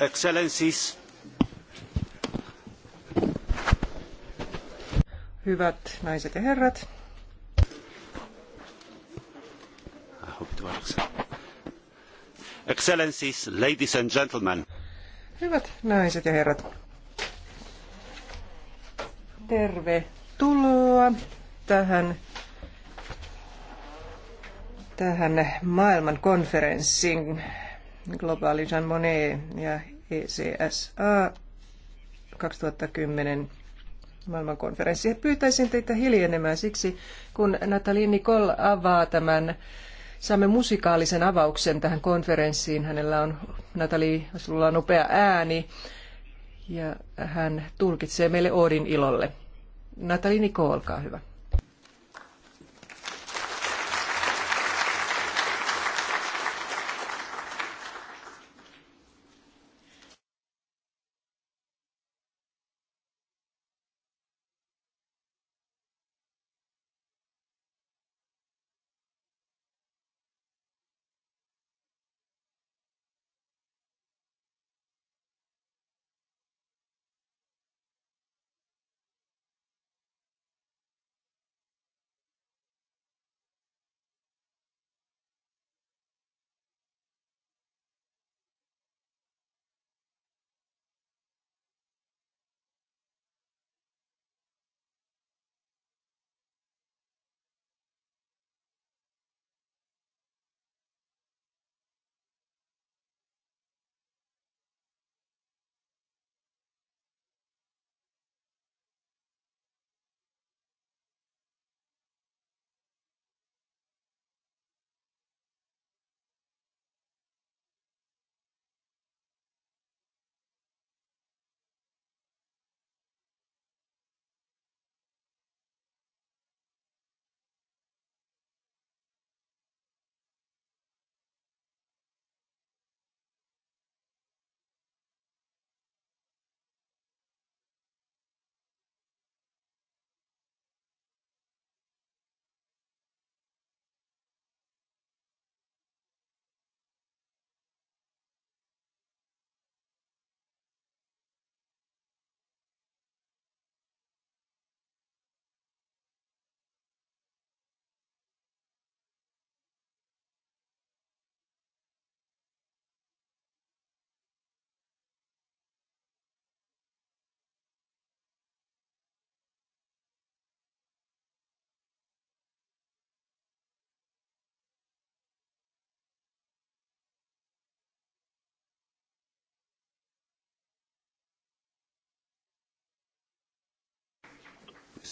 Excellencies. Hyvät naiset ja herrat. I hope it works. Excellencies, ladies and gentlemen. Hyvät naiset ja herrat. Tervetuloa tähän tähän maailmankonferenssiin, globaali Jean Monnet ja ECSA 2010 maailmankonferenssi. Pyytäisin teitä hiljenemään siksi, kun Natalie Nicole avaa tämän saamme musikaalisen avauksen tähän konferenssiin. Hänellä on, Natali, sulla on upea ääni ja hän tulkitsee meille Oodin ilolle. Natali Niko, olkaa hyvä.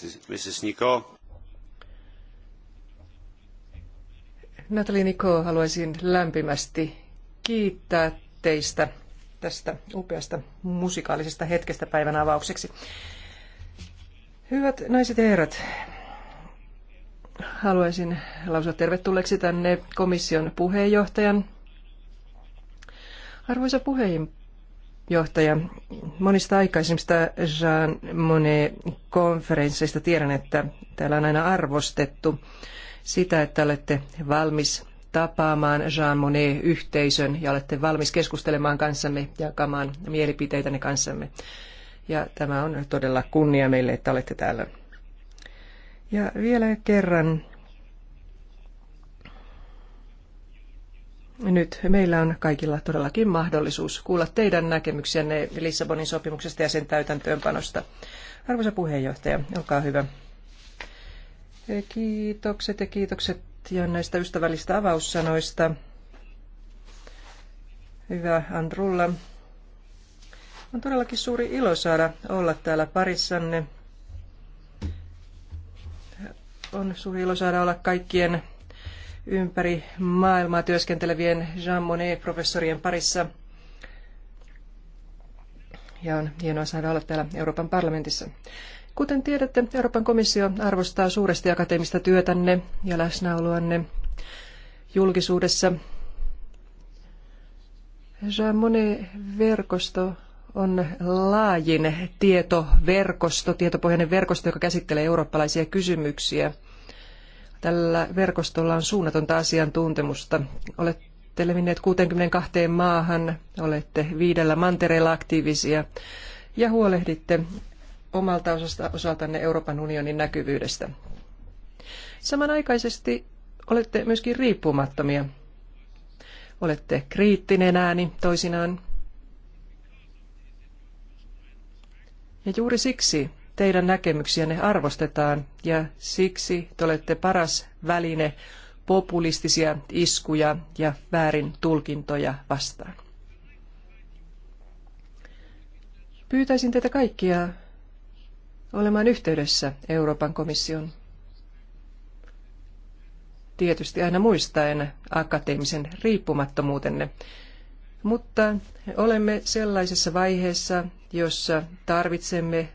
Mrs. Natalie Niko, haluaisin lämpimästi kiittää teistä tästä upeasta musikaalisesta hetkestä päivän avaukseksi. Hyvät naiset ja herrat, haluaisin lausua tervetulleeksi tänne komission puheenjohtajan. Arvoisa puheenjohtaja johtaja. Monista aikaisemmista Jean Monnet-konferensseista tiedän, että täällä on aina arvostettu sitä, että olette valmis tapaamaan Jean Monnet-yhteisön ja olette valmis keskustelemaan kanssamme, jakamaan mielipiteitäne kanssamme. Ja tämä on todella kunnia meille, että olette täällä. Ja vielä kerran nyt meillä on kaikilla todellakin mahdollisuus kuulla teidän näkemyksiänne Lissabonin sopimuksesta ja sen täytäntöönpanosta. Arvoisa puheenjohtaja, olkaa hyvä. Kiitokset ja kiitokset ja näistä ystävällistä avaussanoista. Hyvä Andrulla. On todellakin suuri ilo saada olla täällä parissanne. On suuri ilo saada olla kaikkien ympäri maailmaa työskentelevien Jean Monnet-professorien parissa. Ja on hienoa saada olla täällä Euroopan parlamentissa. Kuten tiedätte, Euroopan komissio arvostaa suuresti akateemista työtänne ja läsnäoloanne julkisuudessa. Jean Monnet-verkosto on laajin tietoverkosto, tietopohjainen verkosto, joka käsittelee eurooppalaisia kysymyksiä – Tällä verkostolla on suunnatonta asiantuntemusta. Olette levinneet 62 maahan, olette viidellä mantereella aktiivisia ja huolehditte omalta osasta, osaltanne Euroopan unionin näkyvyydestä. Samanaikaisesti olette myöskin riippumattomia. Olette kriittinen ääni toisinaan. Ja juuri siksi teidän näkemyksiänne arvostetaan ja siksi te olette paras väline populistisia iskuja ja väärin tulkintoja vastaan. Pyytäisin teitä kaikkia olemaan yhteydessä Euroopan komission. Tietysti aina muistaen akateemisen riippumattomuutenne, mutta olemme sellaisessa vaiheessa, jossa tarvitsemme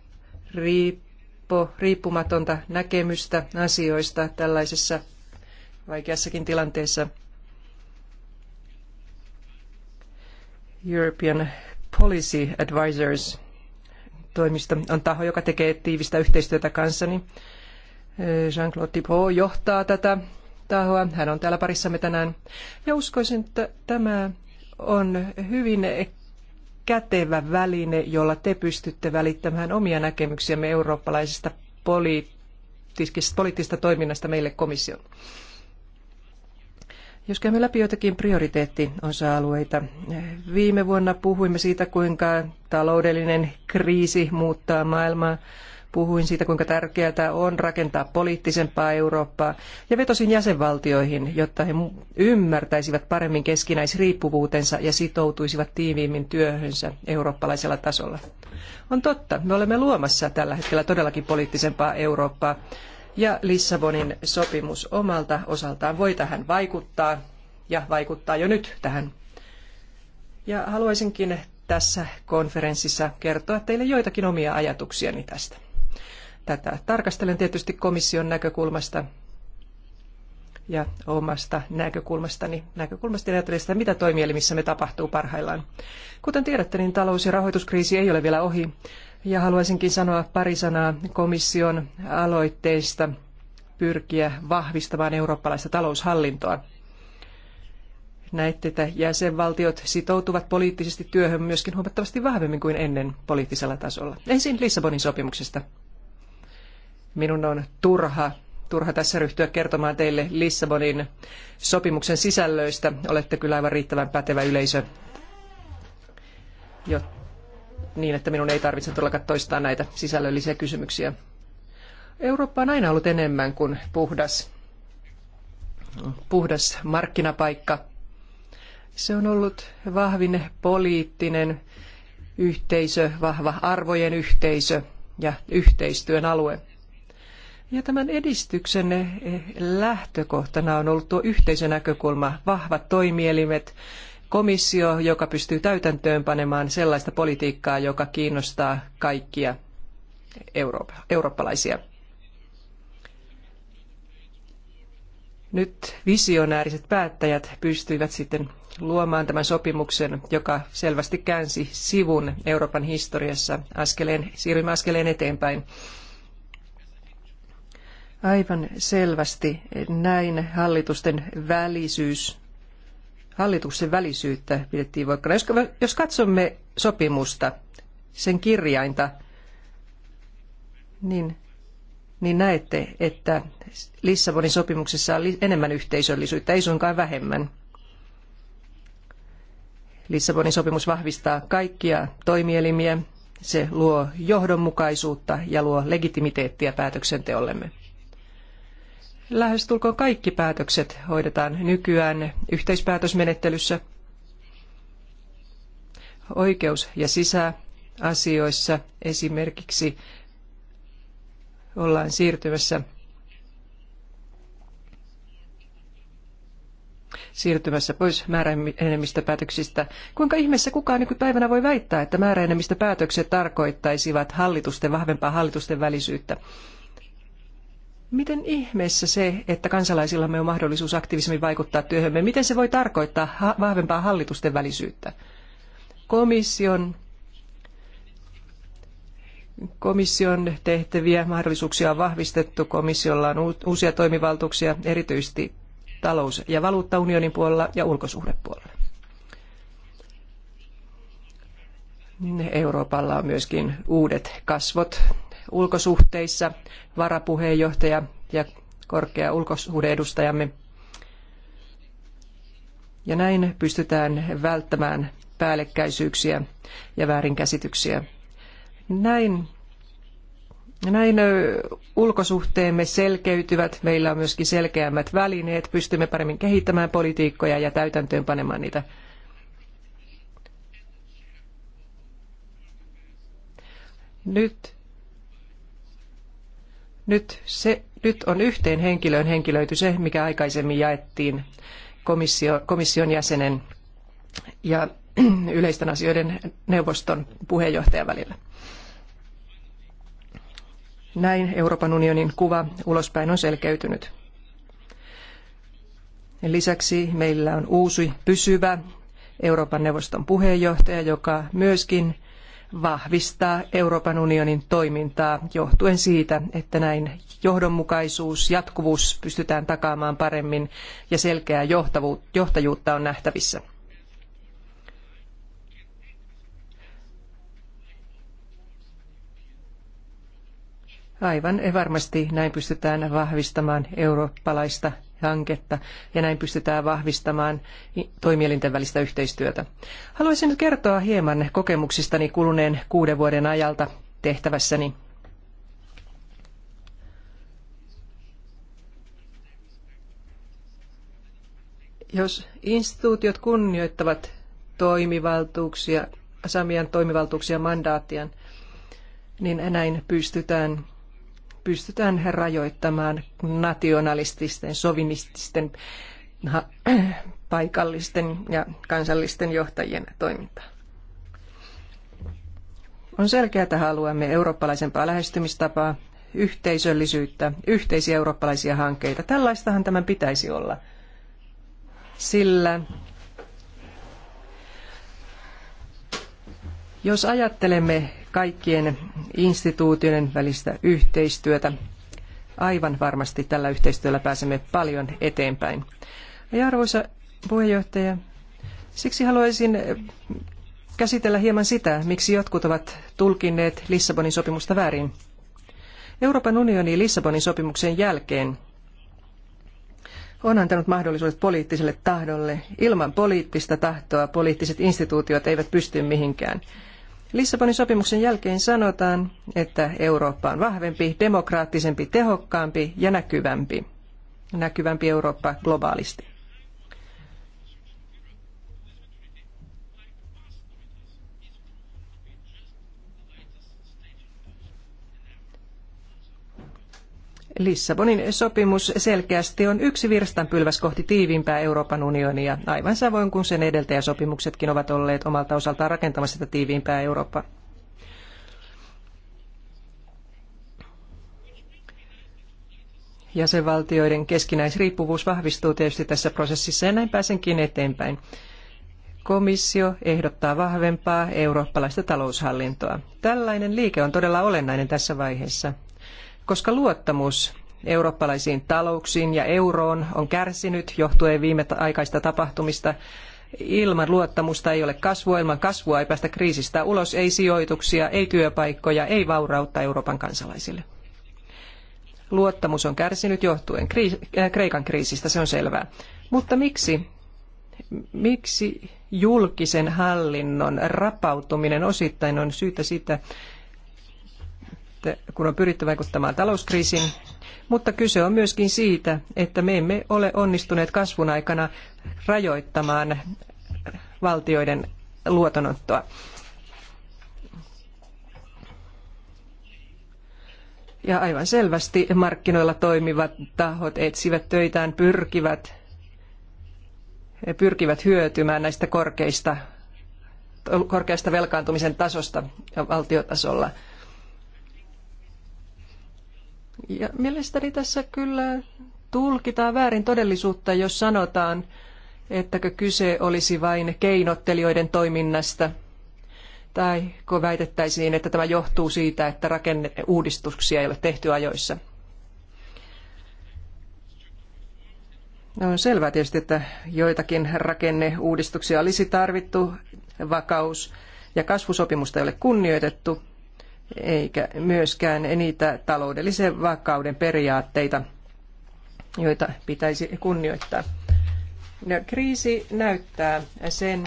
riippo, riippumatonta näkemystä asioista tällaisessa vaikeassakin tilanteessa. European Policy Advisors toimisto on taho, joka tekee tiivistä yhteistyötä kanssani. Jean-Claude Thibault johtaa tätä tahoa. Hän on täällä parissamme tänään. Ja uskoisin, että tämä on hyvin kätevä väline, jolla te pystytte välittämään omia näkemyksiämme eurooppalaisesta poliittisesta, toiminnasta meille komission. Jos käymme läpi joitakin prioriteettiosa-alueita. Viime vuonna puhuimme siitä, kuinka taloudellinen kriisi muuttaa maailmaa puhuin siitä, kuinka tärkeää on rakentaa poliittisempaa Eurooppaa ja vetosin jäsenvaltioihin, jotta he ymmärtäisivät paremmin keskinäisriippuvuutensa ja sitoutuisivat tiiviimmin työhönsä eurooppalaisella tasolla. On totta, me olemme luomassa tällä hetkellä todellakin poliittisempaa Eurooppaa ja Lissabonin sopimus omalta osaltaan voi tähän vaikuttaa ja vaikuttaa jo nyt tähän. Ja haluaisinkin tässä konferenssissa kertoa teille joitakin omia ajatuksiani tästä. Tätä tarkastelen tietysti komission näkökulmasta ja omasta näkökulmastani, näkökulmasta ajattelen sitä, mitä toimielimissä me tapahtuu parhaillaan. Kuten tiedätte, niin talous- ja rahoituskriisi ei ole vielä ohi, ja haluaisinkin sanoa pari sanaa komission aloitteista pyrkiä vahvistamaan eurooppalaista taloushallintoa. Näette, että jäsenvaltiot sitoutuvat poliittisesti työhön myöskin huomattavasti vahvemmin kuin ennen poliittisella tasolla. Ensin Lissabonin sopimuksesta – minun on turha, turha tässä ryhtyä kertomaan teille Lissabonin sopimuksen sisällöistä. Olette kyllä aivan riittävän pätevä yleisö, jo, niin että minun ei tarvitse todellakaan toistaa näitä sisällöllisiä kysymyksiä. Eurooppa on aina ollut enemmän kuin puhdas, puhdas markkinapaikka. Se on ollut vahvin poliittinen yhteisö, vahva arvojen yhteisö ja yhteistyön alue. Ja tämän edistyksen lähtökohtana on ollut tuo yhteisönäkökulma, vahvat toimielimet, komissio, joka pystyy täytäntöön panemaan sellaista politiikkaa, joka kiinnostaa kaikkia Eurooppa, eurooppalaisia. Nyt visionääriset päättäjät pystyivät sitten luomaan tämän sopimuksen, joka selvästi käänsi sivun Euroopan historiassa askeleen, siirrymme askeleen eteenpäin. Aivan selvästi näin hallitusten välisyys, hallituksen välisyyttä pidettiin voikkana. Jos, jos katsomme sopimusta, sen kirjainta, niin, niin näette, että Lissabonin sopimuksessa on enemmän yhteisöllisyyttä, ei suinkaan vähemmän. Lissabonin sopimus vahvistaa kaikkia toimielimiä, se luo johdonmukaisuutta ja luo legitimiteettiä päätöksenteollemme. Lähestulkoon kaikki päätökset hoidetaan nykyään yhteispäätösmenettelyssä, oikeus- ja sisäasioissa esimerkiksi ollaan siirtymässä siirtymässä pois määräenemmistöpäätöksistä. Kuinka ihmeessä kukaan nykypäivänä voi väittää, että määräenemmistöpäätökset tarkoittaisivat hallitusten vahvempaa hallitusten välisyyttä? Miten ihmeessä se, että kansalaisillamme on mahdollisuus aktiivisemmin vaikuttaa työhömme, miten se voi tarkoittaa vahvempaa hallitusten välisyyttä? Komission, komission tehtäviä mahdollisuuksia on vahvistettu, komissiolla on uusia toimivaltuuksia, erityisesti talous- ja valuuttaunionin puolella ja ulkosuhdepuolella. Niin Euroopalla on myöskin uudet kasvot ulkosuhteissa varapuheenjohtaja ja korkea ulkosuhdeedustajamme. Ja näin pystytään välttämään päällekkäisyyksiä ja väärinkäsityksiä. Näin näin ulkosuhteemme selkeytyvät, meillä on myöskin selkeämmät välineet, pystymme paremmin kehittämään politiikkoja ja täytäntöön panemaan niitä. Nyt nyt, se, nyt on yhteen henkilöön henkilöity se, mikä aikaisemmin jaettiin komissio, komission jäsenen ja yleisten asioiden neuvoston puheenjohtajan välillä. Näin Euroopan unionin kuva ulospäin on selkeytynyt. Lisäksi meillä on uusi pysyvä Euroopan neuvoston puheenjohtaja, joka myöskin vahvistaa Euroopan unionin toimintaa johtuen siitä, että näin johdonmukaisuus, jatkuvuus pystytään takaamaan paremmin ja selkeää johtajuutta on nähtävissä. Aivan varmasti näin pystytään vahvistamaan eurooppalaista hanketta ja näin pystytään vahvistamaan toimielinten välistä yhteistyötä. Haluaisin nyt kertoa hieman kokemuksistani kuluneen kuuden vuoden ajalta tehtävässäni. Jos instituutiot kunnioittavat toimivaltuuksia, Samian toimivaltuuksia mandaattian, niin näin pystytään pystytään rajoittamaan nationalististen, sovinististen, paikallisten ja kansallisten johtajien toimintaa. On selkeää, että haluamme eurooppalaisempaa lähestymistapaa, yhteisöllisyyttä, yhteisiä eurooppalaisia hankkeita. Tällaistahan tämän pitäisi olla, sillä jos ajattelemme kaikkien instituutioiden välistä yhteistyötä. Aivan varmasti tällä yhteistyöllä pääsemme paljon eteenpäin. Ja arvoisa puheenjohtaja, siksi haluaisin käsitellä hieman sitä, miksi jotkut ovat tulkinneet Lissabonin sopimusta väärin. Euroopan unioni Lissabonin sopimuksen jälkeen on antanut mahdollisuudet poliittiselle tahdolle. Ilman poliittista tahtoa poliittiset instituutiot eivät pysty mihinkään. Lissabonin sopimuksen jälkeen sanotaan, että Eurooppa on vahvempi, demokraattisempi, tehokkaampi ja näkyvämpi. Näkyvämpi Eurooppa globaalisti. Lissabonin sopimus selkeästi on yksi virstanpylväs kohti tiiviimpää Euroopan unionia, aivan samoin kuin sen edeltäjäsopimuksetkin ovat olleet omalta osaltaan rakentamassa sitä tiiviimpää Eurooppaa. Jäsenvaltioiden keskinäisriippuvuus vahvistuu tietysti tässä prosessissa ja näin pääsenkin eteenpäin. Komissio ehdottaa vahvempaa eurooppalaista taloushallintoa. Tällainen liike on todella olennainen tässä vaiheessa koska luottamus eurooppalaisiin talouksiin ja euroon on kärsinyt johtuen viime aikaista tapahtumista. Ilman luottamusta ei ole kasvua, ilman kasvua ei päästä kriisistä ulos, ei sijoituksia, ei työpaikkoja, ei vaurautta Euroopan kansalaisille. Luottamus on kärsinyt johtuen äh, Kreikan kriisistä, se on selvää. Mutta miksi, miksi julkisen hallinnon rapautuminen osittain on syytä sitä, kun on pyritty vaikuttamaan talouskriisiin, mutta kyse on myöskin siitä, että me emme ole onnistuneet kasvun aikana rajoittamaan valtioiden luotonottoa. Ja aivan selvästi markkinoilla toimivat tahot etsivät töitään, pyrkivät, pyrkivät hyötymään näistä korkeista, korkeasta velkaantumisen tasosta valtiotasolla – ja mielestäni tässä kyllä tulkitaan väärin todellisuutta, jos sanotaan, ettäkö kyse olisi vain keinottelijoiden toiminnasta, tai kun väitettäisiin, että tämä johtuu siitä, että rakenneuudistuksia ei ole tehty ajoissa. No on selvää tietysti, että joitakin rakenneuudistuksia olisi tarvittu, vakaus- ja kasvusopimusta ei ole kunnioitettu, eikä myöskään niitä taloudellisen vakauden periaatteita, joita pitäisi kunnioittaa. No, kriisi näyttää sen,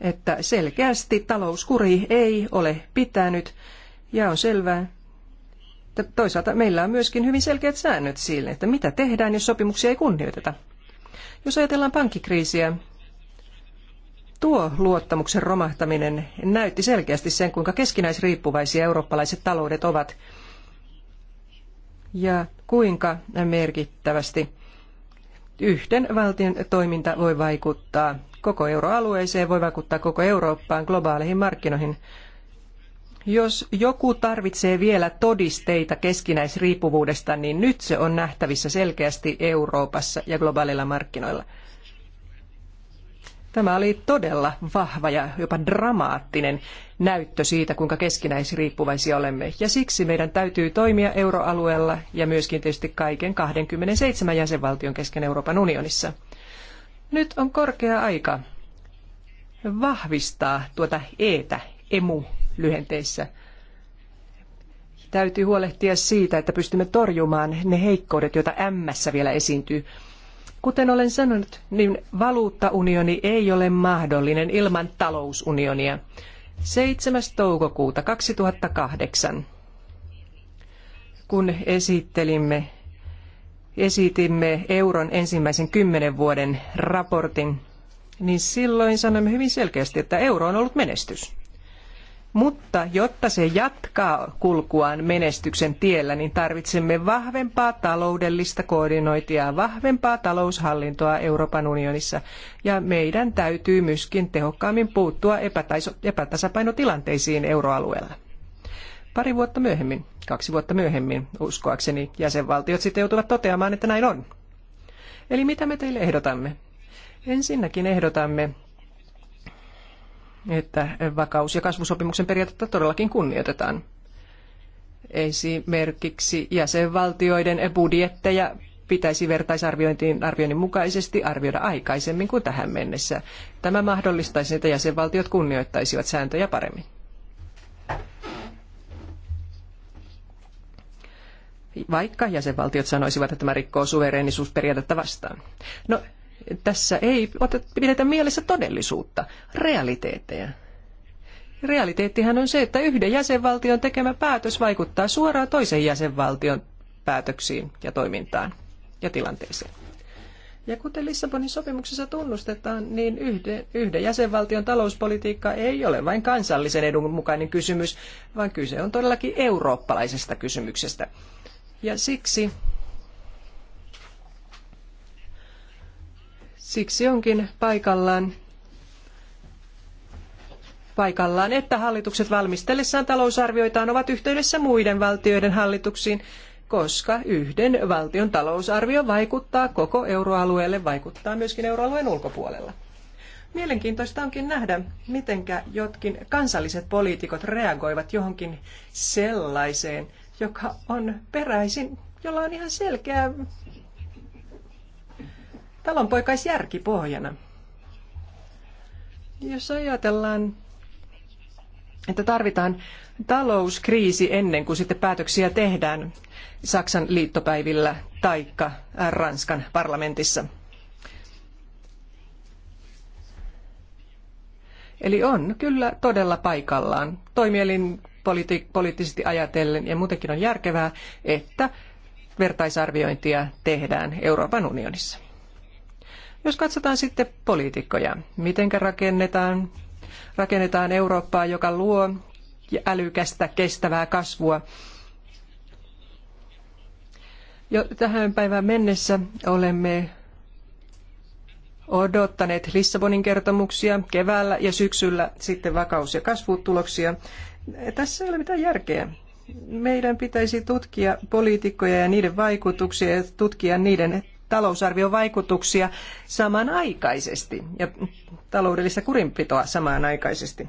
että selkeästi talouskuri ei ole pitänyt ja on selvää, että toisaalta meillä on myöskin hyvin selkeät säännöt sille, että mitä tehdään, jos sopimuksia ei kunnioiteta. Jos ajatellaan pankkikriisiä, Tuo luottamuksen romahtaminen näytti selkeästi sen, kuinka keskinäisriippuvaisia eurooppalaiset taloudet ovat ja kuinka merkittävästi yhden valtion toiminta voi vaikuttaa koko euroalueeseen, voi vaikuttaa koko Eurooppaan, globaaleihin markkinoihin. Jos joku tarvitsee vielä todisteita keskinäisriippuvuudesta, niin nyt se on nähtävissä selkeästi Euroopassa ja globaaleilla markkinoilla. Tämä oli todella vahva ja jopa dramaattinen näyttö siitä, kuinka keskinäisriippuvaisia olemme. Ja siksi meidän täytyy toimia euroalueella ja myöskin tietysti kaiken 27 jäsenvaltion kesken Euroopan unionissa. Nyt on korkea aika vahvistaa tuota eetä, emu lyhenteissä. Täytyy huolehtia siitä, että pystymme torjumaan ne heikkoudet, joita ämmässä vielä esiintyy. Kuten olen sanonut, niin valuuttaunioni ei ole mahdollinen ilman talousunionia. 7. toukokuuta 2008, kun esittelimme, esitimme euron ensimmäisen kymmenen vuoden raportin, niin silloin sanoimme hyvin selkeästi, että euro on ollut menestys. Mutta jotta se jatkaa kulkuaan menestyksen tiellä, niin tarvitsemme vahvempaa taloudellista koordinointia, vahvempaa taloushallintoa Euroopan unionissa. Ja meidän täytyy myöskin tehokkaammin puuttua epätasapainotilanteisiin euroalueella. Pari vuotta myöhemmin, kaksi vuotta myöhemmin, uskoakseni, jäsenvaltiot sitten joutuvat toteamaan, että näin on. Eli mitä me teille ehdotamme? Ensinnäkin ehdotamme että vakaus- ja kasvusopimuksen periaatetta todellakin kunnioitetaan. Esimerkiksi jäsenvaltioiden budjetteja pitäisi vertaisarviointiin arvioinnin mukaisesti arvioida aikaisemmin kuin tähän mennessä. Tämä mahdollistaisi, että jäsenvaltiot kunnioittaisivat sääntöjä paremmin. Vaikka jäsenvaltiot sanoisivat, että tämä rikkoo suvereenisuusperiaatetta vastaan. No, tässä ei pidetä mielessä todellisuutta, realiteetteja. Realiteettihan on se, että yhden jäsenvaltion tekemä päätös vaikuttaa suoraan toisen jäsenvaltion päätöksiin ja toimintaan ja tilanteeseen. Ja kuten Lissabonin sopimuksessa tunnustetaan, niin yhden, yhden jäsenvaltion talouspolitiikka ei ole vain kansallisen edun mukainen kysymys, vaan kyse on todellakin eurooppalaisesta kysymyksestä. Ja siksi Siksi onkin paikallaan, paikallaan, että hallitukset valmistellessaan talousarvioitaan ovat yhteydessä muiden valtioiden hallituksiin, koska yhden valtion talousarvio vaikuttaa koko euroalueelle, vaikuttaa myöskin euroalueen ulkopuolella. Mielenkiintoista onkin nähdä, mitenkä jotkin kansalliset poliitikot reagoivat johonkin sellaiseen, joka on peräisin, jolla on ihan selkeä talonpoikaisjärki pohjana. Jos ajatellaan, että tarvitaan talouskriisi ennen kuin sitten päätöksiä tehdään Saksan liittopäivillä taikka Ranskan parlamentissa. Eli on kyllä todella paikallaan toimielin politi- poliittisesti ajatellen ja muutenkin on järkevää, että vertaisarviointia tehdään Euroopan unionissa. Jos katsotaan sitten poliitikkoja, miten rakennetaan, rakennetaan Eurooppaa, joka luo älykästä, kestävää kasvua. Jo tähän päivään mennessä olemme odottaneet Lissabonin kertomuksia keväällä ja syksyllä sitten vakaus- ja kasvutuloksia. Tässä ei ole mitään järkeä. Meidän pitäisi tutkia poliitikkoja ja niiden vaikutuksia ja tutkia niiden talousarviovaikutuksia samanaikaisesti ja taloudellista kurinpitoa samanaikaisesti.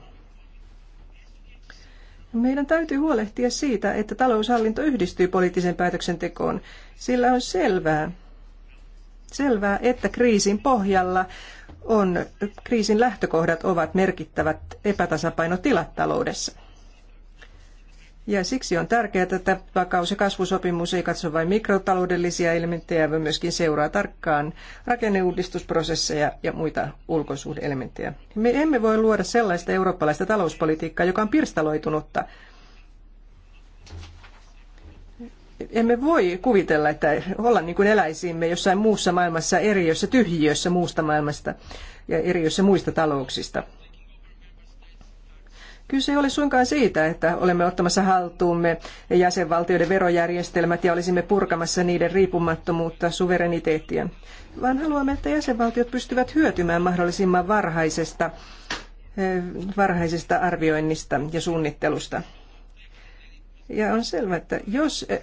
Meidän täytyy huolehtia siitä, että taloushallinto yhdistyy poliittiseen päätöksentekoon, sillä on selvää, selvää että kriisin pohjalla on, kriisin lähtökohdat ovat merkittävät epätasapainotilat taloudessa. Ja siksi on tärkeää, että vakaus- ja kasvusopimus ei katso vain mikrotaloudellisia elementtejä, vaan myöskin seuraa tarkkaan rakenneuudistusprosesseja ja muita ulkosuhdeelementtejä. Me emme voi luoda sellaista eurooppalaista talouspolitiikkaa, joka on pirstaloitunutta. Emme voi kuvitella, että olla niin kuin eläisimme jossain muussa maailmassa eriössä tyhjiössä muusta maailmasta ja eriössä muista talouksista. Kyse ei ole suinkaan siitä, että olemme ottamassa haltuumme jäsenvaltioiden verojärjestelmät ja olisimme purkamassa niiden riippumattomuutta suvereniteettia, vaan haluamme, että jäsenvaltiot pystyvät hyötymään mahdollisimman varhaisesta, eh, varhaisesta arvioinnista ja suunnittelusta. Ja on selvää, että jos eh,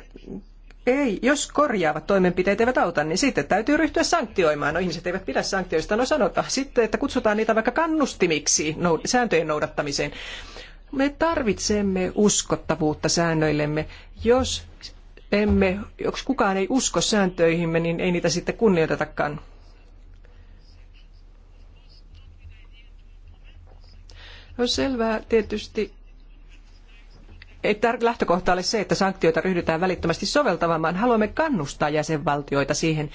ei, jos korjaavat toimenpiteet eivät auta, niin sitten täytyy ryhtyä sanktioimaan. No ihmiset eivät pidä sanktioista, no sanotaan sitten, että kutsutaan niitä vaikka kannustimiksi sääntöjen noudattamiseen. Me tarvitsemme uskottavuutta säännöillemme. Jos emme, jos kukaan ei usko sääntöihimme, niin ei niitä sitten kunnioitetakaan. On selvää tietysti, että lähtökohta ole se, että sanktioita ryhdytään välittömästi soveltamaan, vaan haluamme kannustaa jäsenvaltioita siihen,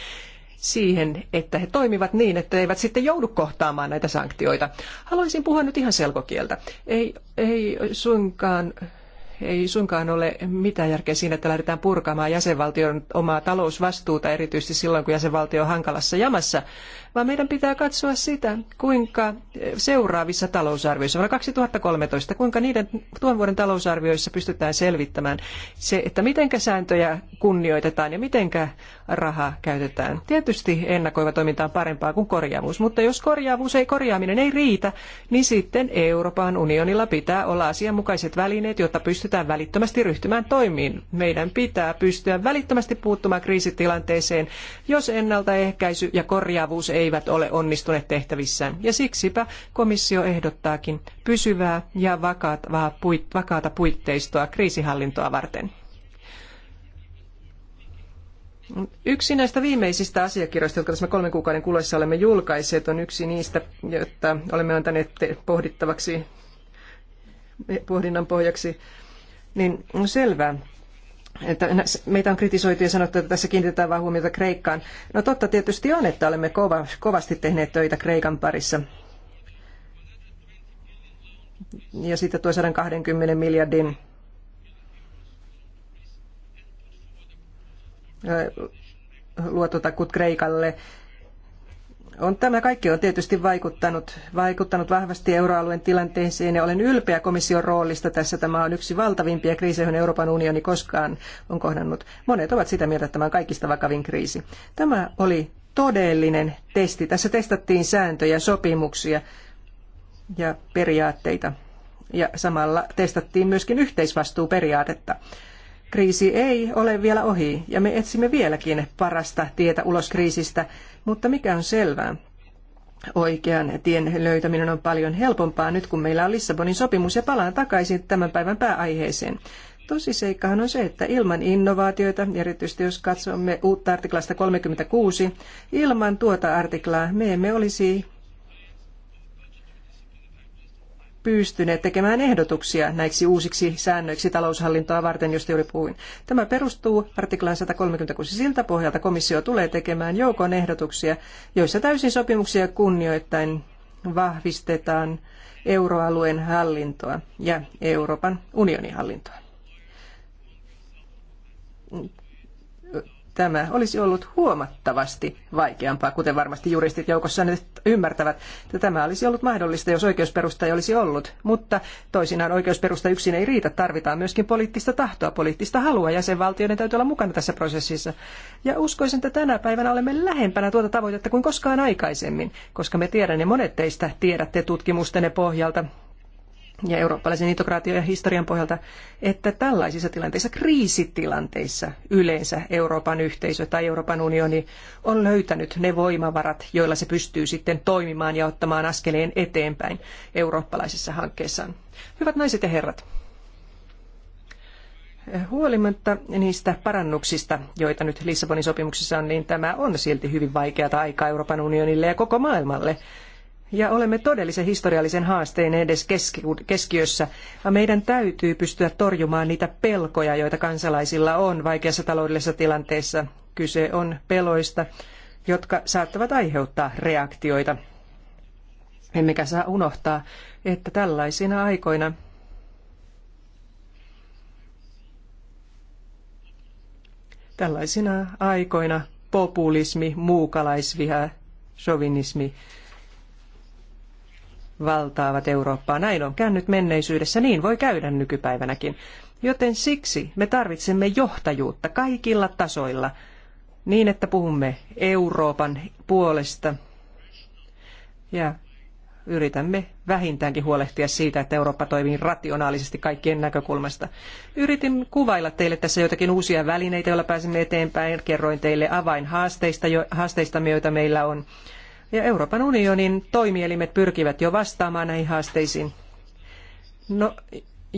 siihen, että he toimivat niin, että eivät sitten joudu kohtaamaan näitä sanktioita. Haluaisin puhua nyt ihan selkokieltä. Ei, ei suinkaan ei suinkaan ole mitään järkeä siinä, että lähdetään purkamaan jäsenvaltion omaa talousvastuuta, erityisesti silloin, kun jäsenvaltio on hankalassa jamassa, vaan meidän pitää katsoa sitä, kuinka seuraavissa talousarvioissa, vuonna 2013, kuinka niiden tuon vuoden talousarvioissa pystytään selvittämään se, että mitenkä sääntöjä kunnioitetaan ja mitenkä rahaa käytetään. Tietysti ennakoiva toiminta on parempaa kuin korjaavuus, mutta jos korjaavuus ei, korjaaminen ei riitä, niin sitten Euroopan unionilla pitää olla asianmukaiset välineet, jotta pystytään välittömästi ryhtymään toimiin. Meidän pitää pystyä välittömästi puuttumaan kriisitilanteeseen, jos ennaltaehkäisy ja korjaavuus ei eivät ole onnistuneet tehtävissään. Ja siksipä komissio ehdottaakin pysyvää ja vakaata puitteistoa kriisihallintoa varten. Yksi näistä viimeisistä asiakirjoista, jotka tässä kolmen kuukauden kuluessa olemme julkaisseet, on yksi niistä, joita olemme antaneet pohdittavaksi eh, pohdinnan pohjaksi. Niin on selvää, että meitä on kritisoitu ja sanottu, että tässä kiinnitetään vain huomiota Kreikkaan. No totta tietysti on, että olemme kovasti tehneet töitä Kreikan parissa. Ja sitten tuo 120 miljardin luototakut Kreikalle on, tämä kaikki on tietysti vaikuttanut, vaikuttanut vahvasti euroalueen tilanteeseen ja olen ylpeä komission roolista tässä. Tämä on yksi valtavimpia kriisejä, joihin Euroopan unioni koskaan on kohdannut. Monet ovat sitä mieltä, että tämä on kaikista vakavin kriisi. Tämä oli todellinen testi. Tässä testattiin sääntöjä, sopimuksia ja periaatteita. Ja samalla testattiin myöskin yhteisvastuuperiaatetta. Kriisi ei ole vielä ohi ja me etsimme vieläkin parasta tietä ulos kriisistä, mutta mikä on selvää? Oikean tien löytäminen on paljon helpompaa nyt, kun meillä on Lissabonin sopimus ja palaan takaisin tämän päivän pääaiheeseen. Tosiseikkahan on se, että ilman innovaatioita, erityisesti jos katsomme uutta artiklasta 36, ilman tuota artiklaa me emme olisi pystyneet tekemään ehdotuksia näiksi uusiksi säännöiksi taloushallintoa varten, josta juuri puhuin. Tämä perustuu artiklaan 136 siltä pohjalta. Komissio tulee tekemään joukon ehdotuksia, joissa täysin sopimuksia kunnioittain vahvistetaan euroalueen hallintoa ja Euroopan unionin hallintoa tämä olisi ollut huomattavasti vaikeampaa, kuten varmasti juristit joukossa nyt ymmärtävät, että tämä olisi ollut mahdollista, jos oikeusperusta ei olisi ollut. Mutta toisinaan oikeusperusta yksin ei riitä, tarvitaan myöskin poliittista tahtoa, poliittista halua. Jäsenvaltioiden täytyy olla mukana tässä prosessissa. Ja uskoisin, että tänä päivänä olemme lähempänä tuota tavoitetta kuin koskaan aikaisemmin, koska me tiedän ja monet teistä tiedätte tutkimustenne pohjalta, ja eurooppalaisen integraatio- ja historian pohjalta, että tällaisissa tilanteissa, kriisitilanteissa yleensä Euroopan yhteisö tai Euroopan unioni on löytänyt ne voimavarat, joilla se pystyy sitten toimimaan ja ottamaan askeleen eteenpäin eurooppalaisessa hankkeessaan. Hyvät naiset ja herrat, Huolimatta niistä parannuksista, joita nyt Lissabonin sopimuksessa on, niin tämä on silti hyvin vaikeata aikaa Euroopan unionille ja koko maailmalle ja olemme todellisen historiallisen haasteen edes keskiössä. Meidän täytyy pystyä torjumaan niitä pelkoja, joita kansalaisilla on vaikeassa taloudellisessa tilanteessa. Kyse on peloista, jotka saattavat aiheuttaa reaktioita. Emmekä saa unohtaa, että tällaisina aikoina tällaisina aikoina populismi, muukalaisviha, sovinismi, valtaavat Eurooppaa. Näin on käynyt menneisyydessä, niin voi käydä nykypäivänäkin. Joten siksi me tarvitsemme johtajuutta kaikilla tasoilla, niin että puhumme Euroopan puolesta ja yritämme vähintäänkin huolehtia siitä, että Eurooppa toimii rationaalisesti kaikkien näkökulmasta. Yritin kuvailla teille tässä joitakin uusia välineitä, joilla pääsemme eteenpäin. Kerroin teille avainhaasteista, haasteista, joita meillä on ja Euroopan unionin toimielimet pyrkivät jo vastaamaan näihin haasteisiin. No,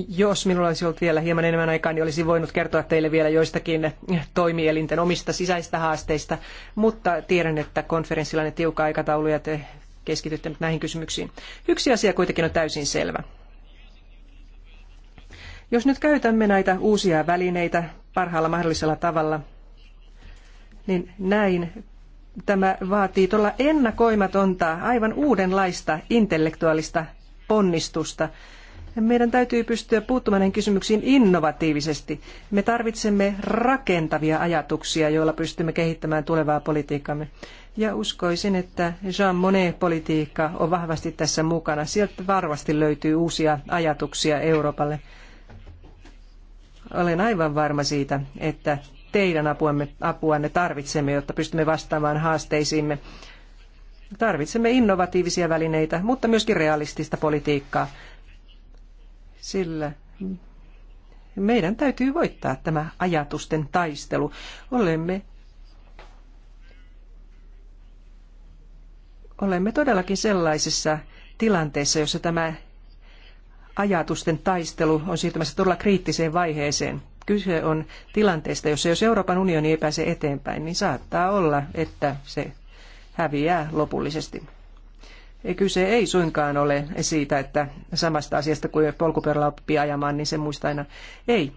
jos minulla olisi ollut vielä hieman enemmän aikaa, niin olisin voinut kertoa teille vielä joistakin toimielinten omista sisäistä haasteista, mutta tiedän, että konferenssilla on tiukka aikataulu ja te keskitytte nyt näihin kysymyksiin. Yksi asia kuitenkin on täysin selvä. Jos nyt käytämme näitä uusia välineitä parhaalla mahdollisella tavalla, niin näin Tämä vaatii tuolla ennakoimatonta, aivan uudenlaista intellektuaalista ponnistusta. Meidän täytyy pystyä puuttumaan näihin kysymyksiin innovatiivisesti. Me tarvitsemme rakentavia ajatuksia, joilla pystymme kehittämään tulevaa politiikkaamme. Ja uskoisin, että Jean Monnet-politiikka on vahvasti tässä mukana. Sieltä varmasti löytyy uusia ajatuksia Euroopalle. Olen aivan varma siitä, että teidän apuanne, apuanne tarvitsemme, jotta pystymme vastaamaan haasteisiimme. Tarvitsemme innovatiivisia välineitä, mutta myöskin realistista politiikkaa. Sillä meidän täytyy voittaa tämä ajatusten taistelu. Olemme olemme todellakin sellaisessa tilanteessa, jossa tämä ajatusten taistelu on siirtymässä todella kriittiseen vaiheeseen. Kyse on tilanteesta, jossa jos Euroopan unioni ei pääse eteenpäin, niin saattaa olla, että se häviää lopullisesti. Ei kyse ei suinkaan ole siitä, että samasta asiasta kuin polkupyörällä oppii ajamaan, niin se muista aina. Ei.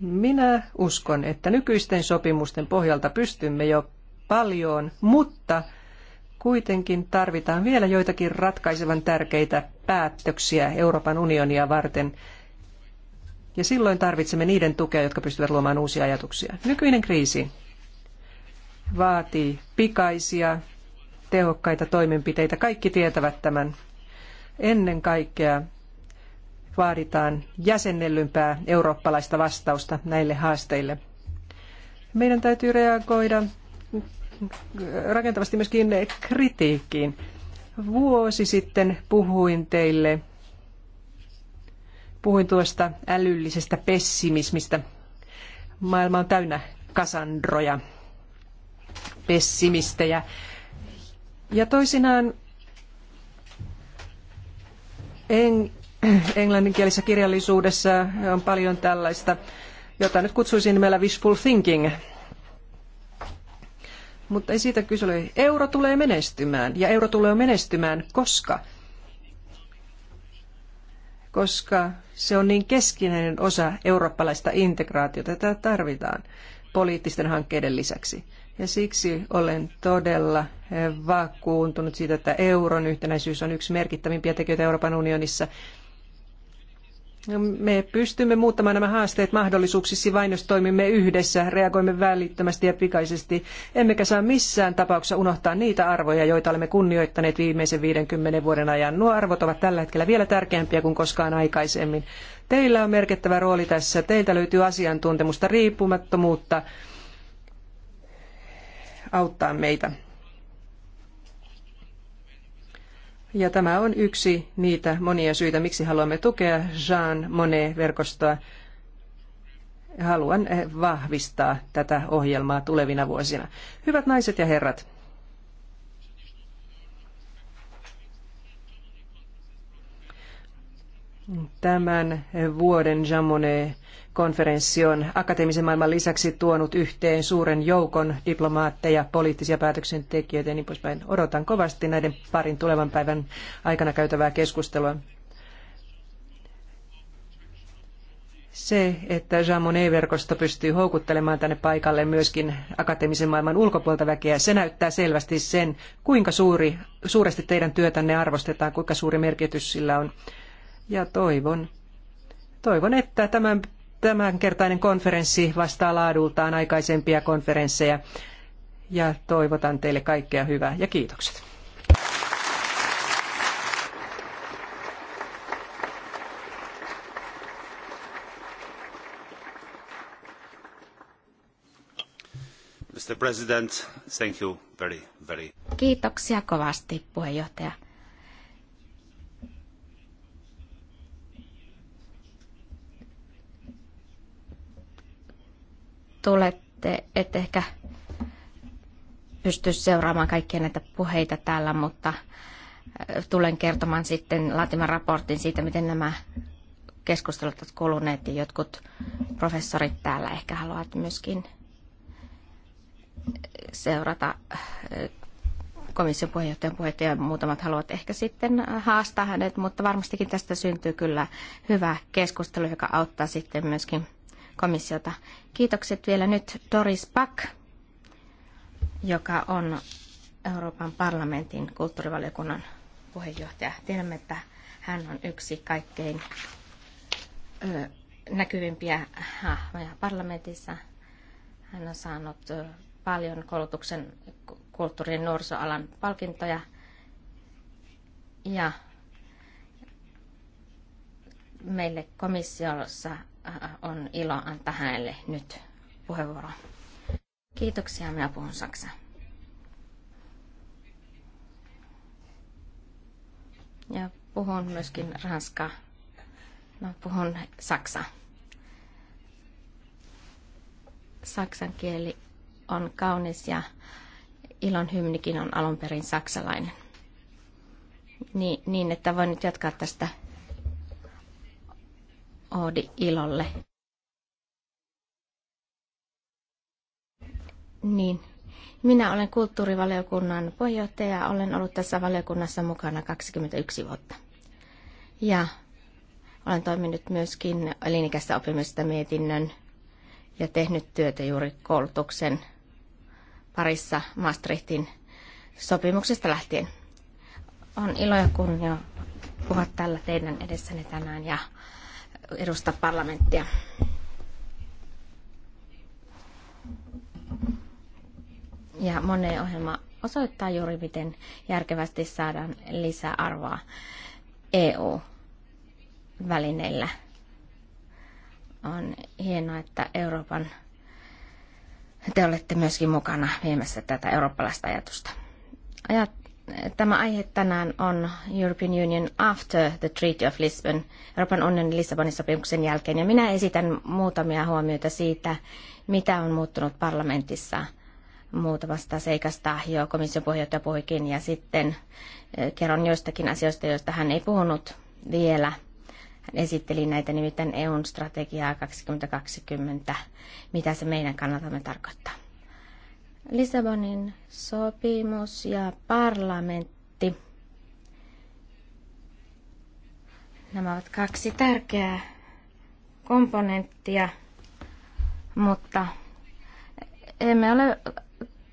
Minä uskon, että nykyisten sopimusten pohjalta pystymme jo paljon, mutta kuitenkin tarvitaan vielä joitakin ratkaisevan tärkeitä päätöksiä Euroopan unionia varten. Ja silloin tarvitsemme niiden tukea, jotka pystyvät luomaan uusia ajatuksia. Nykyinen kriisi vaatii pikaisia, tehokkaita toimenpiteitä. Kaikki tietävät tämän. Ennen kaikkea vaaditaan jäsennellympää eurooppalaista vastausta näille haasteille. Meidän täytyy reagoida rakentavasti myöskin kritiikkiin. Vuosi sitten puhuin teille, puhuin tuosta älyllisestä pessimismistä. Maailma on täynnä kasandroja, pessimistejä. Ja toisinaan en, englanninkielisessä kirjallisuudessa on paljon tällaista, jota nyt kutsuisin nimellä wishful thinking, mutta ei siitä kyse ole. Euro tulee menestymään ja euro tulee menestymään, koska koska se on niin keskinäinen osa eurooppalaista integraatiota. Tätä tarvitaan poliittisten hankkeiden lisäksi. Ja siksi olen todella vakuuntunut siitä, että euron yhtenäisyys on yksi merkittävimpiä tekijöitä Euroopan unionissa. Me pystymme muuttamaan nämä haasteet mahdollisuuksiksi vain, jos toimimme yhdessä, reagoimme välittömästi ja pikaisesti, emmekä saa missään tapauksessa unohtaa niitä arvoja, joita olemme kunnioittaneet viimeisen 50 vuoden ajan. Nuo arvot ovat tällä hetkellä vielä tärkeämpiä kuin koskaan aikaisemmin. Teillä on merkittävä rooli tässä. Teiltä löytyy asiantuntemusta, riippumattomuutta auttaa meitä Ja tämä on yksi niitä monia syitä, miksi haluamme tukea Jean Monnet-verkostoa. Haluan eh, vahvistaa tätä ohjelmaa tulevina vuosina. Hyvät naiset ja herrat, tämän vuoden Jean Monnet konferenssi on akateemisen maailman lisäksi tuonut yhteen suuren joukon diplomaatteja, poliittisia päätöksentekijöitä ja niin poispäin. Odotan kovasti näiden parin tulevan päivän aikana käytävää keskustelua. Se, että Jean Monnet-verkosto pystyy houkuttelemaan tänne paikalle myöskin akateemisen maailman ulkopuolta väkeä, se näyttää selvästi sen, kuinka suuri, suuresti teidän työtänne arvostetaan, kuinka suuri merkitys sillä on. Ja toivon, toivon, että tämän tämänkertainen konferenssi vastaa laadultaan aikaisempia konferensseja ja toivotan teille kaikkea hyvää ja kiitokset. Mr. President, thank you very, very. Kiitoksia kovasti, puheenjohtaja. tulette, et ehkä pysty seuraamaan kaikkia näitä puheita täällä, mutta äh, tulen kertomaan sitten laatimaan raportin siitä, miten nämä keskustelut ovat kuluneet ja jotkut professorit täällä ehkä haluavat myöskin seurata äh, komission puheenjohtajan puheita ja muutamat haluavat ehkä sitten haastaa hänet, mutta varmastikin tästä syntyy kyllä hyvä keskustelu, joka auttaa sitten myöskin komissiota. Kiitokset vielä nyt Doris Pack, joka on Euroopan parlamentin kulttuurivaliokunnan puheenjohtaja. Tiedämme, että hän on yksi kaikkein ö, näkyvimpiä hahmoja parlamentissa. Hän on saanut paljon koulutuksen kulttuurin nuorisoalan palkintoja. Ja meille komissiossa Äh, on ilo antaa hänelle nyt puheenvuoro. Kiitoksia, minä puhun Saksa. Ja puhun myöskin ranskaa. No, puhun Saksa. Saksan kieli on kaunis ja ilon hymnikin on alun perin saksalainen. Niin, niin että voin nyt jatkaa tästä Oodi Ilolle. Niin. Minä olen kulttuurivaliokunnan puheenjohtaja ja olen ollut tässä valiokunnassa mukana 21 vuotta. Ja olen toiminut myöskin elinikäistä oppimista mietinnön ja tehnyt työtä juuri koulutuksen parissa Maastrichtin sopimuksesta lähtien. On ilo ja kunnia puhua tällä teidän edessänne tänään ja edusta parlamenttia. Ja monen ohjelma osoittaa juuri, miten järkevästi saadaan lisää arvoa EU-välineillä. On hienoa, että Euroopan te olette myöskin mukana viemässä tätä eurooppalaista ajatusta. Ajat, tämä aihe tänään on European Union after the Treaty of Lisbon, Euroopan unionin Lissabonin sopimuksen jälkeen. Ja minä esitän muutamia huomioita siitä, mitä on muuttunut parlamentissa muutamasta seikasta, jo komission puheenjohtaja puhuikin, ja sitten eh, kerron joistakin asioista, joista hän ei puhunut vielä. Hän esitteli näitä nimittäin EUn strategiaa 2020, mitä se meidän kannaltamme tarkoittaa. Lissabonin sopimus ja parlamentti. Nämä ovat kaksi tärkeää komponenttia, mutta emme ole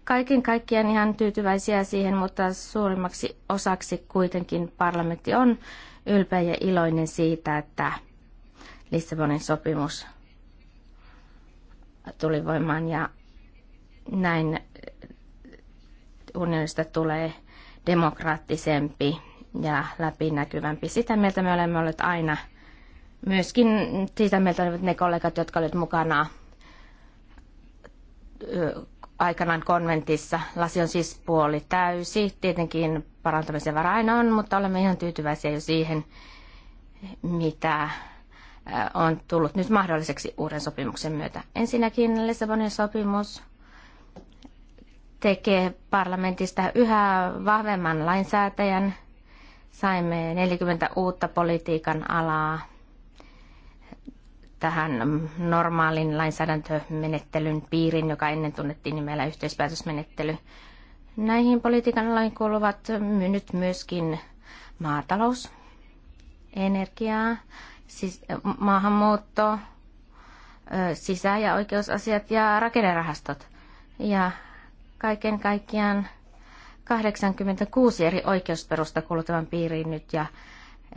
kaiken kaikkiaan ihan tyytyväisiä siihen, mutta suurimmaksi osaksi kuitenkin parlamentti on ylpeä ja iloinen siitä, että Lissabonin sopimus tuli voimaan ja näin unionista tulee demokraattisempi ja läpinäkyvämpi. Sitä mieltä me olemme olleet aina myöskin sitä mieltä olivat ne kollegat, jotka olivat mukana aikanaan konventissa. Lasi on siis puoli täysi. Tietenkin parantamisen varaa aina on, mutta olemme ihan tyytyväisiä jo siihen, mitä on tullut nyt mahdolliseksi uuden sopimuksen myötä. Ensinnäkin Lissabonin sopimus tekee parlamentista yhä vahvemman lainsäätäjän. Saimme 40 uutta politiikan alaa tähän normaalin lainsäädäntömenettelyn piirin, joka ennen tunnettiin nimellä yhteispäätösmenettely. Näihin politiikan alain kuuluvat nyt myöskin maatalous, energia, siis maahanmuutto, sisä- ja oikeusasiat ja rakennerahastot. Ja kaiken kaikkiaan 86 eri oikeusperusta kuluttavan piiriin nyt ja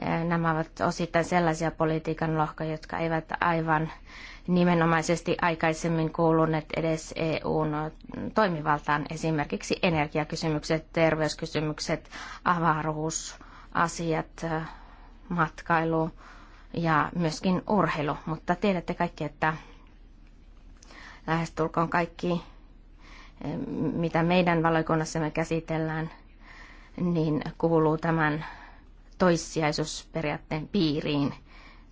eh, nämä ovat osittain sellaisia politiikan lohkoja, jotka eivät aivan nimenomaisesti aikaisemmin kuuluneet edes EUn eh, toimivaltaan, esimerkiksi energiakysymykset, terveyskysymykset, avaruusasiat, eh, matkailu ja myöskin urheilu. Mutta tiedätte kaikki, että lähestulkoon kaikki mitä meidän valiokunnassamme käsitellään, niin kuuluu tämän toissijaisuusperiaatteen piiriin.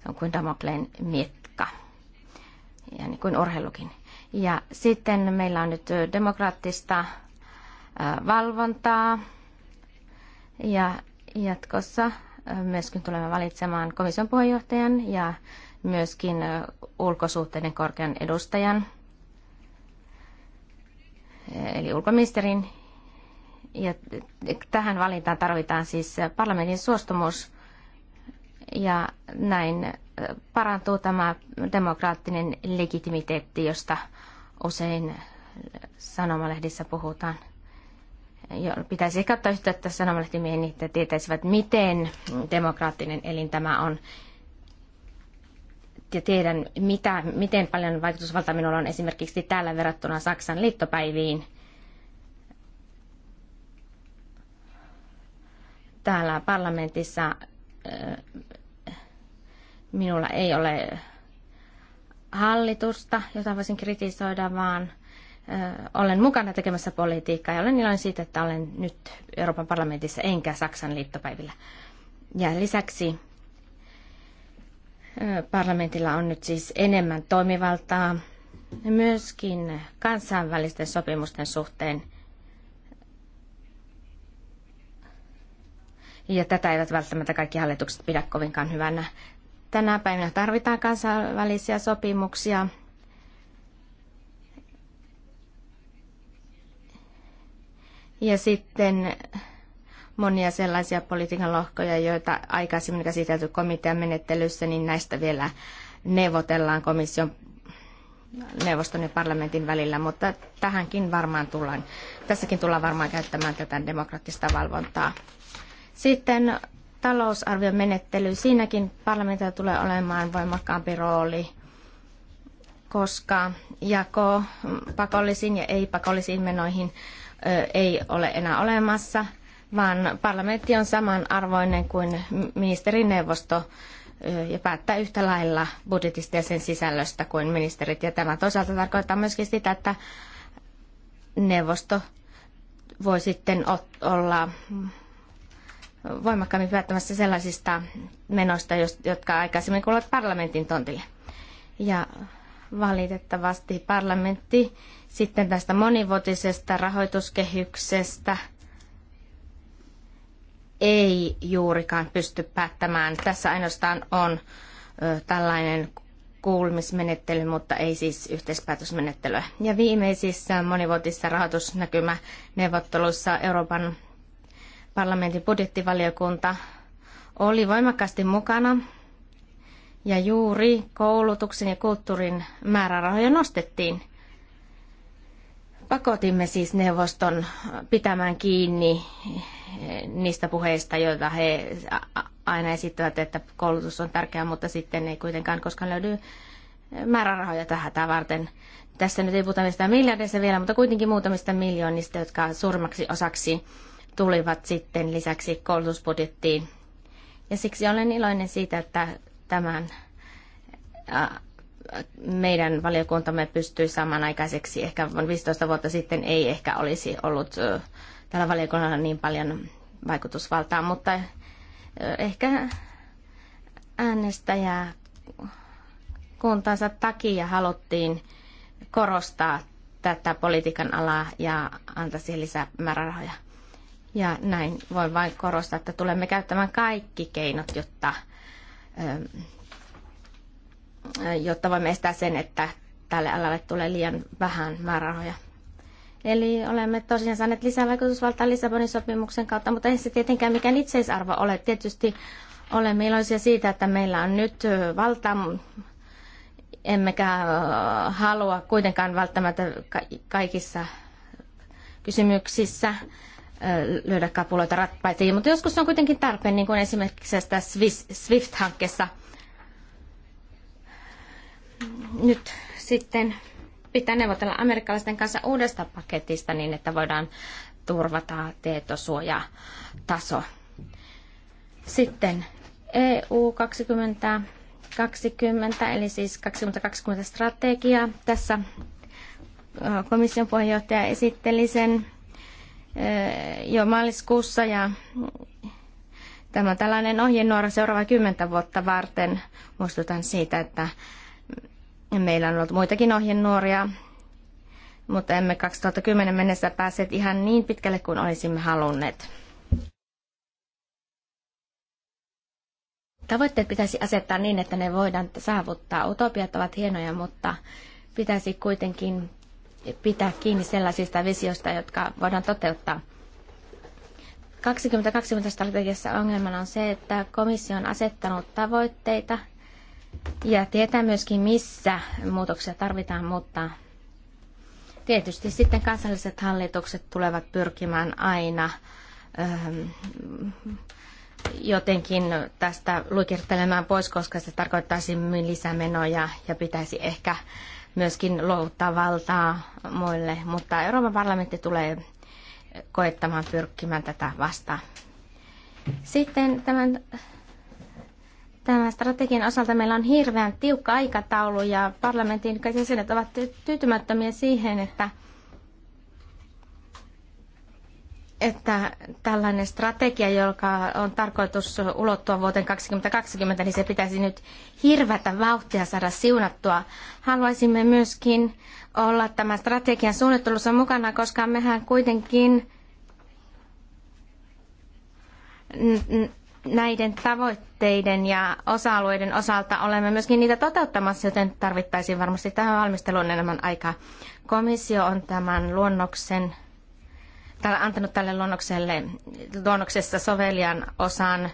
Se on kuin Damokleen mietka, ja niin kuin urheilukin. Ja sitten meillä on nyt demokraattista valvontaa, ja jatkossa myöskin tulemme valitsemaan komission puheenjohtajan ja myöskin ulkosuhteiden korkean edustajan – eli ulkoministerin. Ja tähän valintaan tarvitaan siis parlamentin suostumus ja näin parantuu tämä demokraattinen legitimiteetti, josta usein sanomalehdissä puhutaan. Pitäisi ehkä ottaa yhteyttä sanomalehtimiehen, niin että tietäisivät, miten demokraattinen elin tämä on ja tiedän, mitä, miten paljon vaikutusvalta minulla on esimerkiksi täällä verrattuna Saksan liittopäiviin. Täällä parlamentissa äh, minulla ei ole hallitusta, jota voisin kritisoida, vaan äh, olen mukana tekemässä politiikkaa ja olen iloinen siitä, että olen nyt Euroopan parlamentissa enkä Saksan liittopäivillä. Ja lisäksi Parlamentilla on nyt siis enemmän toimivaltaa myöskin kansainvälisten sopimusten suhteen. Ja tätä eivät välttämättä kaikki hallitukset pidä kovinkaan hyvänä. Tänä päivänä tarvitaan kansainvälisiä sopimuksia. Ja sitten monia sellaisia politiikan lohkoja, joita aikaisemmin käsitelty komitean menettelyssä, niin näistä vielä neuvotellaan komission neuvoston ja parlamentin välillä, mutta tähänkin varmaan tullaan, tässäkin tullaan varmaan käyttämään tätä demokraattista valvontaa. Sitten talousarvion menettely. Siinäkin parlamentilla tulee olemaan voimakkaampi rooli, koska jako pakollisiin ja ei-pakollisiin menoihin ei ole enää olemassa vaan parlamentti on samanarvoinen kuin ministerineuvosto ja päättää yhtä lailla budjetista ja sen sisällöstä kuin ministerit. Ja tämä toisaalta tarkoittaa myöskin sitä, että neuvosto voi sitten olla voimakkaammin päättämässä sellaisista menoista, jotka aikaisemmin kuuluvat parlamentin tontille. Ja valitettavasti parlamentti sitten tästä monivuotisesta rahoituskehyksestä – ei juurikaan pysty päättämään. Tässä ainoastaan on tällainen kuulumismenettely, mutta ei siis yhteispäätösmenettelyä. Ja viimeisissä monivuotisissa rahoitusnäkymäneuvotteluissa Euroopan parlamentin budjettivaliokunta oli voimakkaasti mukana ja juuri koulutuksen ja kulttuurin määrärahoja nostettiin. Pakotimme siis neuvoston pitämään kiinni niistä puheista, joita he aina esittävät, että koulutus on tärkeää, mutta sitten ei kuitenkaan koskaan löydy määrärahoja tähän varten. Tässä nyt ei puhuta mistä miljardista vielä, mutta kuitenkin muutamista miljoonista, jotka suurimmaksi osaksi tulivat sitten lisäksi koulutusbudjettiin. Ja siksi olen iloinen siitä, että tämän meidän valiokuntamme pystyi samanaikaiseksi. Ehkä 15 vuotta sitten ei ehkä olisi ollut tällä valiokunnalla niin paljon vaikutusvaltaa, mutta ehkä äänestäjää kuntansa takia haluttiin korostaa tätä politiikan alaa ja antaa siihen lisää määrärahoja. Ja näin voi vain korostaa, että tulemme käyttämään kaikki keinot, jotta, jotta voimme estää sen, että tälle alalle tulee liian vähän määrärahoja. Eli olemme tosiaan saaneet lisävaikutusvaltaa Lissabonin sopimuksen kautta, mutta ei se tietenkään mikään itseisarvo ole. Tietysti olemme iloisia siitä, että meillä on nyt valta, emmekä halua kuitenkaan välttämättä kaikissa kysymyksissä löydä kapuloita rattaitiin, mutta joskus se on kuitenkin tarpeen, niin kuin esimerkiksi tässä SWIFT-hankkeessa. Nyt sitten pitää neuvotella amerikkalaisten kanssa uudesta paketista niin, että voidaan turvata tietosuojataso. Sitten EU 2020, eli siis 2020 strategia. Tässä komission puheenjohtaja esitteli sen jo maaliskuussa ja tämä tällainen ohjenuora seuraava kymmentä vuotta varten. Muistutan siitä, että Meillä on ollut muitakin ohjenuoria, mutta emme 2010 mennessä päässeet ihan niin pitkälle kuin olisimme halunneet. Tavoitteet pitäisi asettaa niin, että ne voidaan saavuttaa. Utopiat ovat hienoja, mutta pitäisi kuitenkin pitää kiinni sellaisista visioista, jotka voidaan toteuttaa. 2020 strategiassa ongelmana on se, että komissio on asettanut tavoitteita, ja tietää myöskin, missä muutoksia tarvitaan, mutta tietysti sitten kansalliset hallitukset tulevat pyrkimään aina jotenkin tästä luikertelemaan pois, koska se tarkoittaisi lisämenoja ja pitäisi ehkä myöskin luovuttaa valtaa muille. Mutta Euroopan parlamentti tulee koettamaan pyrkimään tätä vastaan. Sitten tämän Tämän strategian osalta meillä on hirveän tiukka aikataulu ja parlamentin jäsenet ovat tyytymättömiä siihen, että, että tällainen strategia, joka on tarkoitus ulottua vuoteen 2020, niin se pitäisi nyt hirveätä vauhtia saada siunattua. Haluaisimme myöskin olla tämän strategian suunnittelussa mukana, koska mehän kuitenkin näiden tavoitteiden ja osa-alueiden osalta olemme myöskin niitä toteuttamassa, joten tarvittaisiin varmasti tähän valmisteluun enemmän aikaa. Komissio on tämän luonnoksen, tällä, antanut tälle luonnokselle, luonnoksessa sovelian osan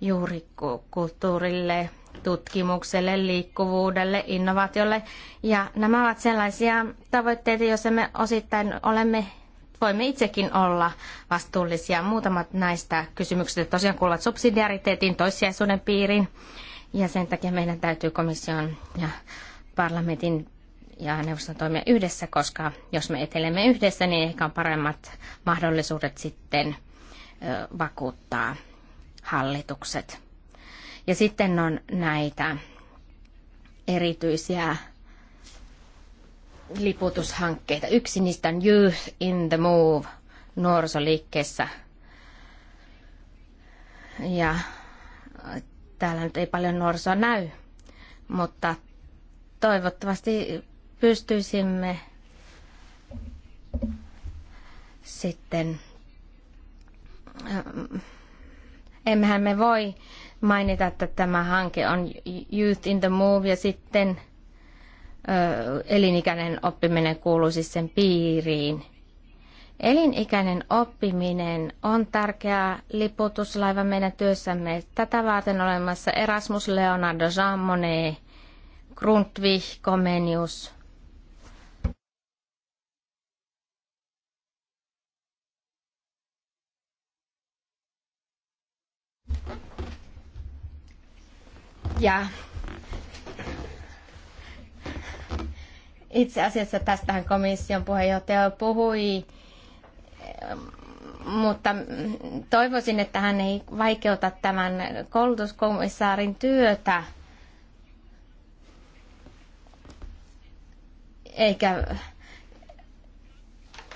juuri kulttuurille, tutkimukselle, liikkuvuudelle, innovaatiolle. Ja nämä ovat sellaisia tavoitteita, joissa me osittain olemme voimme itsekin olla vastuullisia. Muutamat näistä kysymyksistä tosiaan kuuluvat subsidiariteetin toissijaisuuden piiriin. Ja sen takia meidän täytyy komission ja parlamentin ja neuvoston toimia yhdessä, koska jos me etelemme yhdessä, niin ehkä on paremmat mahdollisuudet sitten vakuuttaa hallitukset. Ja sitten on näitä erityisiä liputushankkeita. Yksi niistä on Youth in the Move nuorisoliikkeessä. Ja äh, täällä nyt ei paljon nuorisoa näy, mutta toivottavasti pystyisimme sitten äh, emmehän me voi mainita, että tämä hanke on Youth in the Move ja sitten elinikäinen oppiminen kuuluu siis sen piiriin. Elinikäinen oppiminen on tärkeä liputuslaiva meidän työssämme. Tätä varten olemassa Erasmus Leonardo Jean Monnet, Grundtvig, Comenius. Ja Itse asiassa tästähän komission puheenjohtaja puhui, mutta toivoisin, että hän ei vaikeuta tämän koulutuskomissaarin työtä. Eikä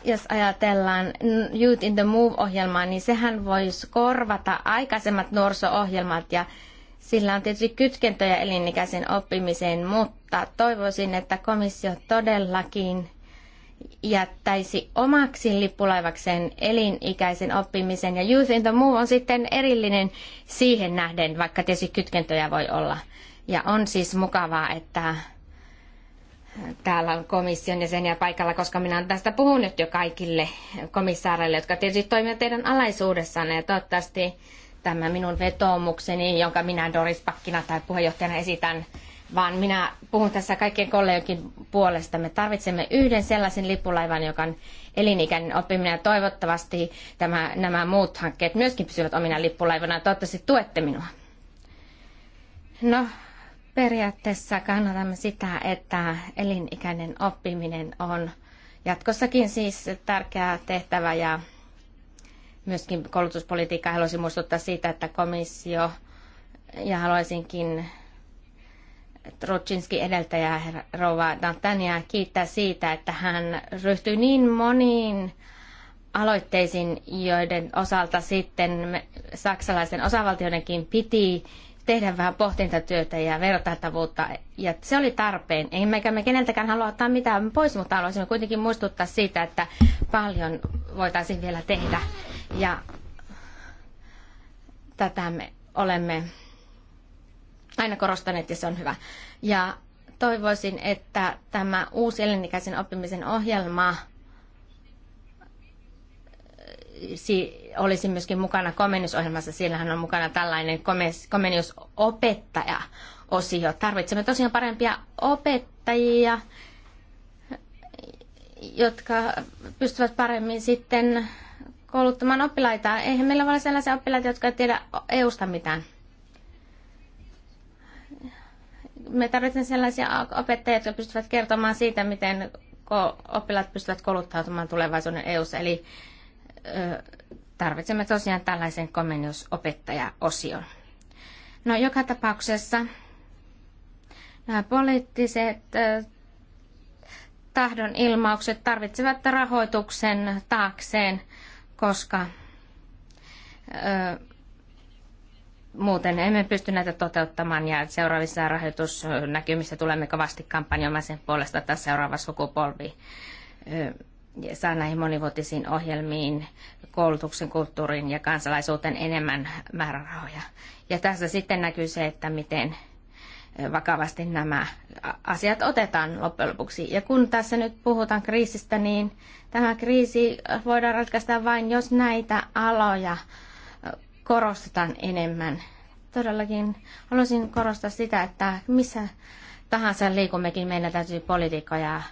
jos ajatellaan Youth in the Move-ohjelmaa, niin sehän voisi korvata aikaisemmat nuoriso-ohjelmat ja sillä on tietysti kytkentöjä elinikäisen oppimiseen, mutta toivoisin, että komissio todellakin jättäisi omaksi lippulaivakseen elinikäisen oppimisen ja Youth in the Move on sitten erillinen siihen nähden, vaikka tietysti kytkentöjä voi olla. Ja on siis mukavaa, että täällä on komission jäseniä paikalla, koska minä olen tästä puhunut jo kaikille komissaareille, jotka tietysti toimivat teidän alaisuudessanne ja toivottavasti tämä minun vetoomukseni, jonka minä Doris Pakkina tai puheenjohtajana esitän, vaan minä puhun tässä kaikkien kollegiokin puolesta. Me tarvitsemme yhden sellaisen lippulaivan, joka on elinikäinen oppiminen ja toivottavasti tämä, nämä muut hankkeet myöskin pysyvät omina lippulaivana. Toivottavasti tuette minua. No, periaatteessa kannatamme sitä, että elinikäinen oppiminen on jatkossakin siis tärkeä tehtävä ja myöskin koulutuspolitiikkaa. Haluaisin muistuttaa siitä, että komissio ja haluaisinkin Trotsinski edeltäjä Rova Dantania kiittää siitä, että hän ryhtyi niin moniin aloitteisiin, joiden osalta sitten saksalaisten osavaltioidenkin piti tehdä vähän pohtintatyötä ja vertailtavuutta. Ja se oli tarpeen. Emmekä me keneltäkään halua ottaa mitään pois, mutta haluaisimme kuitenkin muistuttaa siitä, että paljon voitaisiin vielä tehdä. Ja tätä me olemme aina korostaneet ja se on hyvä. Ja toivoisin, että tämä uusi elinikäisen oppimisen ohjelma eh, olisi myöskin mukana komennusohjelmassa. Siellähän on mukana tällainen komennusopettaja osio Tarvitsemme tosiaan parempia opettajia, jotka pystyvät paremmin sitten kouluttamaan oppilaita. Eihän meillä voi sellaisia oppilaita, jotka ei tiedä EUsta mitään. Me tarvitsemme sellaisia opettajia, jotka pystyvät kertomaan siitä, miten oppilaat pystyvät kouluttautumaan tulevaisuuden EUssa. Eli tarvitsemme tosiaan tällaisen komennusopettaja-osion. No joka tapauksessa nämä poliittiset tahdonilmaukset tarvitsevat rahoituksen taakseen – koska ö, muuten emme pysty näitä toteuttamaan ja seuraavissa rahoitusnäkymissä tulemme kovasti kampanjoimaan sen puolesta, että seuraava sukupolvi ö, saa näihin monivuotisiin ohjelmiin, koulutuksen, kulttuuriin ja kansalaisuuteen enemmän määrärahoja. Ja tässä sitten näkyy se, että miten vakavasti nämä asiat otetaan loppujen lopuksi. Ja kun tässä nyt puhutaan kriisistä, niin Tämä kriisi voidaan ratkaista vain, jos näitä aloja korostetaan enemmän. Todellakin haluaisin korostaa sitä, että missä tahansa liikummekin, meillä täytyy politiikkoja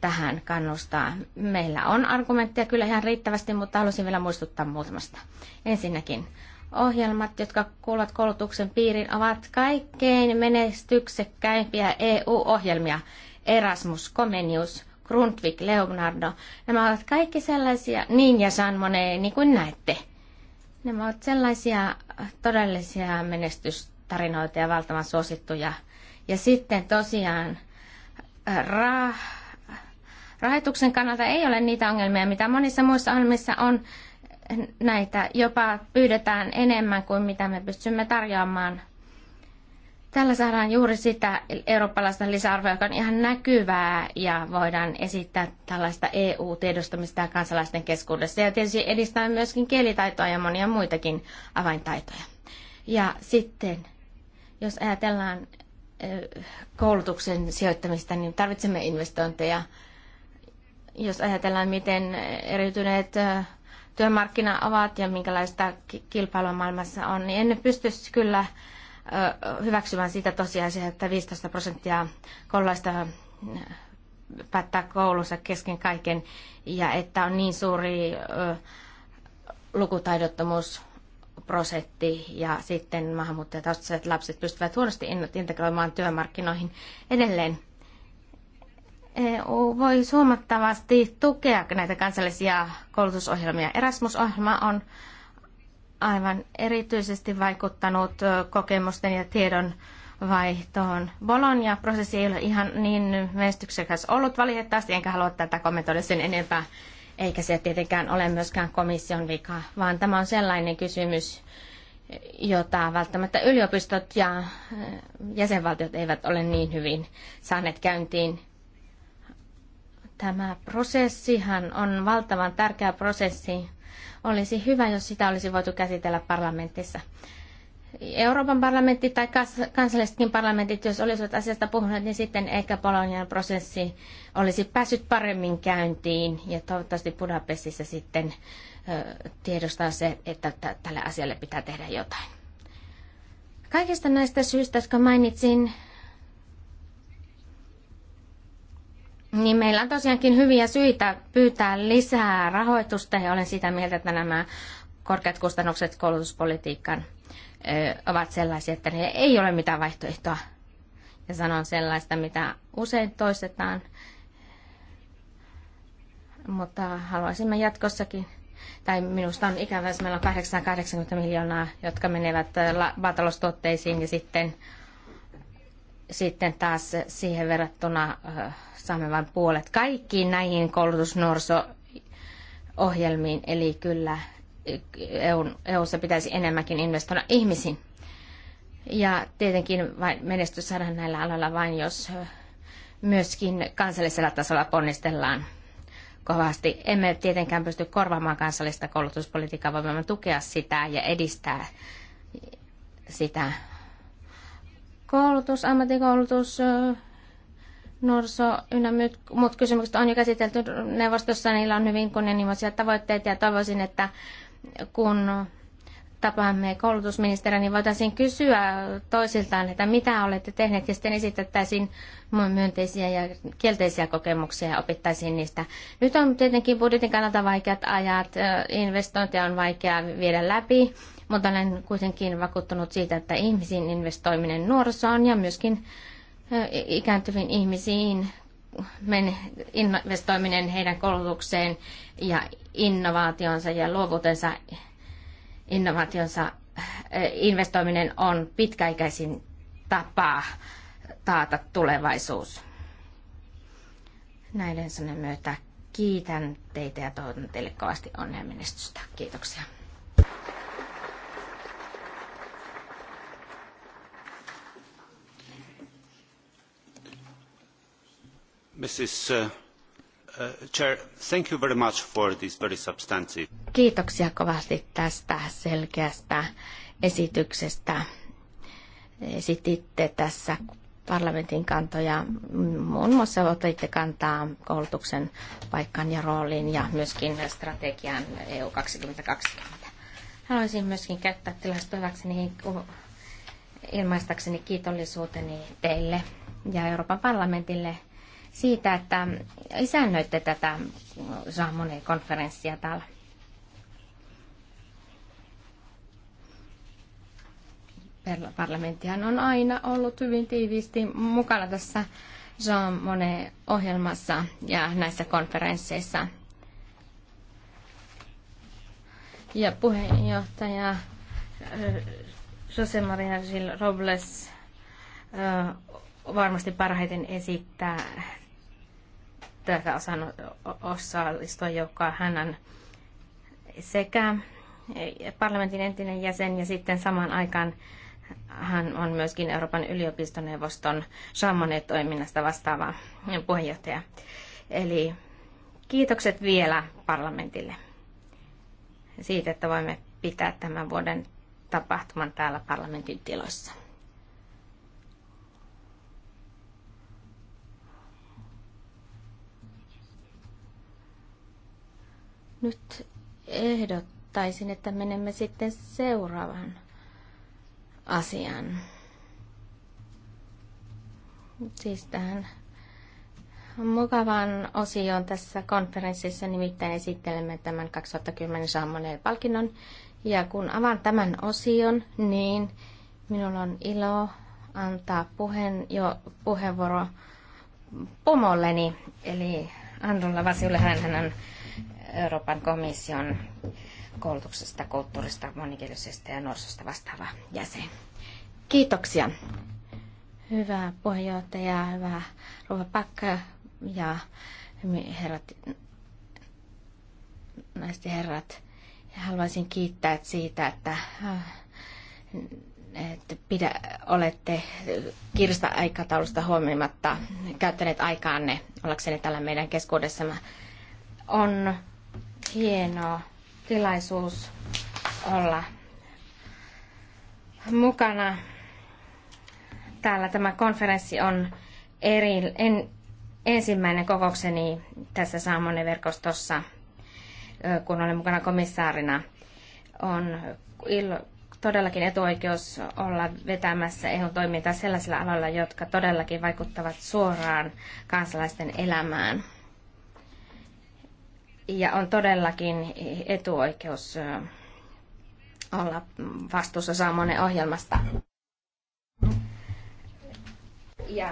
tähän kannustaa. Meillä on argumentteja kyllä ihan riittävästi, mutta halusin vielä muistuttaa muutamasta. Ensinnäkin ohjelmat, jotka kuuluvat koulutuksen piiriin, ovat kaikkein menestyksekkäimpiä EU-ohjelmia. Erasmus, Comenius, Grundtvig, Leonardo. Nämä ovat kaikki sellaisia, niin ja San Monet, niin kuin näette. Nämä ovat sellaisia todellisia menestystarinoita ja valtavan suosittuja. Ja sitten tosiaan äh, ra- rahoituksen kannalta ei ole niitä ongelmia, mitä monissa muissa ohjelmissa on. Näitä jopa pyydetään enemmän kuin mitä me pystymme tarjoamaan Tällä saadaan juuri sitä eurooppalaista lisäarvoa, joka on ihan näkyvää ja voidaan esittää tällaista EU-tiedostamista kansalaisten keskuudessa. Ja tietysti edistää myöskin kielitaitoa ja monia muitakin avaintaitoja. Ja sitten, jos ajatellaan koulutuksen sijoittamista, niin tarvitsemme investointeja. Jos ajatellaan, miten eriytyneet työmarkkina ovat ja minkälaista kilpailua maailmassa on, niin en pysty kyllä hyväksymään sitä tosiasiaa, että 15 prosenttia koululaista päättää koulunsa kesken kaiken ja että on niin suuri lukutaidottomuus prosentti ja sitten maahanmuuttajataustaiset lapset pystyvät huonosti integroimaan työmarkkinoihin edelleen. EU voi suomattavasti tukea näitä kansallisia koulutusohjelmia. Erasmus-ohjelma on aivan erityisesti vaikuttanut kokemusten ja tiedon vaihtoon. Bologna-prosessi ei ole ihan niin menestyksekäs ollut valitettavasti, enkä halua tätä kommentoida sen enempää, eikä se tietenkään ole myöskään komission vika, vaan tämä on sellainen kysymys, jota välttämättä yliopistot ja jäsenvaltiot eivät ole niin hyvin saaneet käyntiin. Tämä prosessihan on valtavan tärkeä prosessi olisi hyvä, jos sitä olisi voitu käsitellä parlamentissa. Euroopan parlamentti tai kansallisetkin parlamentit, jos olisivat asiasta puhuneet, niin sitten ehkä Bolognan prosessi olisi päässyt paremmin käyntiin ja toivottavasti Budapestissa sitten tiedostaa se, että tälle asialle pitää tehdä jotain. Kaikista näistä syistä, jotka mainitsin, niin meillä on tosiaankin hyviä syitä pyytää lisää rahoitusta ja olen sitä mieltä, että nämä korkeat kustannukset koulutuspolitiikkaan ovat sellaisia, että ne ei ole mitään vaihtoehtoa. Ja sanon sellaista, mitä usein toistetaan, mutta haluaisimme jatkossakin tai minusta on ikävä, jos meillä on 880 miljoonaa, jotka menevät maataloustuotteisiin ja sitten, sitten taas siihen verrattuna saamme vain puolet kaikkiin näihin koulutusnuoriso-ohjelmiin. Eli kyllä EUssa pitäisi enemmänkin investoida ihmisiin. Ja tietenkin vain menestys saadaan näillä aloilla vain, jos myöskin kansallisella tasolla ponnistellaan kovasti. Emme tietenkään pysty korvaamaan kansallista koulutuspolitiikkaa, voimme tukea sitä ja edistää sitä. Koulutus, ammattikoulutus, Norso ynnä muut kysymykset on jo käsitelty neuvostossa, niillä on hyvin kunnianhimoisia tavoitteita ja toivoisin, että kun tapaamme koulutusministeriä, niin voitaisiin kysyä toisiltaan, että mitä olette tehneet, ja sitten esitettäisiin myönteisiä ja kielteisiä kokemuksia ja opittaisiin niistä. Nyt on tietenkin budjetin kannalta vaikeat ajat, investointeja on vaikea viedä läpi, mutta olen kuitenkin vakuuttunut siitä, että ihmisiin investoiminen nuorisoon ja myöskin ikääntyviin ihmisiin, investoiminen heidän koulutukseen ja innovaationsa ja luovuutensa innovaationsa investoiminen on pitkäikäisin tapa taata tulevaisuus. Näiden sanen myötä kiitän teitä ja toivotan teille kovasti onnea menestystä. Kiitoksia. Kiitoksia kovasti tästä selkeästä esityksestä. Esititte tässä parlamentin kantoja. Muun muassa otitte kantaa koulutuksen paikkaan ja rooliin ja myöskin strategian EU 2020. Haluaisin myöskin käyttää tilaisuutta hyväkseni ilmaistakseni kiitollisuuteni teille ja Euroopan parlamentille – siitä, että isännöitte tätä Saamoneen konferenssia täällä. Parlamenttihan on aina ollut hyvin tiiviisti mukana tässä Jean Monnet-ohjelmassa ja näissä konferensseissa. Ja puheenjohtaja äh, Jose Maria Gil Robles äh, varmasti parhaiten esittää tätä osannut osallistua, joka hän sekä parlamentin entinen jäsen ja sitten samaan aikaan hän on myöskin Euroopan yliopistoneuvoston Shamonet toiminnasta vastaava puheenjohtaja. Eli kiitokset vielä parlamentille siitä, että voimme pitää tämän vuoden tapahtuman täällä parlamentin tiloissa. Nyt ehdottaisin, että menemme sitten seuraavaan asiaan. Siis tähän mukavan osion tässä konferenssissa, nimittäin esittelemme tämän 2010 saamoneen palkinnon. Ja kun avaan tämän osion, niin minulla on ilo antaa puheen, jo puheenvuoro pomolleni, eli Andrun Lavasiulle. Hän on Euroopan komission koulutuksesta, kulttuurista, monikielisestä ja nuorisosta vastaava jäsen. Kiitoksia. Hyvää puheenjohtaja, hyvää Rova Pakka ja herrat, naiset ja herrat. Haluaisin kiittää siitä, että äh, pidä, olette kirsta aikataulusta huomioimatta käyttäneet aikaanne ollakseni tällä meidän keskuudessamme. On hieno tilaisuus olla mukana. Täällä tämä konferenssi on eri, en, ensimmäinen kokoukseni tässä Saamonen verkostossa, kun olen mukana komissaarina. On todellakin etuoikeus olla vetämässä ehon toimintaa sellaisilla aloilla, jotka todellakin vaikuttavat suoraan kansalaisten elämään. Ja on todellakin etuoikeus olla vastuussa Saamonen ohjelmasta. Ja.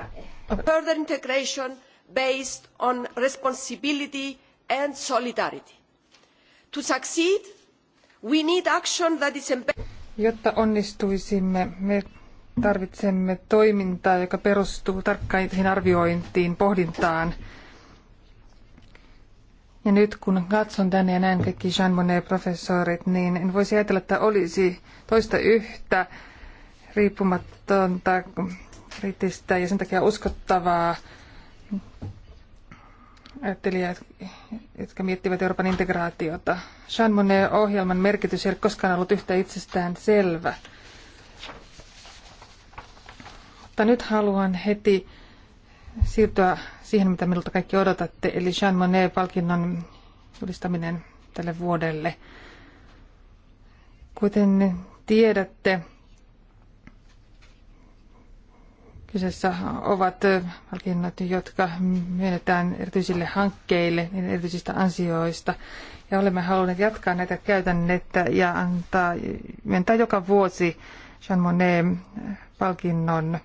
Further integration based on responsibility and solidarity. To succeed, we need action that is embedded Jotta onnistuisimme, me tarvitsemme toimintaa, joka perustuu tarkkaan arviointiin, pohdintaan. Ja nyt kun katson tänne ja näen kaikki Jean Monnet-professorit, niin en voisi ajatella, että olisi toista yhtä riippumatonta, kriittistä ja sen takia uskottavaa ajattelijat, jotka miettivät Euroopan integraatiota. Jean Monnet-ohjelman merkitys ei ole koskaan ollut yhtä itsestään selvä. Mutta nyt haluan heti siirtyä siihen, mitä minulta kaikki odotatte, eli Jean Monnet-palkinnon julistaminen tälle vuodelle. Kuten tiedätte, Kyseessä ovat palkinnot, jotka myönnetään erityisille hankkeille, niin erityisistä ansioista. Ja olemme halunneet jatkaa näitä käytännettä ja antaa, myöntää joka vuosi Jean Monnet-palkinnon.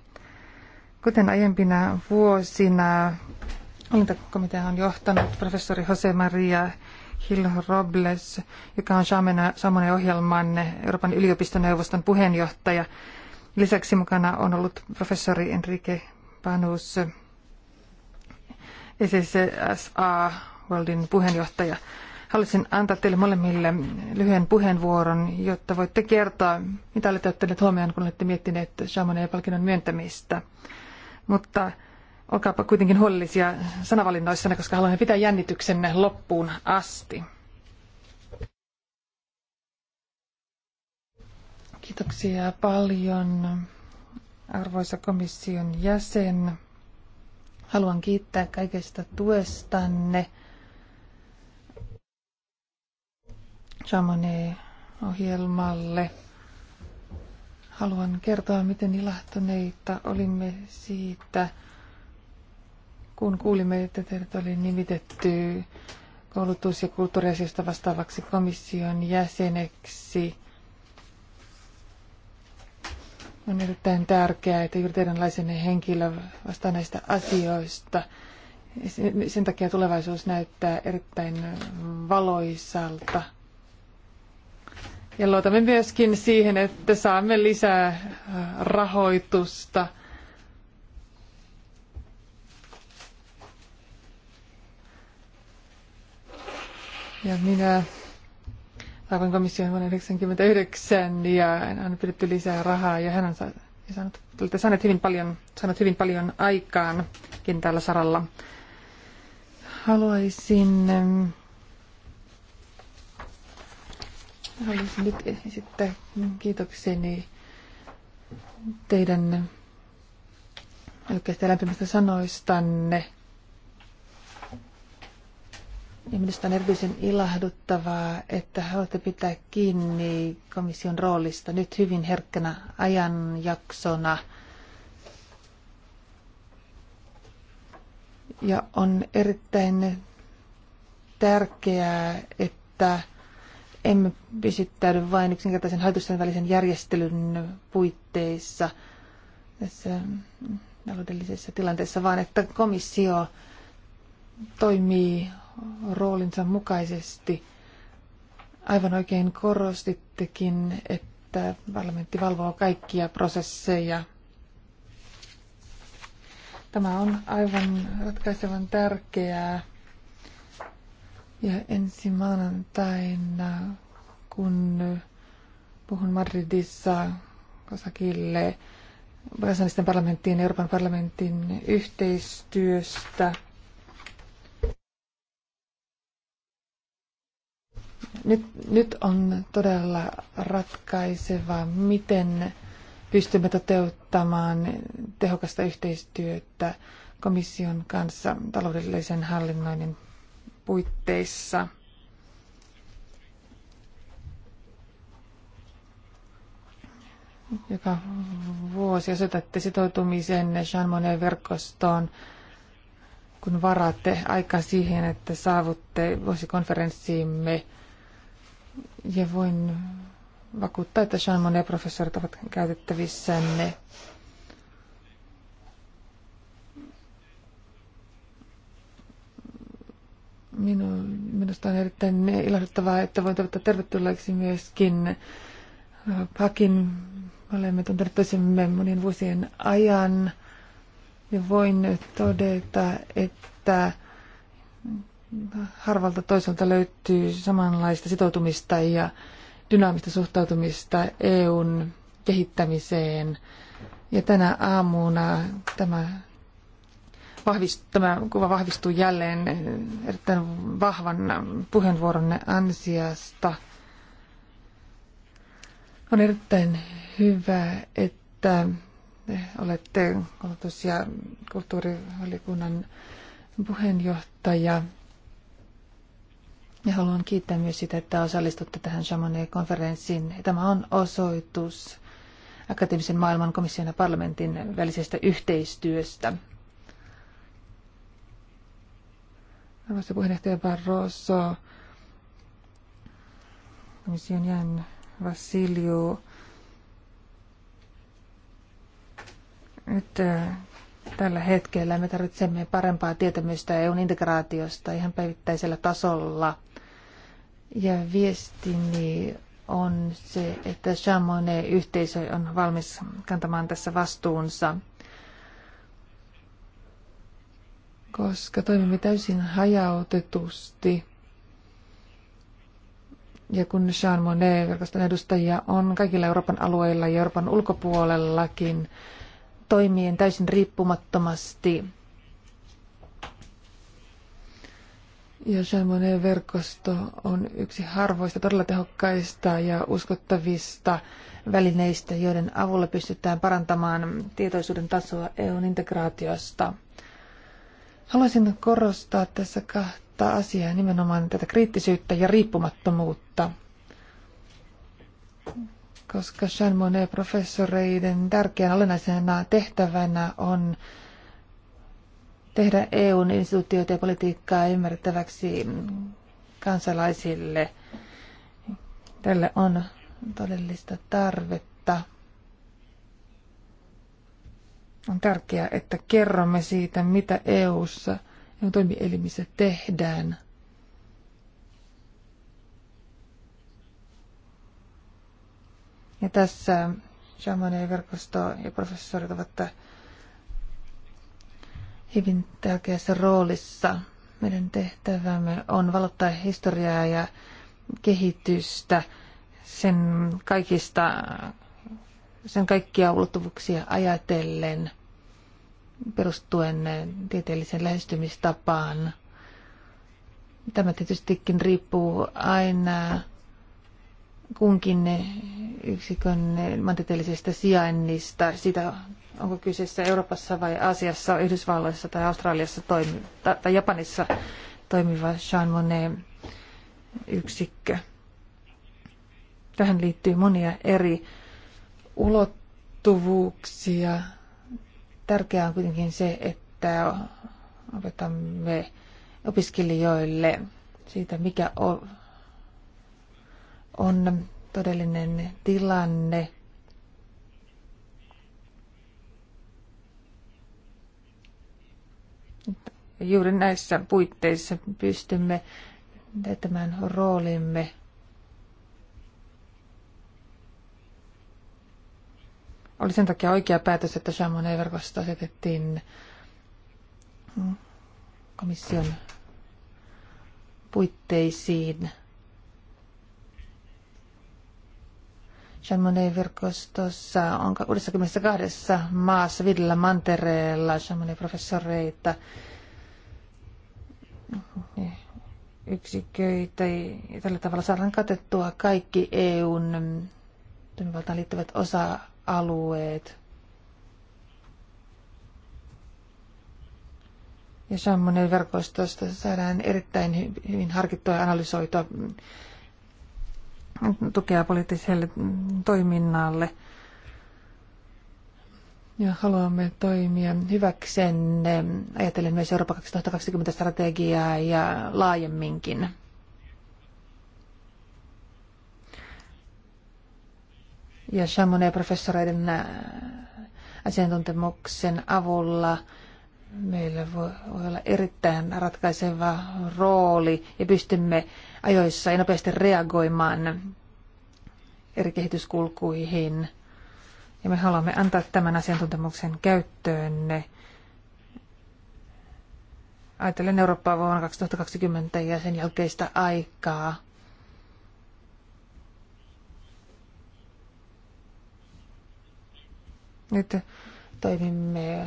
Kuten aiempina vuosina, valintakomitea on johtanut professori Jose Maria Hill Robles, joka on Jean Monnet-ohjelman Euroopan yliopistoneuvoston puheenjohtaja. Lisäksi mukana on ollut professori Enrique Panus, SSA Worldin puheenjohtaja. Haluaisin antaa teille molemmille lyhyen puheenvuoron, jotta voitte kertoa, mitä olette ottaneet huomioon, kun olette miettineet Chamonix-palkinnon myöntämistä. Mutta olkaapa kuitenkin huolellisia sanavalinnoissanne, koska haluamme pitää jännityksen loppuun asti. Kiitoksia paljon, arvoisa komission jäsen. Haluan kiittää kaikesta tuestanne. Chamonix-ohjelmalle. Haluan kertoa, miten ilahtuneita olimme siitä, kun kuulimme, että teidät oli nimitetty koulutus- ja kulttuuriasioista vastaavaksi komission jäseneksi. On erittäin tärkeää, että juuri teidänlaisenne henkilö vastaa näistä asioista. Sen takia tulevaisuus näyttää erittäin valoisalta. Ja luotamme myöskin siihen, että saamme lisää rahoitusta. Ja minä Euroopan komission vuonna 1999 ja on pyydetty lisää rahaa ja hän on saanut, olette saaneet hyvin paljon, saanut hyvin paljon aikaankin tällä saralla. Haluaisin, ähm, haluaisin nyt esittää kiitokseni teidän oikeastaan lämpimästä sanoistanne ja minusta on erityisen ilahduttavaa, että haluatte pitää kiinni komission roolista nyt hyvin herkkänä ajanjaksona. Ja on erittäin tärkeää, että emme pysyttäydy vain yksinkertaisen hallitusten välisen järjestelyn puitteissa tässä taloudellisessa tilanteessa, vaan että komissio toimii roolinsa mukaisesti. Aivan oikein korostittekin, että parlamentti valvoo kaikkia prosesseja. Tämä on aivan ratkaisevan tärkeää. Ja ensi maanantaina, kun puhun Madridissa Kosakille, Brasilian parlamenttien ja Euroopan parlamentin yhteistyöstä – Nyt, nyt on todella ratkaiseva, miten pystymme toteuttamaan tehokasta yhteistyötä komission kanssa taloudellisen hallinnoinnin puitteissa. joka vuosi osoitatte sitoutumisen Jean Monnet-verkostoon, kun varaatte aikaa siihen, että saavutte vuosikonferenssiimme ja voin vakuuttaa, että Sean Monet ja professorit ovat käytettävissänne. minusta on erittäin ilahduttavaa, että voin toivottaa tervetulleeksi myöskin Pakin. Äh, Olemme tunteneet toisemme monien vuosien ajan. Ja voin todeta, että harvalta toiselta löytyy samanlaista sitoutumista ja dynaamista suhtautumista EUn kehittämiseen. Ja tänä aamuna tämä, vahvist, tämä kuva vahvistuu jälleen erittäin vahvan puheenvuoronne ansiosta. On erittäin hyvä, että olette koulutus- kulttuurivaliokunnan puheenjohtaja. Ja haluan kiittää myös sitä, että osallistutte tähän Chamonix-konferenssiin. Tämä on osoitus akateemisen maailman komission ja parlamentin välisestä yhteistyöstä. Arvoisa puheenjohtaja Barroso, komission jään Vasilju. Nyt äh, tällä hetkellä me tarvitsemme parempaa tietämystä EUn integraatiosta ihan päivittäisellä tasolla – ja viestini on se, että Chamonix-yhteisö on valmis kantamaan tässä vastuunsa, koska toimimme täysin hajautetusti. Ja kun Jean Monnet verkoston edustajia on kaikilla Euroopan alueilla ja Euroopan ulkopuolellakin toimien täysin riippumattomasti, Ja Shamone verkosto on yksi harvoista todella tehokkaista ja uskottavista välineistä, joiden avulla pystytään parantamaan tietoisuuden tasoa EUn integraatiosta. Haluaisin korostaa tässä kahta asiaa, nimenomaan tätä kriittisyyttä ja riippumattomuutta koska Jean Monnet professoreiden tärkeänä olennaisena tehtävänä on tehdä EUn instituutioita ja politiikkaa ymmärrettäväksi kansalaisille. Tälle on todellista tarvetta. On tärkeää, että kerromme siitä, mitä EU:ssa ja toimielimissä tehdään. Ja tässä Shamanen verkosto ja professorit ovat hyvin tärkeässä roolissa. Meidän tehtävämme on valottaa historiaa ja kehitystä sen kaikista, sen kaikkia ulottuvuuksia ajatellen perustuen tieteellisen lähestymistapaan. Tämä tietystikin riippuu aina kunkin yksikön maantieteellisestä sijainnista, sitä onko kyseessä Euroopassa vai Aasiassa, Yhdysvalloissa tai Australiassa toimi, tai, tai Japanissa toimiva Jean Monnet-yksikkö. Tähän liittyy monia eri ulottuvuuksia. Tärkeää on kuitenkin se, että opetamme opiskelijoille siitä, mikä on todellinen tilanne juuri näissä puitteissa pystymme tämän roolimme oli sen takia oikea päätös, että Shaman verkosto asetettiin komission puitteisiin – Jean Monnet-verkostossa on 62 maassa viidellä mantereella Jean Monnet-professoreita yksiköitä. Tällä tavalla saadaan katettua kaikki EUn toimivaltaan liittyvät osa-alueet. Ja Shammonen verkostosta saadaan erittäin hyvin harkittua ja analysoitua tukea poliittiselle toiminnalle. Ja haluamme toimia hyväksenne, ajatellen myös Eurooppa 2020 strategiaa ja laajemminkin. Ja Chamonix professoreiden äh, asiantuntemuksen avulla meillä voi olla erittäin ratkaiseva rooli ja pystymme ajoissa ja nopeasti reagoimaan eri kehityskulkuihin. Ja me haluamme antaa tämän asiantuntemuksen käyttöönne. Ajattelen Eurooppaa vuonna 2020 ja sen jälkeistä aikaa. Nyt Toimimme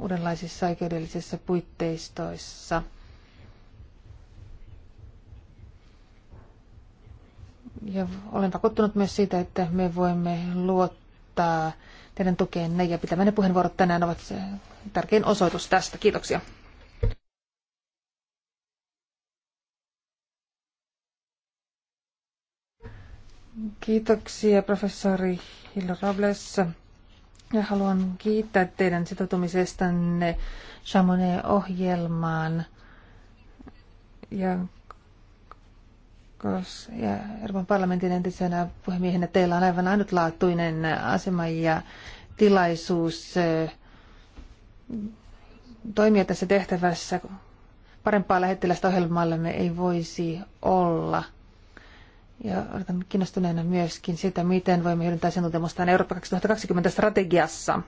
uudenlaisissa oikeudellisissa puitteistoissa. Ja olen vakuuttunut myös siitä, että me voimme luottaa teidän tukeenne ja pitämänne puheenvuorot tänään ovat tärkein osoitus tästä. Kiitoksia. Kiitoksia professori Hilla Robles. Ja haluan kiittää teidän sitoutumisestanne Chamonix-ohjelmaan. Ja, ja Euroopan parlamentin entisenä puhemiehenä teillä on aivan ainutlaatuinen asema ja tilaisuus toimia tässä tehtävässä. Parempaa lähettilästä ohjelmallemme ei voisi olla – ja odotan kiinnostuneena myöskin sitä, miten voimme hyödyntää sen tuntemustaan Eurooppa 2020 strategiassa.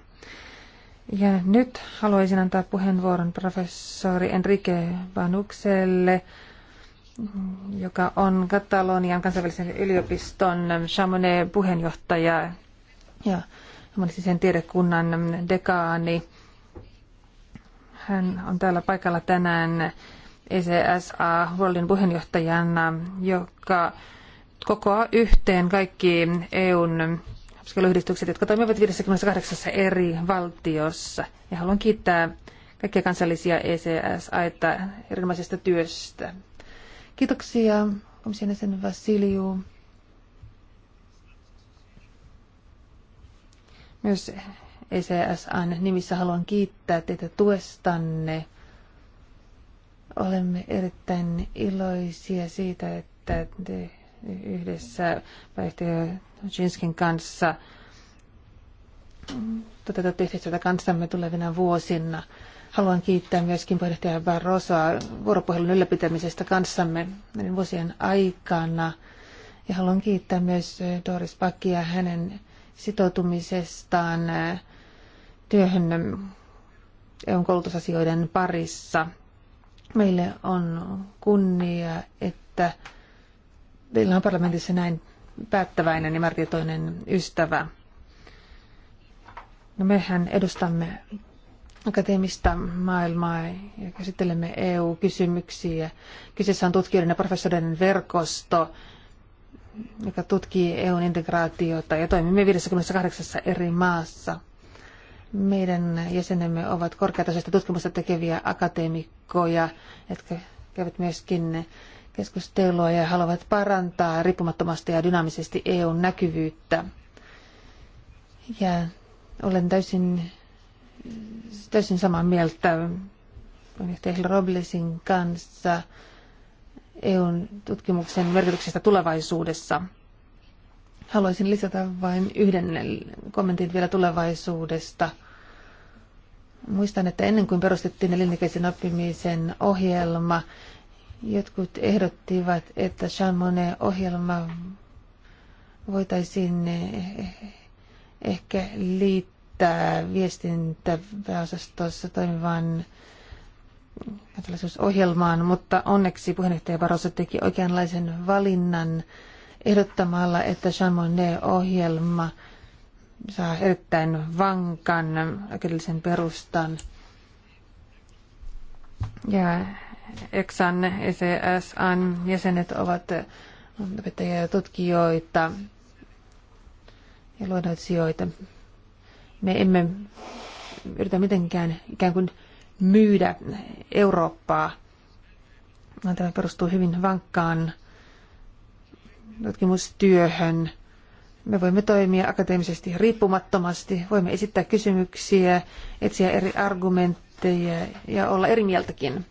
Ja nyt haluaisin antaa puheenvuoron professori Enrique Vanukselle, joka on Katalonian kansainvälisen yliopiston Chamonix puheenjohtaja ja sen tiedekunnan dekaani. Hän on täällä paikalla tänään ECSA Worldin puheenjohtajana, joka kokoaa yhteen kaikki EUn opiskeluyhdistykset, jotka toimivat 58 eri valtiossa. Ja haluan kiittää kaikkia kansallisia ECS-aita erinomaisesta työstä. Kiitoksia komission jäsen Vasiliu. Myös ECSAn nimissä haluan kiittää teitä tuestanne. Olemme erittäin iloisia siitä, että te yhdessä päihtäjä Jinskin kanssa toteutettu yhteistyötä kanssamme tulevina vuosina. Haluan kiittää myöskin puheenjohtaja Barrosoa vuoropuhelun ylläpitämisestä kanssamme vuosien aikana. Ja haluan kiittää myös Doris Pakia hänen sitoutumisestaan työhön EUn koulutusasioiden parissa. Meille on kunnia, että Meillä on parlamentissa näin päättäväinen ja määrätietoinen ystävä. No mehän edustamme akateemista maailmaa ja käsittelemme EU-kysymyksiä. Kyseessä on tutkijoiden ja professoriden verkosto, joka tutkii EUn integraatiota ja toimimme 58 eri maassa. Meidän jäsenemme ovat korkeatasoista tutkimusta tekeviä akateemikkoja, jotka käyvät myöskin keskustelua ja haluavat parantaa riippumattomasti ja dynaamisesti EUn näkyvyyttä. Ja olen täysin, täysin samaa mieltä puheenjohtaja Roblesin kanssa EUn tutkimuksen merkityksestä tulevaisuudessa. Haluaisin lisätä vain yhden kommentin vielä tulevaisuudesta. Muistan, että ennen kuin perustettiin elinikäisen oppimisen ohjelma, Jotkut ehdottivat, että Jean Monnet-ohjelma voitaisiin eh, ehkä liittää viestintäosastossa toimivaan ohjelmaan, mutta onneksi puheenjohtaja Barossa teki oikeanlaisen valinnan ehdottamalla, että Jean Monnet-ohjelma saa erittäin vankan oikeudellisen perustan. Ja EXAN, ECSAN jäsenet ovat opettajia ja tutkijoita ja luonnonsijoita. Me emme yritä mitenkään ikään kuin myydä Eurooppaa. Tämä perustuu hyvin vankkaan tutkimustyöhön. Me voimme toimia akateemisesti riippumattomasti, voimme esittää kysymyksiä, etsiä eri argumentteja ja olla eri mieltäkin.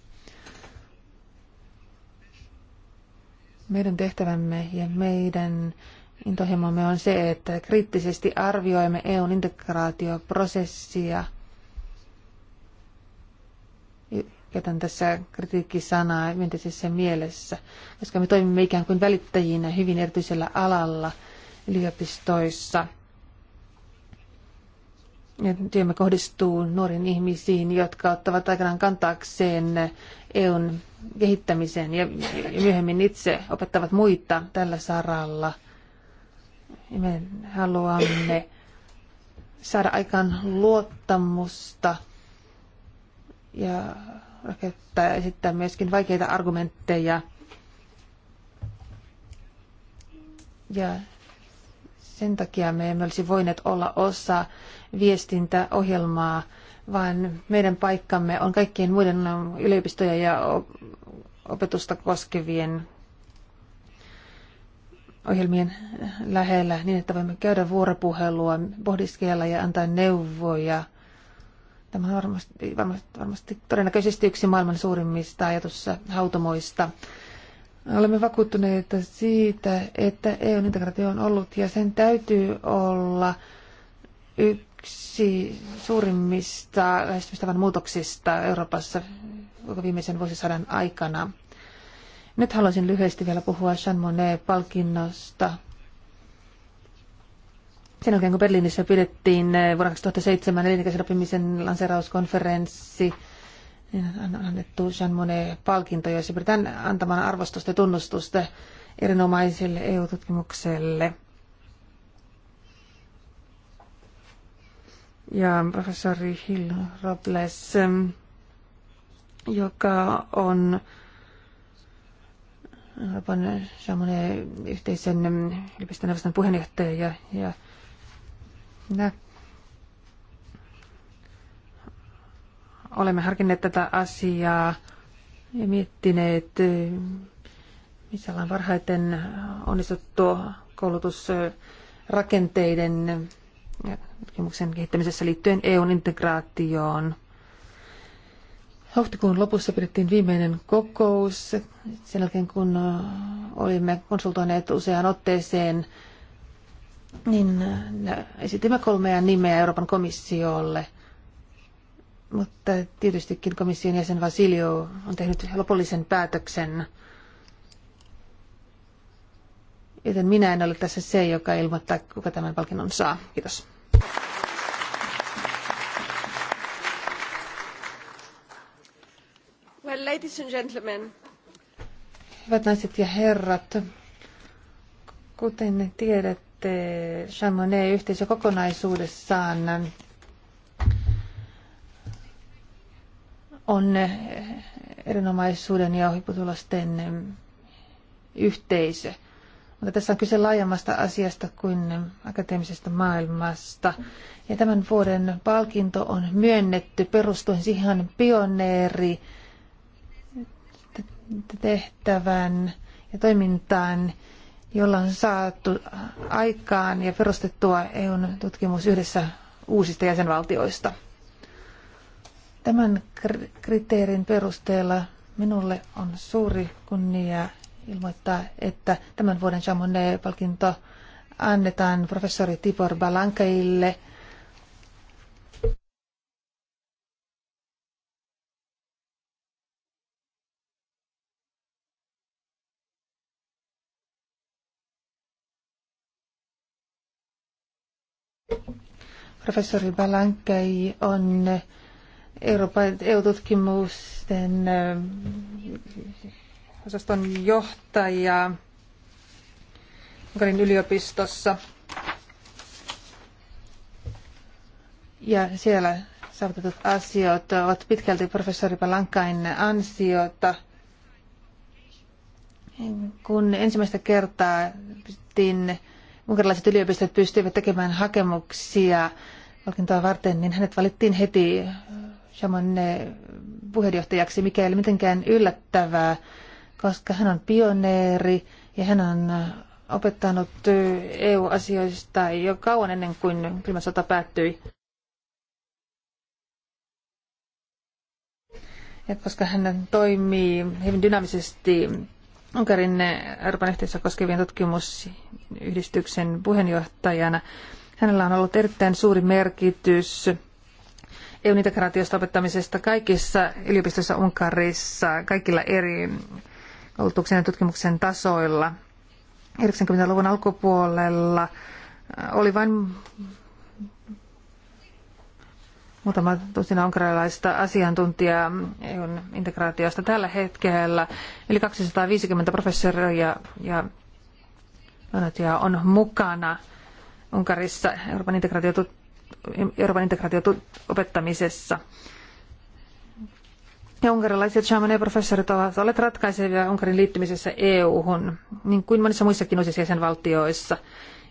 Meidän tehtävämme ja meidän intohimomme on se, että kriittisesti arvioimme EUn integraatioprosessia. Käytän tässä kritiikkisanaa myönteisessä mielessä, koska me toimimme ikään kuin välittäjinä hyvin erityisellä alalla yliopistoissa. Ja työmme kohdistuu nuoriin ihmisiin, jotka ottavat aikanaan kantaakseen EUn kehittämiseen ja myöhemmin itse opettavat muita tällä saralla. Me haluamme saada aikaan luottamusta ja rakentaa esittää myöskin vaikeita argumentteja. Ja sen takia me emme olisi voineet olla osa viestintäohjelmaa, vaan meidän paikkamme on kaikkien muiden yliopistojen ja opetusta koskevien ohjelmien lähellä niin, että voimme käydä vuoropuhelua, pohdiskella ja antaa neuvoja. Tämä on varmasti, varmasti, varmasti todennäköisesti yksi maailman suurimmista hautomoista. Olemme vakuuttuneita siitä, että eu integraatio on ollut ja sen täytyy olla yksi suurimmista lähestymistavan muutoksista Euroopassa viimeisen vuosisadan aikana. Nyt haluaisin lyhyesti vielä puhua Jean Monnet-palkinnosta. Sen jälkeen, kun Berliinissä pidettiin eh, vuonna 2007 elinikäisen oppimisen lanseerauskonferenssi, niin on annettu Jean Monnet-palkinto, jossa pyritään antamaan arvostusta ja tunnustusta erinomaiselle EU-tutkimukselle – ja professori Hill Robles, ähm, joka on Euroopan äh, Shamonen yhteisen ähm, yliopistoneuvoston puheenjohtaja ja, ja minä olemme harkinneet tätä asiaa ja miettineet, äh, missä ollaan parhaiten onnistuttu koulutusrakenteiden tutkimuksen kehittämisessä liittyen EUn integraatioon. Huhtikuun lopussa pidettiin viimeinen kokous sen jälkeen, kun äh, olimme konsultoineet useaan otteeseen, niin äh, esitimme kolmea nimeä Euroopan komissiolle. Mutta tietystikin komission jäsen Vasilio on tehnyt lopullisen päätöksen Joten minä en ole tässä se, joka ilmoittaa, kuka tämän palkinnon saa. Kiitos. Well, ladies and gentlemen. Hyvät naiset ja herrat, kuten tiedätte, monnet yhteisö kokonaisuudessaan on erinomaisuuden ja huipputulosten yhteisö. Mutta tässä on kyse laajemmasta asiasta kuin akateemisesta maailmasta. Ja tämän vuoden palkinto on myönnetty perustuen siihen pioneeri tehtävän ja toimintaan, jolla on saatu aikaan ja perustettua EUn tutkimus yhdessä uusista jäsenvaltioista. Tämän kriteerin perusteella minulle on suuri kunnia ilmoittaa, että tämän vuoden Chamonix-palkinto annetaan professori Tibor Balankaille. Professori Balankai on Euroopan EU-tutkimusten osaston johtajaa Unkarin yliopistossa. Ja siellä saavutetut asiat ovat pitkälti professori Palankain ansiota. Kun ensimmäistä kertaa pystyttiin, unkarilaiset yliopistot pystyivät tekemään hakemuksia palkintoa varten, niin hänet valittiin heti Shamon eh, puheenjohtajaksi, mikä ei ole mitenkään yllättävää, koska hän on pioneeri ja hän on äh, opettanut äh, EU-asioista jo kauan ennen kuin kylmä sota päättyi. Ja koska hän toimii hyvin dynaamisesti Unkarin äh, Euroopan yhteisössä koskevien tutkimusyhdistyksen puheenjohtajana, hänellä on ollut erittäin suuri merkitys EUn integraatiosta opettamisesta kaikissa yliopistoissa Unkarissa, kaikilla eri koulutuksen ja tutkimuksen tasoilla. 90-luvun alkupuolella äh, oli vain muutama tosin onkarilaista asiantuntijaa EUn integraatiosta tällä hetkellä. Eli 250 professoria ja ja on mukana Unkarissa Euroopan integraatio, Euroopan integraatio opettamisessa ja unkarilaiset shaman ja professorit ovat olleet ratkaisevia Unkarin liittymisessä EU-hun, niin kuin monissa muissakin uusissa jäsenvaltioissa.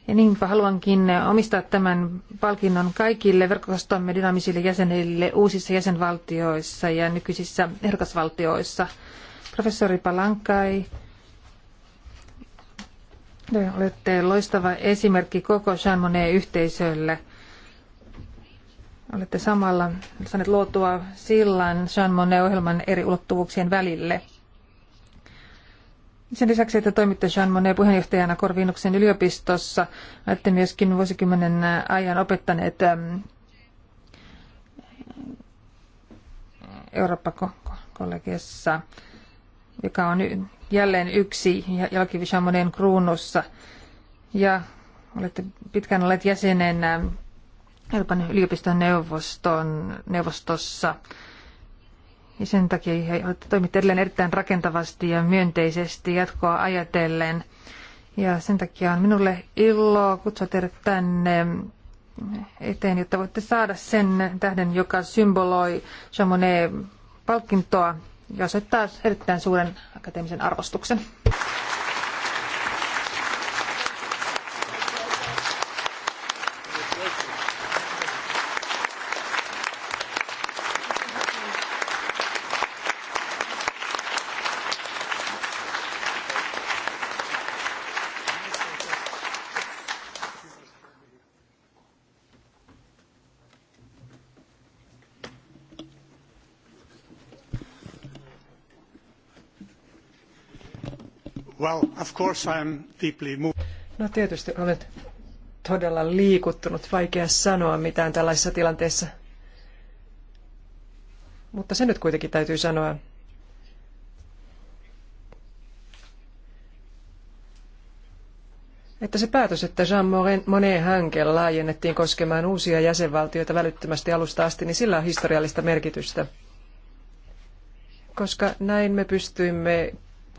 Ja niinpä haluankin omistaa tämän palkinnon kaikille verkostomme dynaamisille jäsenille uusissa jäsenvaltioissa ja nykyisissä ehdokasvaltioissa. Professori Palankai, te olette loistava esimerkki koko Jean Monnet-yhteisölle – olette samalla saaneet luotua sillan Jean Monnet-ohjelman eri ulottuvuuksien välille. Sen lisäksi, että toimitte Jean Monnet puheenjohtajana Korvinuksen yliopistossa, olette myöskin vuosikymmenen ajan opettaneet ähm, eurooppa kollegiassa joka on jälleen yksi Monnet kruunussa. Ja olette pitkään olleet jäsenenä Euroopan yliopiston neuvoston, neuvostossa. Ja sen takia he toimivat edelleen erittäin rakentavasti ja myönteisesti jatkoa ajatellen. Ja sen takia on minulle ilo kutsua teidät tänne eteen, jotta voitte saada sen tähden, joka symboloi Chamonet palkintoa ja osoittaa erittäin suuren akateemisen arvostuksen. No tietysti olen todella liikuttunut, vaikea sanoa mitään tällaisessa tilanteessa. Mutta se nyt kuitenkin täytyy sanoa. Että se päätös, että Jean Monnet-hanke laajennettiin koskemaan uusia jäsenvaltioita välittömästi alusta asti, niin sillä on historiallista merkitystä. Koska näin me pystyimme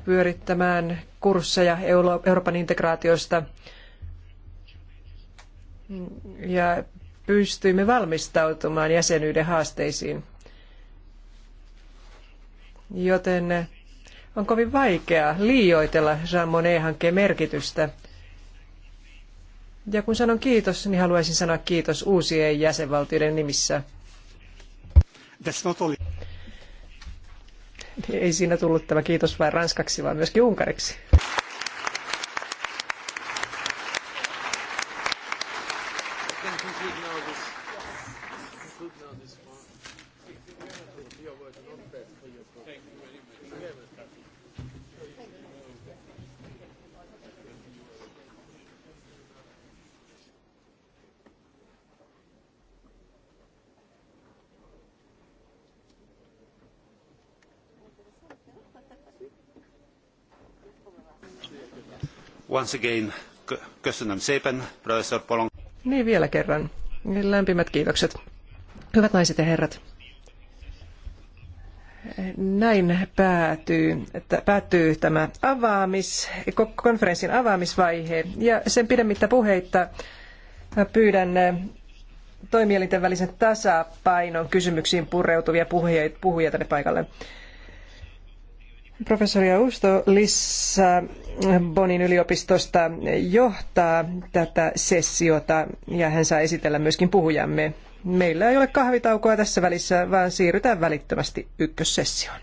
pyörittämään kursseja Euroopan integraatiosta ja pystyimme valmistautumaan jäsenyyden haasteisiin. Joten on kovin vaikeaa liioitella Jean Monnet-hankkeen merkitystä. Ja kun sanon kiitos, niin haluaisin sanoa kiitos uusien jäsenvaltioiden nimissä. Ei siinä tullut tämä kiitos vain ranskaksi, vaan myöskin unkariksi. Niin vielä kerran. Lämpimät kiitokset. Hyvät naiset ja herrat. Näin päätyy, että päättyy tämä avaamis, konferenssin avaamisvaihe. Ja sen pidemmittä puheitta pyydän toimielinten välisen tasapainon kysymyksiin pureutuvia puhujia tänne paikalle. Professori Austo Lissa Bonin yliopistosta johtaa tätä sessiota ja hän saa esitellä myöskin puhujamme. Meillä ei ole kahvitaukoa tässä välissä, vaan siirrytään välittömästi ykkössessioon.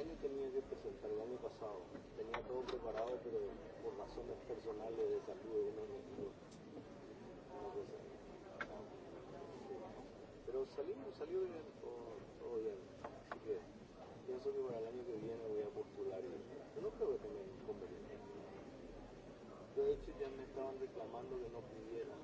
año tenía que presentar el año pasado. Tenía todo preparado, pero por razones personales de salud uno no me No pudo pero salimos, salió bien, todo, todo bien. Así que pienso que para el año que viene voy a postular y yo no creo que tenga inconveniente. De hecho ya me estaban reclamando que no pudiera.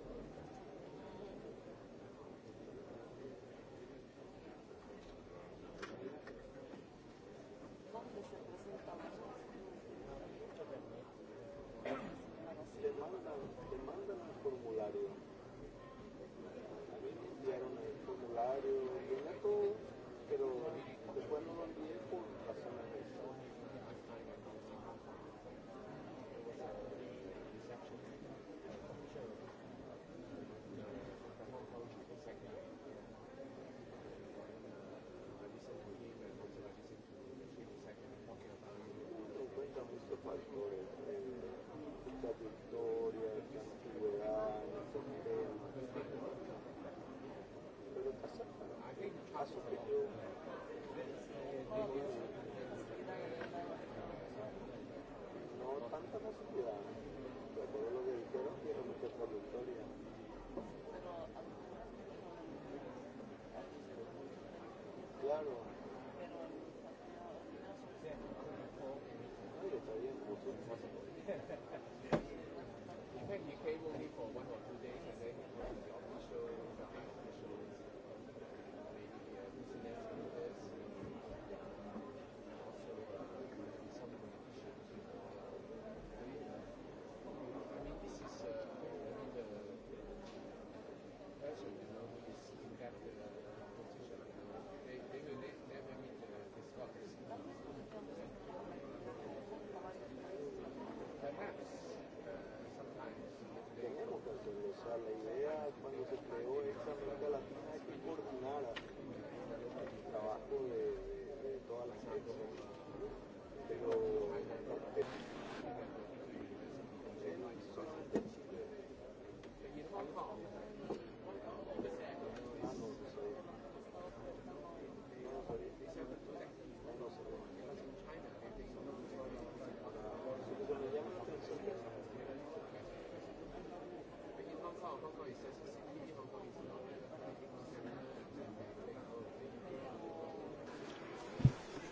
darle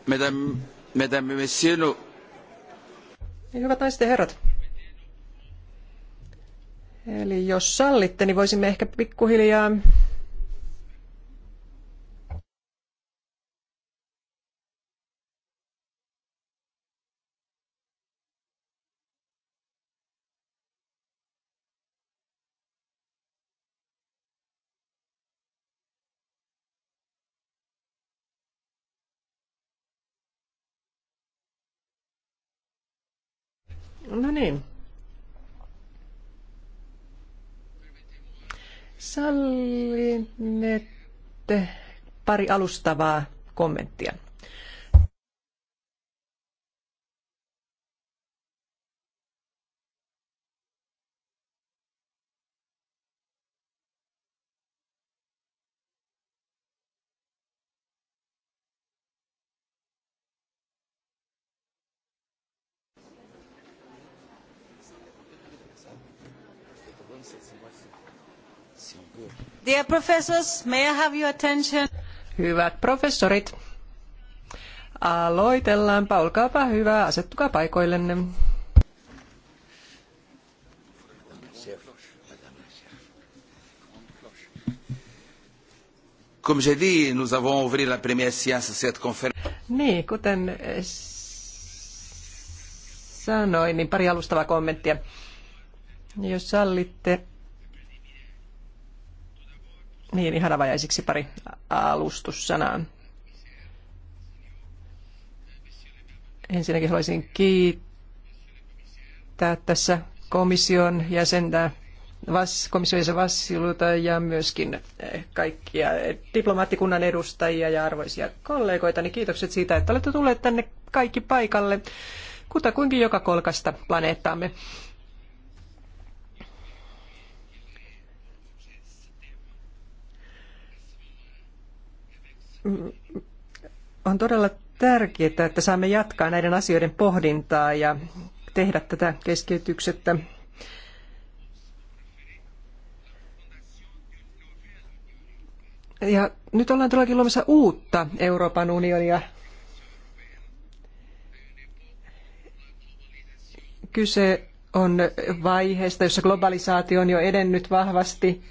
Mesdames, mesdames Hyvät naiset ja herrat. Eli jos sallitte, niin voisimme ehkä pikkuhiljaa pari alustavaa kommenttia. Dear professors, may I have your attention? Hyvät professorit, aloitellaanpa. Olkaapa hyvä, asettukaa paikoillenne. Comme j'ai dit, nous avons ouvert la première science cette conférence. Niin, kuten sanoin, niin pari alustavaa kommenttia. Jos sallitte, niin, ihan avajaisiksi pari alustussanaa. Ensinnäkin haluaisin kiittää tässä komission jäsentä, komission jäsen Vassiluta ja myöskin eh, kaikkia diplomaattikunnan edustajia ja arvoisia kollegoita. Niin kiitokset siitä, että olette tulleet tänne kaikki paikalle kutakuinkin joka kolkasta planeettaamme. on todella tärkeää, että saamme jatkaa näiden asioiden pohdintaa ja tehdä tätä keskeytyksettä. Ja nyt ollaan todellakin luomassa uutta Euroopan unionia. Kyse on vaiheesta, jossa globalisaatio on jo edennyt vahvasti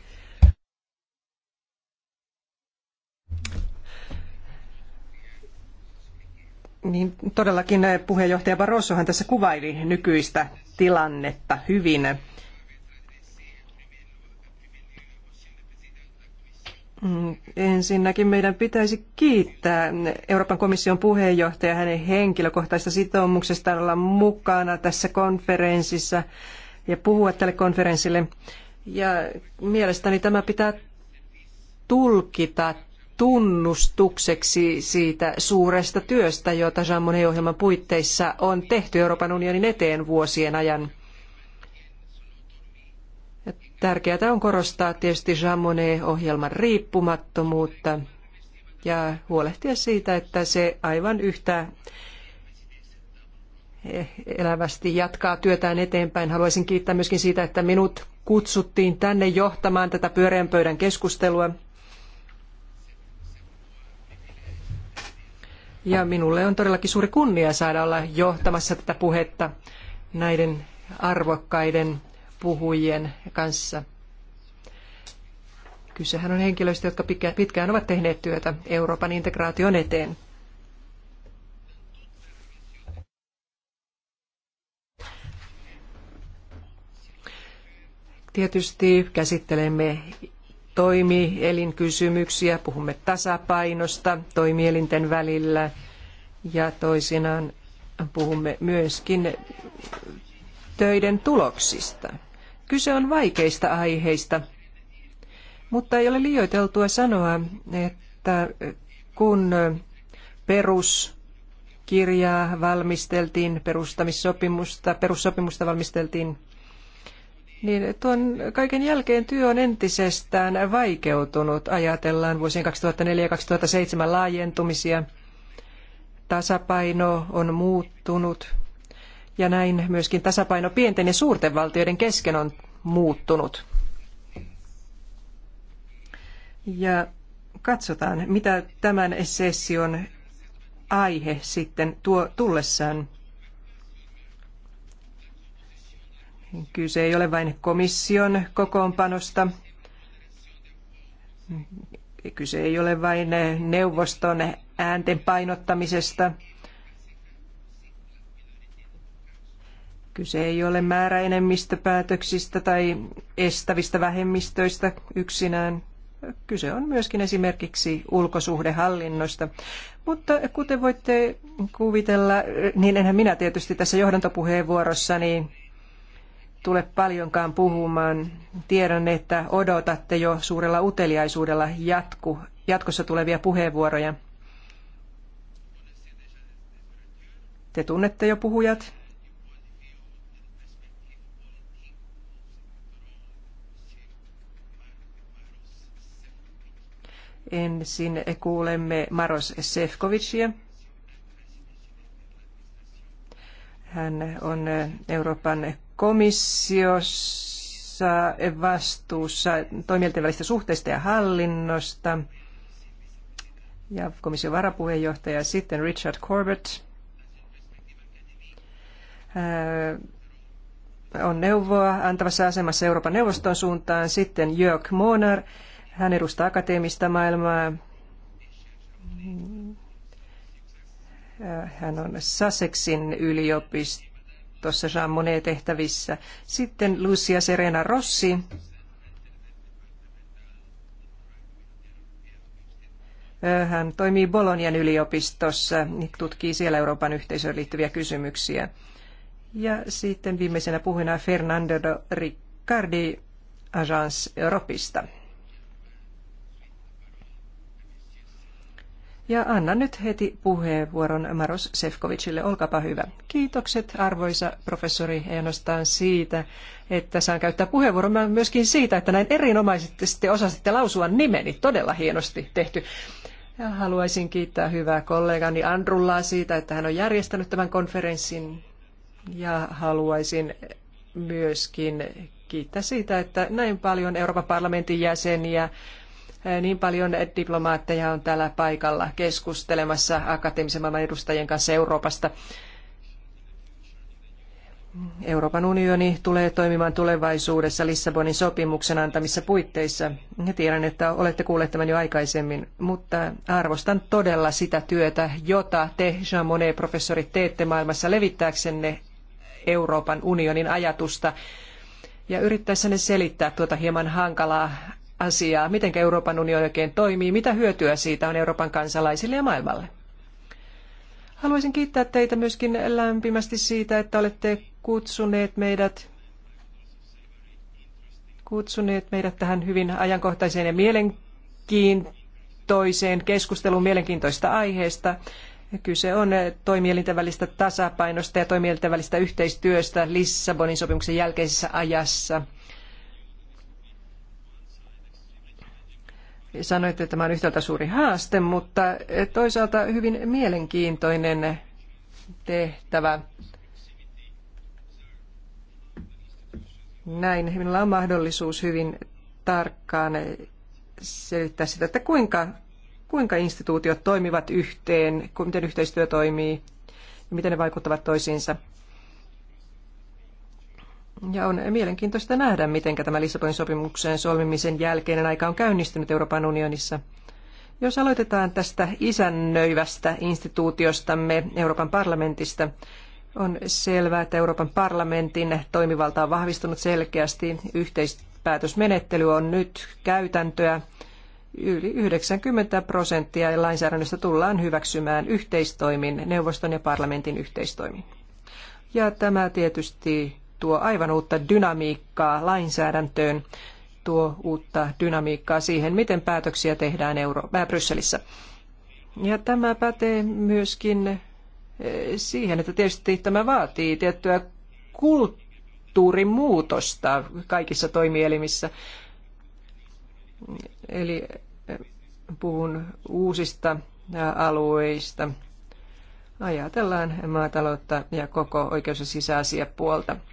Niin todellakin eh, puheenjohtaja Barrosohan tässä kuvaili nykyistä tilannetta hyvin. Mm, ensinnäkin meidän pitäisi kiittää Euroopan komission puheenjohtaja hänen henkilökohtaisesta sitoumuksesta olla mukana tässä konferenssissa ja puhua tälle konferenssille. Ja mielestäni tämä pitää tulkita tunnustukseksi siitä suuresta työstä, jota Jean Monnet-ohjelman puitteissa on tehty Euroopan unionin eteen vuosien ajan. Tärkeää on korostaa tietysti Jean Monnet-ohjelman riippumattomuutta ja huolehtia siitä, että se aivan yhtä elävästi jatkaa työtään eteenpäin. Haluaisin kiittää myöskin siitä, että minut kutsuttiin tänne johtamaan tätä pyöreän pöydän keskustelua. Ja minulle on todellakin suuri kunnia saada olla johtamassa tätä puhetta näiden arvokkaiden puhujien kanssa. Kysehän on henkilöistä, jotka pitkään ovat tehneet työtä Euroopan integraation eteen. Tietysti käsittelemme toimielinkysymyksiä, puhumme tasapainosta toimielinten välillä ja toisinaan puhumme myöskin töiden tuloksista. Kyse on vaikeista aiheista, mutta ei ole liioiteltua sanoa, että kun peruskirjaa valmisteltiin, perustamissopimusta, perussopimusta valmisteltiin niin tuon kaiken jälkeen työ on entisestään vaikeutunut. Ajatellaan vuosien 2004 ja 2007 laajentumisia. Tasapaino on muuttunut ja näin myöskin tasapaino pienten ja suurten valtioiden kesken on muuttunut. Ja katsotaan, mitä tämän session aihe sitten tuo tullessaan. Kyse ei ole vain komission kokoonpanosta. Kyse ei ole vain neuvoston äänten painottamisesta. Kyse ei ole määräenemmistöpäätöksistä tai estävistä vähemmistöistä yksinään. Kyse on myöskin esimerkiksi ulkosuhdehallinnosta. Mutta kuten voitte kuvitella, niin enhän minä tietysti tässä johdantopuheenvuorossani tule paljonkaan puhumaan. Tiedän, että odotatte jo suurella uteliaisuudella jatku, jatkossa tulevia puheenvuoroja. Te tunnette jo puhujat. Ensin kuulemme Maros Sefkovicia. Hän on Euroopan komissiossa vastuussa toimielinten välistä suhteista ja hallinnosta ja komission varapuheenjohtaja sitten Richard Corbett on neuvoa antavassa asemassa Euroopan neuvoston suuntaan. Sitten Jörg Monar, hän edustaa akateemista maailmaa. Hän on Sussexin yliopisto tuossa Jean Monnet tehtävissä. Sitten Lucia Serena Rossi. Hän toimii Bolonian yliopistossa, tutkii siellä Euroopan yhteisöön liittyviä kysymyksiä. Ja sitten viimeisenä puhujana Fernando Riccardi Agence Europista. Ja annan nyt heti puheenvuoron Maros Sefkovicille. Olkapa hyvä. Kiitokset arvoisa professori ainoastaan siitä, että saan käyttää puheenvuoron, Mä myöskin siitä, että näin erinomaisesti osasitte lausua nimeni. Todella hienosti tehty. Ja haluaisin kiittää hyvää kollegani Andrullaa siitä, että hän on järjestänyt tämän konferenssin. Ja haluaisin myöskin kiittää siitä, että näin paljon Euroopan parlamentin jäseniä niin paljon diplomaatteja on täällä paikalla keskustelemassa akateemisen maailman edustajien kanssa Euroopasta. Euroopan unioni tulee toimimaan tulevaisuudessa Lissabonin sopimuksen antamissa puitteissa. Tiedän, että olette kuulleet tämän jo aikaisemmin, mutta arvostan todella sitä työtä, jota te, Jean Monnet, professori, teette maailmassa levittääksenne Euroopan unionin ajatusta ja yrittäessänne selittää tuota hieman hankalaa asiaa, miten Euroopan unioni oikein toimii, mitä hyötyä siitä on Euroopan kansalaisille ja maailmalle. Haluaisin kiittää teitä myöskin lämpimästi siitä, että olette kutsuneet meidät, kutsuneet meidät tähän hyvin ajankohtaiseen ja mielenkiintoiseen keskusteluun mielenkiintoista aiheesta. Kyse on toimielinten välistä tasapainosta ja toimielinten välistä yhteistyöstä Lissabonin sopimuksen jälkeisessä ajassa – Sanoitte, että tämä on yhtäältä suuri haaste, mutta toisaalta hyvin mielenkiintoinen tehtävä. Näin, minulla on mahdollisuus hyvin tarkkaan selittää sitä, että kuinka, kuinka instituutiot toimivat yhteen, miten yhteistyö toimii ja miten ne vaikuttavat toisiinsa. Ja on mielenkiintoista nähdä, miten tämä Lissabonin sopimuksen solmimisen jälkeinen aika on käynnistynyt Euroopan unionissa. Jos aloitetaan tästä isännöivästä instituutiostamme Euroopan parlamentista, on selvää, että Euroopan parlamentin toimivalta on vahvistunut selkeästi. Yhteispäätösmenettely on nyt käytäntöä. Yli 90 prosenttia lainsäädännöstä tullaan hyväksymään yhteistoimin, neuvoston ja parlamentin yhteistoimin. Ja tämä tietysti tuo aivan uutta dynamiikkaa lainsäädäntöön, tuo uutta dynamiikkaa siihen, miten päätöksiä tehdään Euro- äh, Brysselissä. Ja tämä pätee myöskin äh, siihen, että tietysti tämä vaatii tiettyä kulttuurimuutosta kaikissa toimielimissä. Eli äh, puhun uusista alueista. Ajatellaan maataloutta ja koko oikeus- ja sisäasiapuolta. puolta.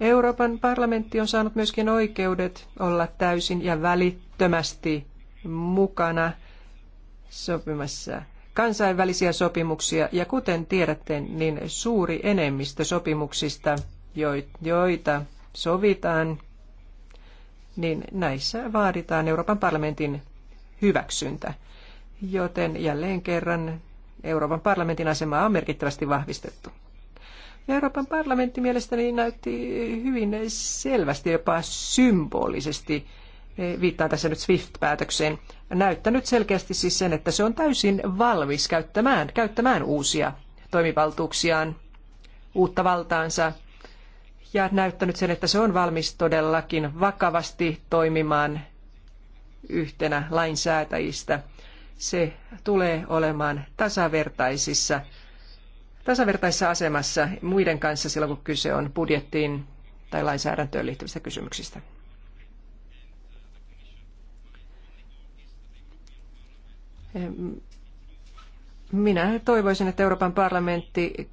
Euroopan parlamentti on saanut myöskin oikeudet olla täysin ja välittömästi mukana sopimassa kansainvälisiä sopimuksia. Ja kuten tiedätte, niin suuri enemmistö sopimuksista, joita sovitaan, niin näissä vaaditaan Euroopan parlamentin hyväksyntä. Joten jälleen kerran Euroopan parlamentin asemaa on merkittävästi vahvistettu. Euroopan parlamentti mielestäni näytti hyvin selvästi, jopa symbolisesti, e, viittaan tässä nyt SWIFT-päätökseen, näyttänyt selkeästi siis sen, että se on täysin valmis käyttämään, käyttämään uusia toimivaltuuksiaan, uutta valtaansa ja näyttänyt sen, että se on valmis todellakin vakavasti toimimaan yhtenä lainsäätäjistä. Se tulee olemaan tasavertaisissa tasavertaisessa asemassa muiden kanssa silloin, kun kyse on budjettiin tai lainsäädäntöön liittyvistä kysymyksistä. Minä toivoisin, että Euroopan parlamentti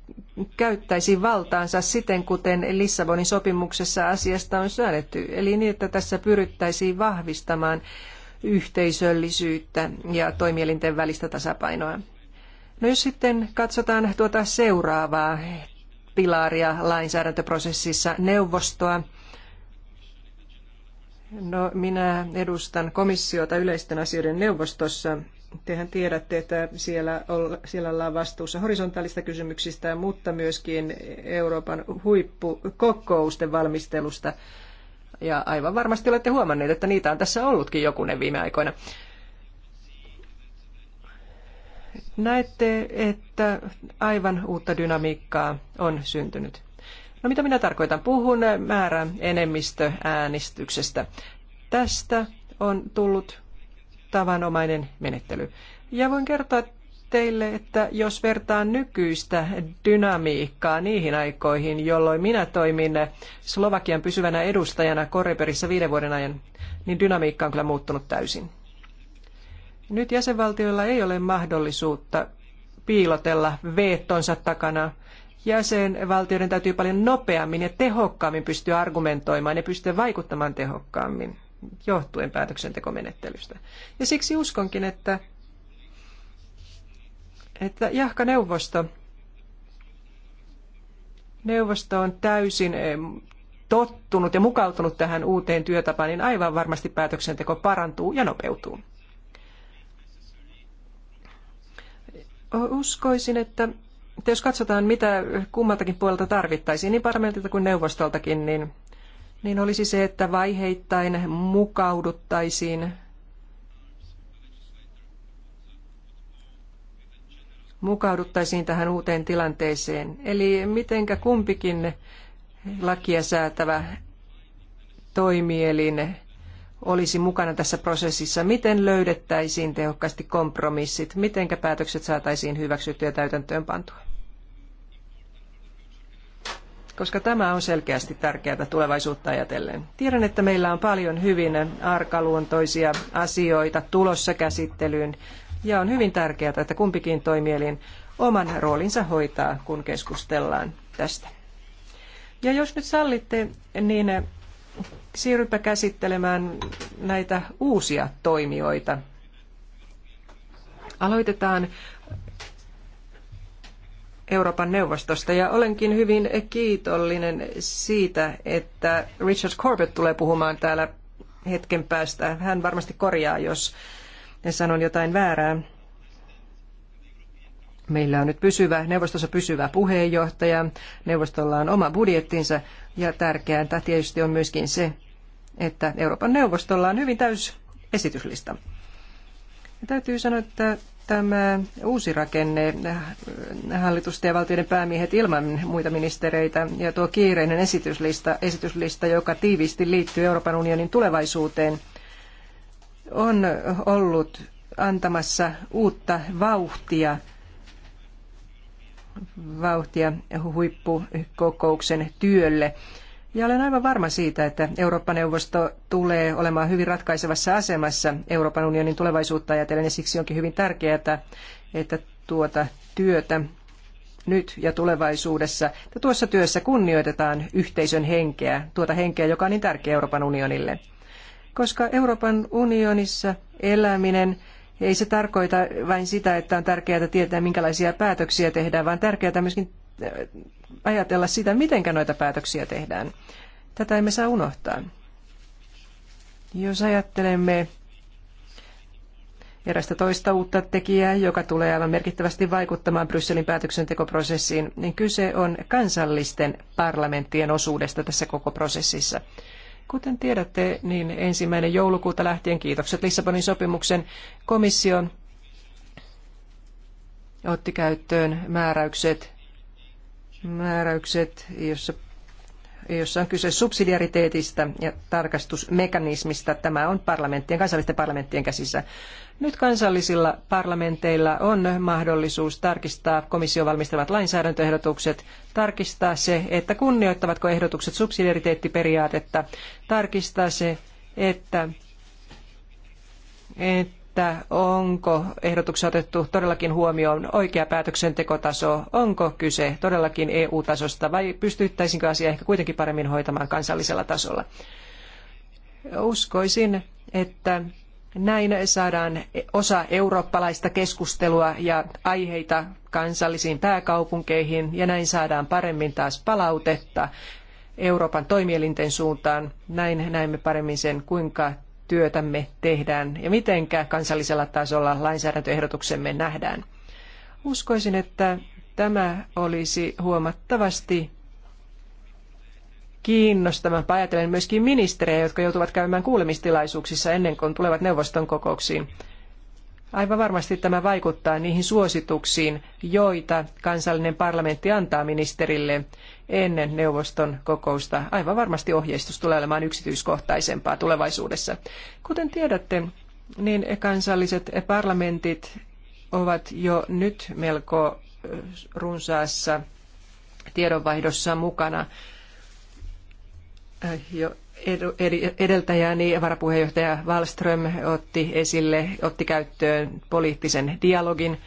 käyttäisi valtaansa siten, kuten Lissabonin sopimuksessa asiasta on säädetty, eli niin, että tässä pyrittäisiin vahvistamaan yhteisöllisyyttä ja toimielinten välistä tasapainoa. No jos sitten katsotaan tuota seuraavaa pilaria lainsäädäntöprosessissa neuvostoa, No, minä edustan komissiota yleisten asioiden neuvostossa. Tehän tiedätte, että siellä, olla, siellä ollaan vastuussa horisontaalista kysymyksistä, mutta myöskin Euroopan huippukokousten valmistelusta. Ja aivan varmasti olette huomanneet, että niitä on tässä ollutkin jokunen viime aikoina. näette, että aivan uutta dynamiikkaa on syntynyt. No mitä minä tarkoitan? Puhun määrä enemmistöäänestyksestä. Tästä on tullut tavanomainen menettely. Ja voin kertoa teille, että jos vertaan nykyistä dynamiikkaa niihin aikoihin, jolloin minä toimin Slovakian pysyvänä edustajana Koreperissä viiden vuoden ajan, niin dynamiikka on kyllä muuttunut täysin. Nyt jäsenvaltioilla ei ole mahdollisuutta piilotella veettonsa takana. Jäsenvaltioiden täytyy paljon nopeammin ja tehokkaammin pystyä argumentoimaan ja pystyä vaikuttamaan tehokkaammin johtuen päätöksentekomenettelystä. Ja siksi uskonkin, että, että jahka Jahka-neuvosto neuvosto on täysin tottunut ja mukautunut tähän uuteen työtapaan, niin aivan varmasti päätöksenteko parantuu ja nopeutuu. Uskoisin, että jos katsotaan, mitä kummaltakin puolelta tarvittaisiin, niin parlamentilta kuin neuvostoltakin, niin, niin olisi se, että vaiheittain mukauduttaisiin mukauduttaisiin tähän uuteen tilanteeseen. Eli mitenkä kumpikin lakia säätävä toimielin olisi mukana tässä prosessissa, miten löydettäisiin tehokkaasti kompromissit, miten päätökset saataisiin hyväksyttyä ja täytäntöönpantua. Koska tämä on selkeästi tärkeää tulevaisuutta ajatellen. Tiedän, että meillä on paljon hyvin arkaluontoisia asioita tulossa käsittelyyn ja on hyvin tärkeää, että kumpikin toimielin oman roolinsa hoitaa, kun keskustellaan tästä. Ja jos nyt sallitte, niin Siirrypä käsittelemään näitä uusia toimijoita. Aloitetaan Euroopan neuvostosta ja olenkin hyvin kiitollinen siitä, että Richard Corbett tulee puhumaan täällä hetken päästä. Hän varmasti korjaa, jos sanon jotain väärää. Meillä on nyt pysyvä, neuvostossa pysyvä puheenjohtaja, neuvostolla on oma budjettinsa ja tärkeää tietysti on myöskin se, että Euroopan neuvostolla on hyvin täys esityslista. Ja täytyy sanoa, että tämä uusi rakenne, äh, hallitusten ja valtioiden päämiehet ilman muita ministereitä ja tuo kiireinen esityslista, esityslista, joka tiiviisti liittyy Euroopan unionin tulevaisuuteen, on ollut antamassa uutta vauhtia vauhtia huippukokouksen työlle. Ja olen aivan varma siitä, että Eurooppa-neuvosto tulee olemaan hyvin ratkaisevassa asemassa Euroopan unionin tulevaisuutta ajatellen, ja siksi onkin hyvin tärkeää, että tuota työtä nyt ja tulevaisuudessa, että tuossa työssä kunnioitetaan yhteisön henkeä, tuota henkeä, joka on niin tärkeä Euroopan unionille. Koska Euroopan unionissa eläminen ei se tarkoita vain sitä, että on tärkeää tietää, minkälaisia päätöksiä tehdään, vaan tärkeää myöskin ajatella sitä, miten noita päätöksiä tehdään. Tätä emme saa unohtaa. Jos ajattelemme erästä toista uutta tekijää, joka tulee aivan merkittävästi vaikuttamaan Brysselin päätöksentekoprosessiin, niin kyse on kansallisten parlamenttien osuudesta tässä koko prosessissa. Kuten tiedätte, niin ensimmäinen joulukuuta lähtien kiitokset Lissabonin sopimuksen komission otti käyttöön määräykset määräykset, jossa jossa on kyse subsidiariteetista ja tarkastusmekanismista. Tämä on parlamenttien, kansallisten parlamenttien käsissä. Nyt kansallisilla parlamenteilla on mahdollisuus tarkistaa komission valmistelevat lainsäädäntöehdotukset, tarkistaa se, että kunnioittavatko ehdotukset subsidiariteettiperiaatetta, tarkistaa se, että, että että onko ehdotuksessa otettu todellakin huomioon oikea päätöksentekotaso, onko kyse todellakin EU-tasosta vai pystyttäisinkö asia ehkä kuitenkin paremmin hoitamaan kansallisella tasolla. Uskoisin, että näin saadaan osa eurooppalaista keskustelua ja aiheita kansallisiin pääkaupunkeihin ja näin saadaan paremmin taas palautetta Euroopan toimielinten suuntaan. Näin näemme paremmin sen, kuinka työtämme tehdään ja mitenkä kansallisella tasolla lainsäädäntöehdotuksemme nähdään. Uskoisin, että tämä olisi huomattavasti kiinnostavampaa ajatellen myöskin ministerejä, jotka joutuvat käymään kuulemistilaisuuksissa ennen kuin tulevat neuvoston kokouksiin. Aivan varmasti tämä vaikuttaa niihin suosituksiin, joita kansallinen parlamentti antaa ministerille ennen neuvoston kokousta. Aivan varmasti ohjeistus tulee olemaan yksityiskohtaisempaa tulevaisuudessa. Kuten tiedätte, niin kansalliset parlamentit ovat jo nyt melko runsaassa tiedonvaihdossa mukana. Jo edeltäjäni varapuheenjohtaja Wallström otti esille, otti käyttöön poliittisen dialogin.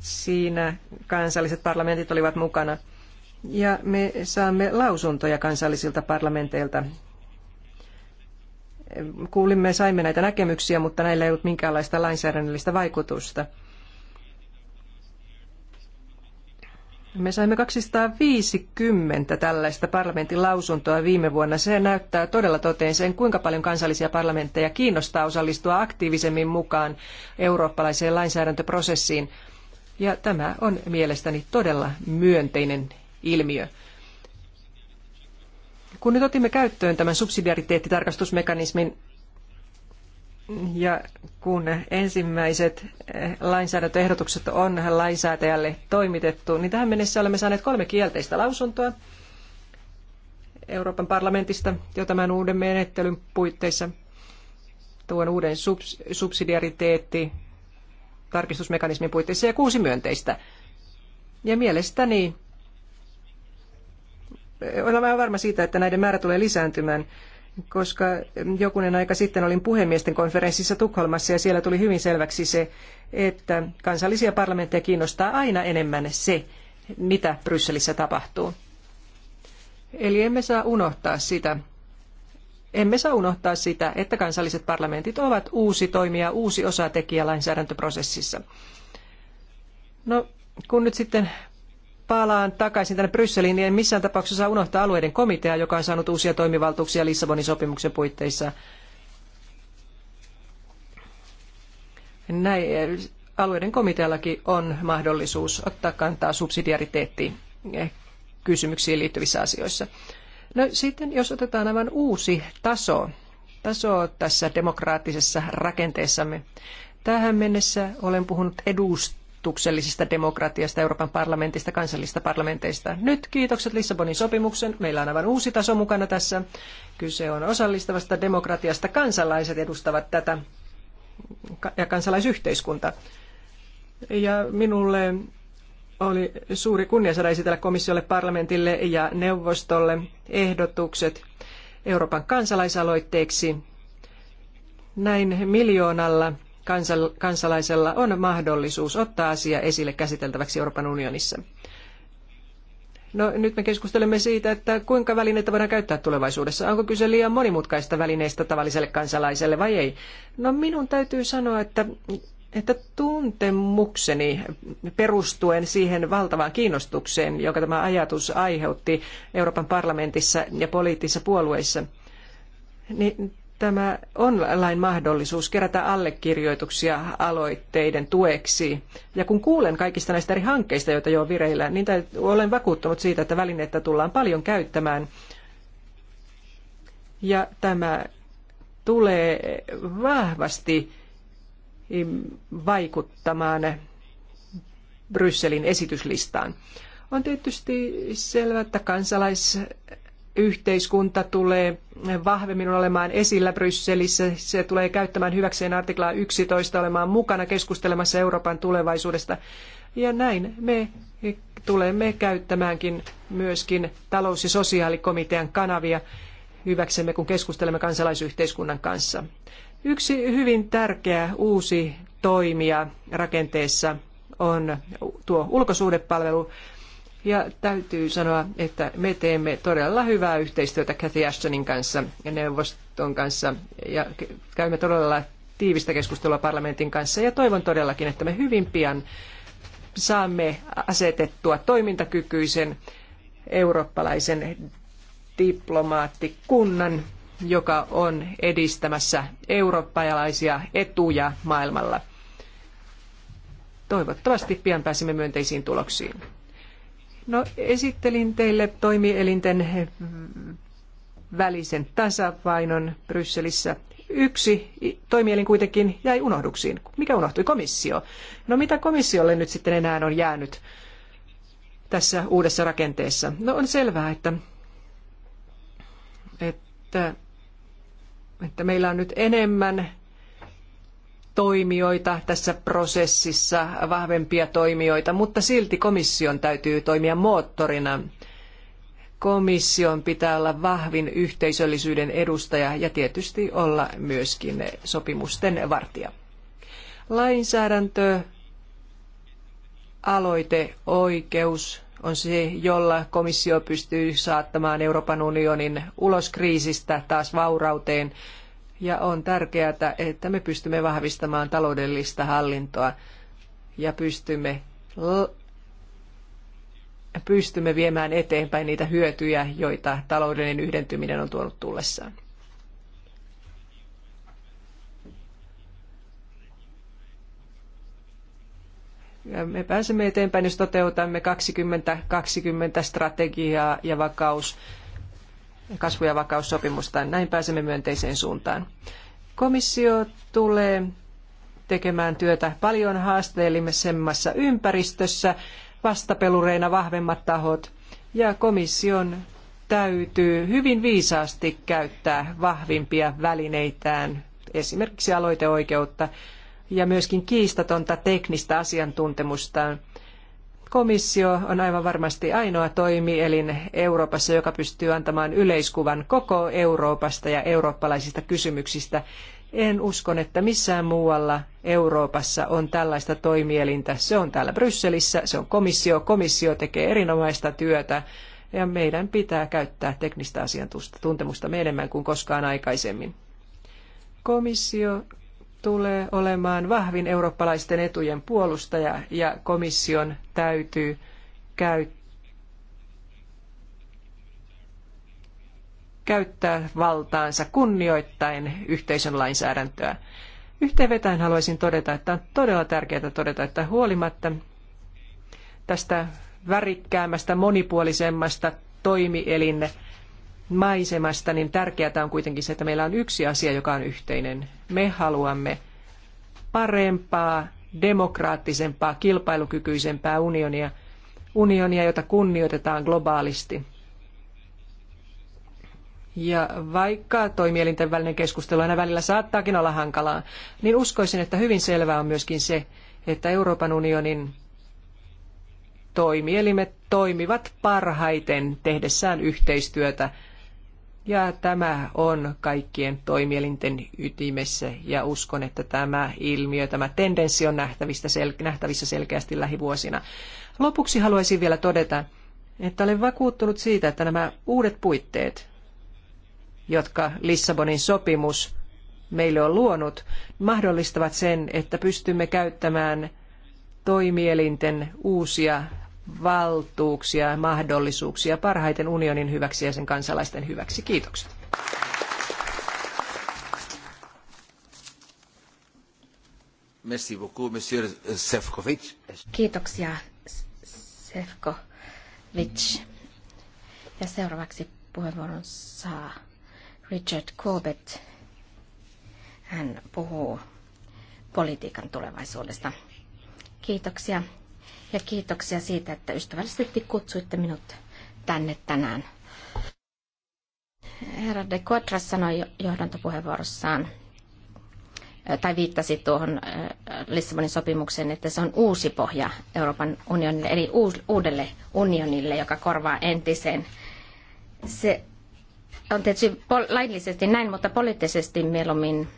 Siinä kansalliset parlamentit olivat mukana. Ja me saamme lausuntoja kansallisilta parlamenteilta. Kuulimme, saimme näitä näkemyksiä, mutta näillä ei ollut minkäänlaista lainsäädännöllistä vaikutusta. Me saimme 250 tällaista parlamentin lausuntoa viime vuonna. Se näyttää todella toteen sen, kuinka paljon kansallisia parlamentteja kiinnostaa osallistua aktiivisemmin mukaan eurooppalaiseen lainsäädäntöprosessiin. Ja tämä on mielestäni todella myönteinen ilmiö. Kun nyt otimme käyttöön tämän subsidiariteettitarkastusmekanismin, ja kun ensimmäiset eh, lainsäädäntöehdotukset on lainsäätäjälle toimitettu, niin tähän mennessä olemme saaneet kolme kielteistä lausuntoa Euroopan parlamentista jo tämän uuden menettelyn puitteissa. Tuon uuden subs- subsidiariteetti tarkistusmekanismin puitteissa ja kuusi myönteistä. Ja mielestäni eh, olen aivan varma siitä, että näiden määrä tulee lisääntymään koska jokunen aika sitten olin puhemiesten konferenssissa Tukholmassa ja siellä tuli hyvin selväksi se, että kansallisia parlamentteja kiinnostaa aina enemmän se, mitä Brysselissä tapahtuu. Eli emme saa unohtaa sitä, emme saa unohtaa sitä, että kansalliset parlamentit ovat uusi toimija, uusi osatekijä lainsäädäntöprosessissa. No, kun nyt sitten palaan takaisin tänne Brysseliin, niin en missään tapauksessa saa unohtaa alueiden komitea, joka on saanut uusia toimivaltuuksia Lissabonin sopimuksen puitteissa. Näin, eh, alueiden komiteallakin on mahdollisuus ottaa kantaa subsidiariteettiin eh, kysymyksiin liittyvissä asioissa. No sitten jos otetaan aivan uusi taso, taso tässä demokraattisessa rakenteessamme. Tähän mennessä olen puhunut edust edustuksellisesta demokratiasta, Euroopan parlamentista, kansallisista parlamenteista. Nyt kiitokset Lissabonin sopimuksen. Meillä on aivan uusi taso mukana tässä. Kyse on osallistavasta demokratiasta. Kansalaiset edustavat tätä ja kansalaisyhteiskunta. Ja minulle oli suuri kunnia saada esitellä komissiolle, parlamentille ja neuvostolle ehdotukset Euroopan kansalaisaloitteeksi. Näin miljoonalla kansalaisella on mahdollisuus ottaa asia esille käsiteltäväksi Euroopan unionissa. No, nyt me keskustelemme siitä, että kuinka välineitä voidaan käyttää tulevaisuudessa. Onko kyse liian monimutkaista välineistä tavalliselle kansalaiselle vai ei? No minun täytyy sanoa, että, että tuntemukseni perustuen siihen valtavaan kiinnostukseen, jonka tämä ajatus aiheutti Euroopan parlamentissa ja poliittisissa puolueissa, niin tämä online mahdollisuus kerätä allekirjoituksia aloitteiden tueksi. Ja kun kuulen kaikista näistä eri hankkeista, joita jo on vireillä, niin olen vakuuttunut siitä, että välinettä tullaan paljon käyttämään. Ja tämä tulee vahvasti vaikuttamaan Brysselin esityslistaan. On tietysti selvää, että kansalais yhteiskunta tulee vahvemmin olemaan esillä Brysselissä. Se tulee käyttämään hyväkseen artiklaa 11 olemaan mukana keskustelemassa Euroopan tulevaisuudesta. Ja näin me tulemme käyttämäänkin myöskin talous- ja sosiaalikomitean kanavia hyväksemme, kun keskustelemme kansalaisyhteiskunnan kanssa. Yksi hyvin tärkeä uusi toimija rakenteessa on tuo ulkosuhdepalvelu, ja täytyy sanoa, että me teemme todella hyvää yhteistyötä Cathy Ashtonin kanssa ja neuvoston kanssa ja käymme todella tiivistä keskustelua parlamentin kanssa ja toivon todellakin, että me hyvin pian saamme asetettua toimintakykyisen eurooppalaisen diplomaattikunnan, joka on edistämässä eurooppalaisia etuja maailmalla. Toivottavasti pian pääsemme myönteisiin tuloksiin. No esittelin teille toimielinten välisen tasapainon Brysselissä. Yksi toimielin kuitenkin jäi unohduksiin. Mikä unohtui? Komissio. No mitä komissiolle nyt sitten enää on jäänyt tässä uudessa rakenteessa? No on selvää, että, että, että meillä on nyt enemmän toimijoita tässä prosessissa, vahvempia toimijoita, mutta silti komission täytyy toimia moottorina. Komission pitää olla vahvin yhteisöllisyyden edustaja ja tietysti olla myöskin sopimusten vartija. Lainsäädäntö, aloite, oikeus on se, jolla komissio pystyy saattamaan Euroopan unionin ulos kriisistä taas vaurauteen ja on tärkeää, että me pystymme vahvistamaan taloudellista hallintoa ja pystymme, pystymme viemään eteenpäin niitä hyötyjä, joita taloudellinen yhdentyminen on tuonut tullessaan. Ja me pääsemme eteenpäin, jos toteutamme 2020 strategiaa ja vakaus- kasvu- ja vakaussopimusta. Näin pääsemme myönteiseen suuntaan. Komissio tulee tekemään työtä paljon haasteellisemmassa ympäristössä, vastapelureina vahvemmat tahot ja komission täytyy hyvin viisaasti käyttää vahvimpia välineitään, esimerkiksi aloiteoikeutta ja myöskin kiistatonta teknistä asiantuntemustaan Komissio on aivan varmasti ainoa toimielin Euroopassa, joka pystyy antamaan yleiskuvan koko Euroopasta ja eurooppalaisista kysymyksistä. En usko, että missään muualla Euroopassa on tällaista toimielintä. Se on täällä Brysselissä, se on komissio. Komissio tekee erinomaista työtä ja meidän pitää käyttää teknistä asiantuntemusta enemmän kuin koskaan aikaisemmin. Komissio tulee olemaan vahvin eurooppalaisten etujen puolustaja ja komission täytyy käyttää valtaansa kunnioittain yhteisön lainsäädäntöä. Yhteenvetäen haluaisin todeta, että on todella tärkeää todeta, että huolimatta tästä värikkäämmästä, monipuolisemmasta toimielinne maisemasta, niin tärkeää on kuitenkin se, että meillä on yksi asia, joka on yhteinen. Me haluamme parempaa, demokraattisempaa, kilpailukykyisempää unionia, unionia, jota kunnioitetaan globaalisti. Ja vaikka toimielinten välinen keskustelu aina välillä saattaakin olla hankalaa, niin uskoisin, että hyvin selvää on myöskin se, että Euroopan unionin toimielimet toimivat parhaiten tehdessään yhteistyötä ja tämä on kaikkien toimielinten ytimessä ja uskon, että tämä ilmiö, tämä tendenssi on nähtävissä selkeästi lähivuosina. Lopuksi haluaisin vielä todeta, että olen vakuuttunut siitä, että nämä uudet puitteet, jotka Lissabonin sopimus meille on luonut, mahdollistavat sen, että pystymme käyttämään toimielinten uusia valtuuksia ja mahdollisuuksia parhaiten unionin hyväksi ja sen kansalaisten hyväksi. Kiitokset. Merci beaucoup, monsieur Kiitoksia, Sefcovic. Ja seuraavaksi puheenvuoron saa Richard Corbett. Hän puhuu politiikan tulevaisuudesta. Kiitoksia ja kiitoksia siitä, että ystävällisesti kutsuitte minut tänne tänään. Herra de Quadras sanoi johdantopuheenvuorossaan, tai viittasi tuohon Lissabonin sopimukseen, että se on uusi pohja Euroopan unionille, eli uudelle unionille, joka korvaa entisen. Se on tietysti laillisesti näin, mutta poliittisesti mieluummin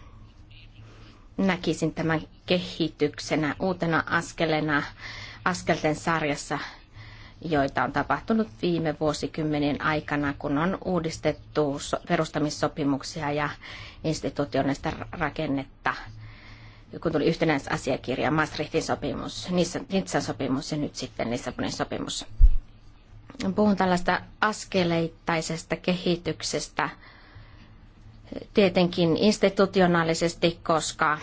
näkisin tämän kehityksenä, uutena askelena askelten sarjassa, joita on tapahtunut viime vuosikymmenien aikana, kun on uudistettu perustamissopimuksia ja instituutioista rakennetta kun tuli yhtenäisasiakirja, Maastrichtin sopimus, Nitsan sopimus ja nyt sitten Lissabonin sopimus. Puhun tällaista askeleittaisesta kehityksestä tietenkin institutionaalisesti, koska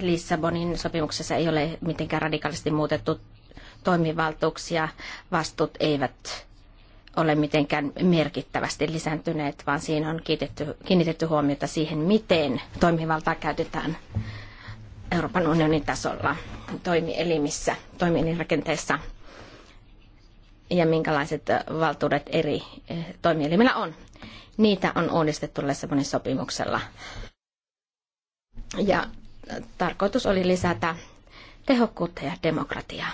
Lissabonin sopimuksessa ei ole mitenkään radikaalisti muutettu toimivaltuuksia. Vastuut eivät ole mitenkään merkittävästi lisääntyneet, vaan siinä on kiinnitetty, kiinnitetty huomiota siihen, miten toimivaltaa käytetään Euroopan unionin tasolla toimielimissä, rakenteessa ja minkälaiset valtuudet eri eh, toimielimillä on. Niitä on uudistettu Lissabonin sopimuksella. Ja tarkoitus oli lisätä tehokkuutta ja demokratiaa.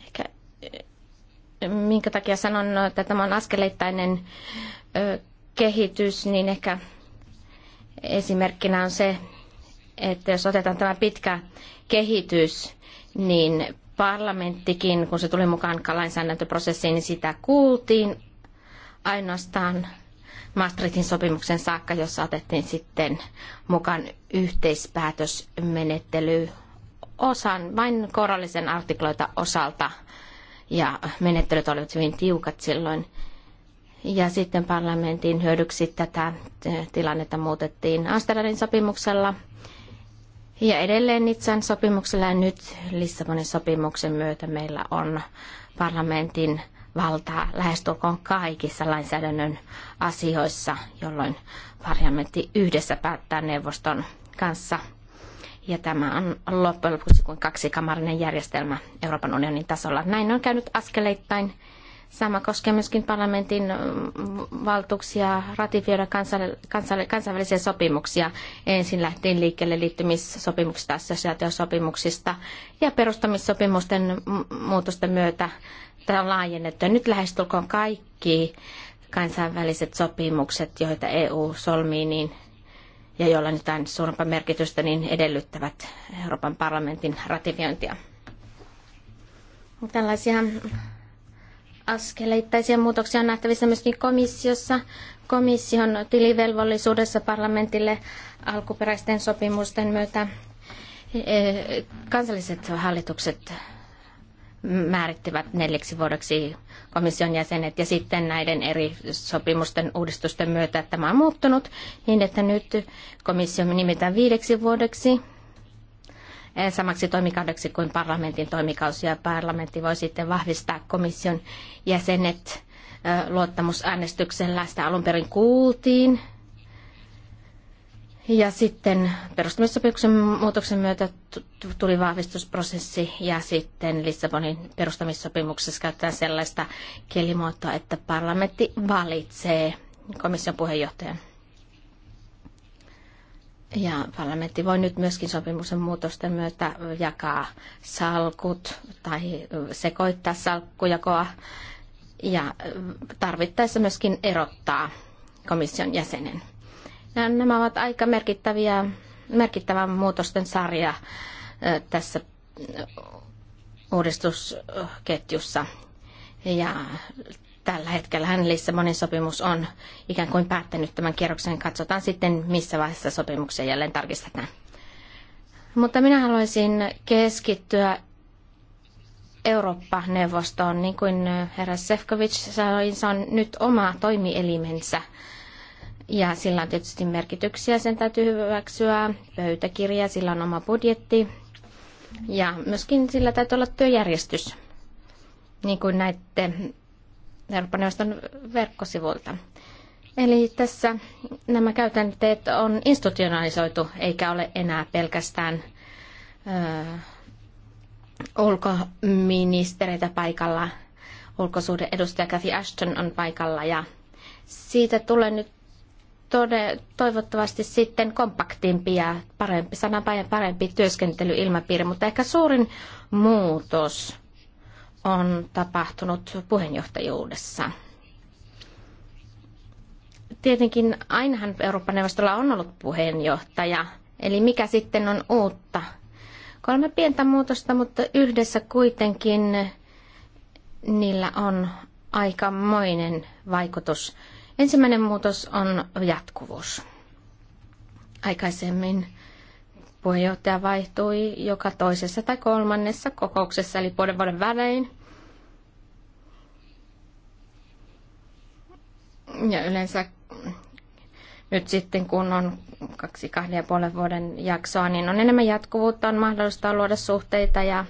Ehkä, eh, minkä takia sanon, että tämä on askeleittainen kehitys, niin ehkä esimerkkinä on se, että jos otetaan tämä pitkä kehitys, niin parlamenttikin, kun se tuli mukaan lainsäädäntöprosessiin, niin sitä kuultiin ainoastaan Maastrichtin sopimuksen saakka, jossa otettiin sitten mukaan yhteispäätösmenettely osan, vain korallisen artikloita osalta. Ja menettelyt olivat hyvin tiukat silloin. Ja sitten parlamentin hyödyksi tätä tilannetta muutettiin Amsterdamin sopimuksella. Ja edelleen Nitsan sopimuksella ja nyt Lissabonin sopimuksen myötä meillä on parlamentin valtaa lähestulkoon kaikissa lainsäädännön asioissa, jolloin parlamentti yhdessä päättää neuvoston kanssa. Ja tämä on loppujen lopuksi kuin kaksikamarinen järjestelmä Euroopan unionin tasolla. Näin on käynyt askeleittain. Sama koskee myöskin parlamentin valtuuksia ratifioida kansainvälisiä sopimuksia. Ensin lähtiin liikkeelle liittymissopimuksista, assosiaatiosopimuksista ja perustamissopimusten muutosten myötä Tämä on laajennettu. Ja nyt lähestulkoon kaikki kansainväliset sopimukset, joita EU solmii, niin ja joilla on jotain suurempaa merkitystä, niin edellyttävät Euroopan parlamentin ratifiointia. Tällaisia askeleittaisia muutoksia on nähtävissä myöskin komissiossa. Komission tilivelvollisuudessa parlamentille alkuperäisten sopimusten myötä e, kansalliset hallitukset määrittivät neljäksi vuodeksi komission jäsenet. Ja sitten näiden eri sopimusten uudistusten myötä tämä on muuttunut niin, että nyt komissio nimetään viideksi vuodeksi e, samaksi toimikaudeksi kuin parlamentin toimikausi ja parlamentti voi sitten vahvistaa komission jäsenet e, luottamusäänestyksellä. Sitä alun perin kuultiin ja sitten perustamissopimuksen muutoksen myötä tuli vahvistusprosessi ja sitten Lissabonin perustamissopimuksessa käytetään sellaista kielimuotoa, että parlamentti valitsee komission puheenjohtajan. Ja parlamentti voi nyt myöskin sopimuksen muutosten myötä jakaa salkut tai sekoittaa salkkujakoa ja tarvittaessa myöskin erottaa komission jäsenen. Ja nämä ovat aika merkittäviä, merkittävän muutosten sarja tässä uudistusketjussa. Ja tällä hetkellä hän Lissabonin sopimus on ikään kuin päättänyt tämän kierroksen. Katsotaan sitten, missä vaiheessa sopimuksia jälleen tarkistetaan. Mutta minä haluaisin keskittyä Eurooppa-neuvostoon, niin kuin herra Sefcovic sanoi, se on nyt oma toimielimensä – ja sillä on tietysti merkityksiä, sen täytyy hyväksyä pöytäkirja, sillä on oma budjetti ja myöskin sillä täytyy olla työjärjestys, niin kuin näitte Euroopan neuvoston verkkosivuilta. Eli tässä nämä käytänteet on institutionalisoitu, eikä ole enää pelkästään ö, ulkoministereitä paikalla. edustaja Kathy Ashton on paikalla ja siitä tulee nyt tode, toivottavasti sitten kompaktimpi ja parempi, sananpäin parempi työskentelyilmapiiri, mutta ehkä suurin muutos on tapahtunut puheenjohtajuudessa. Tietenkin ainahan Euroopan neuvostolla on ollut puheenjohtaja, eli mikä sitten on uutta? Kolme pientä muutosta, mutta yhdessä kuitenkin niillä on aikamoinen vaikutus Ensimmäinen muutos on jatkuvuus. Aikaisemmin puheenjohtaja vaihtui joka toisessa tai kolmannessa kokouksessa, eli puolen vuoden välein. Ja yleensä nyt sitten kun on kaksi kahden ja puolen vuoden jaksoa, niin on enemmän jatkuvuutta, on mahdollista luoda suhteita ja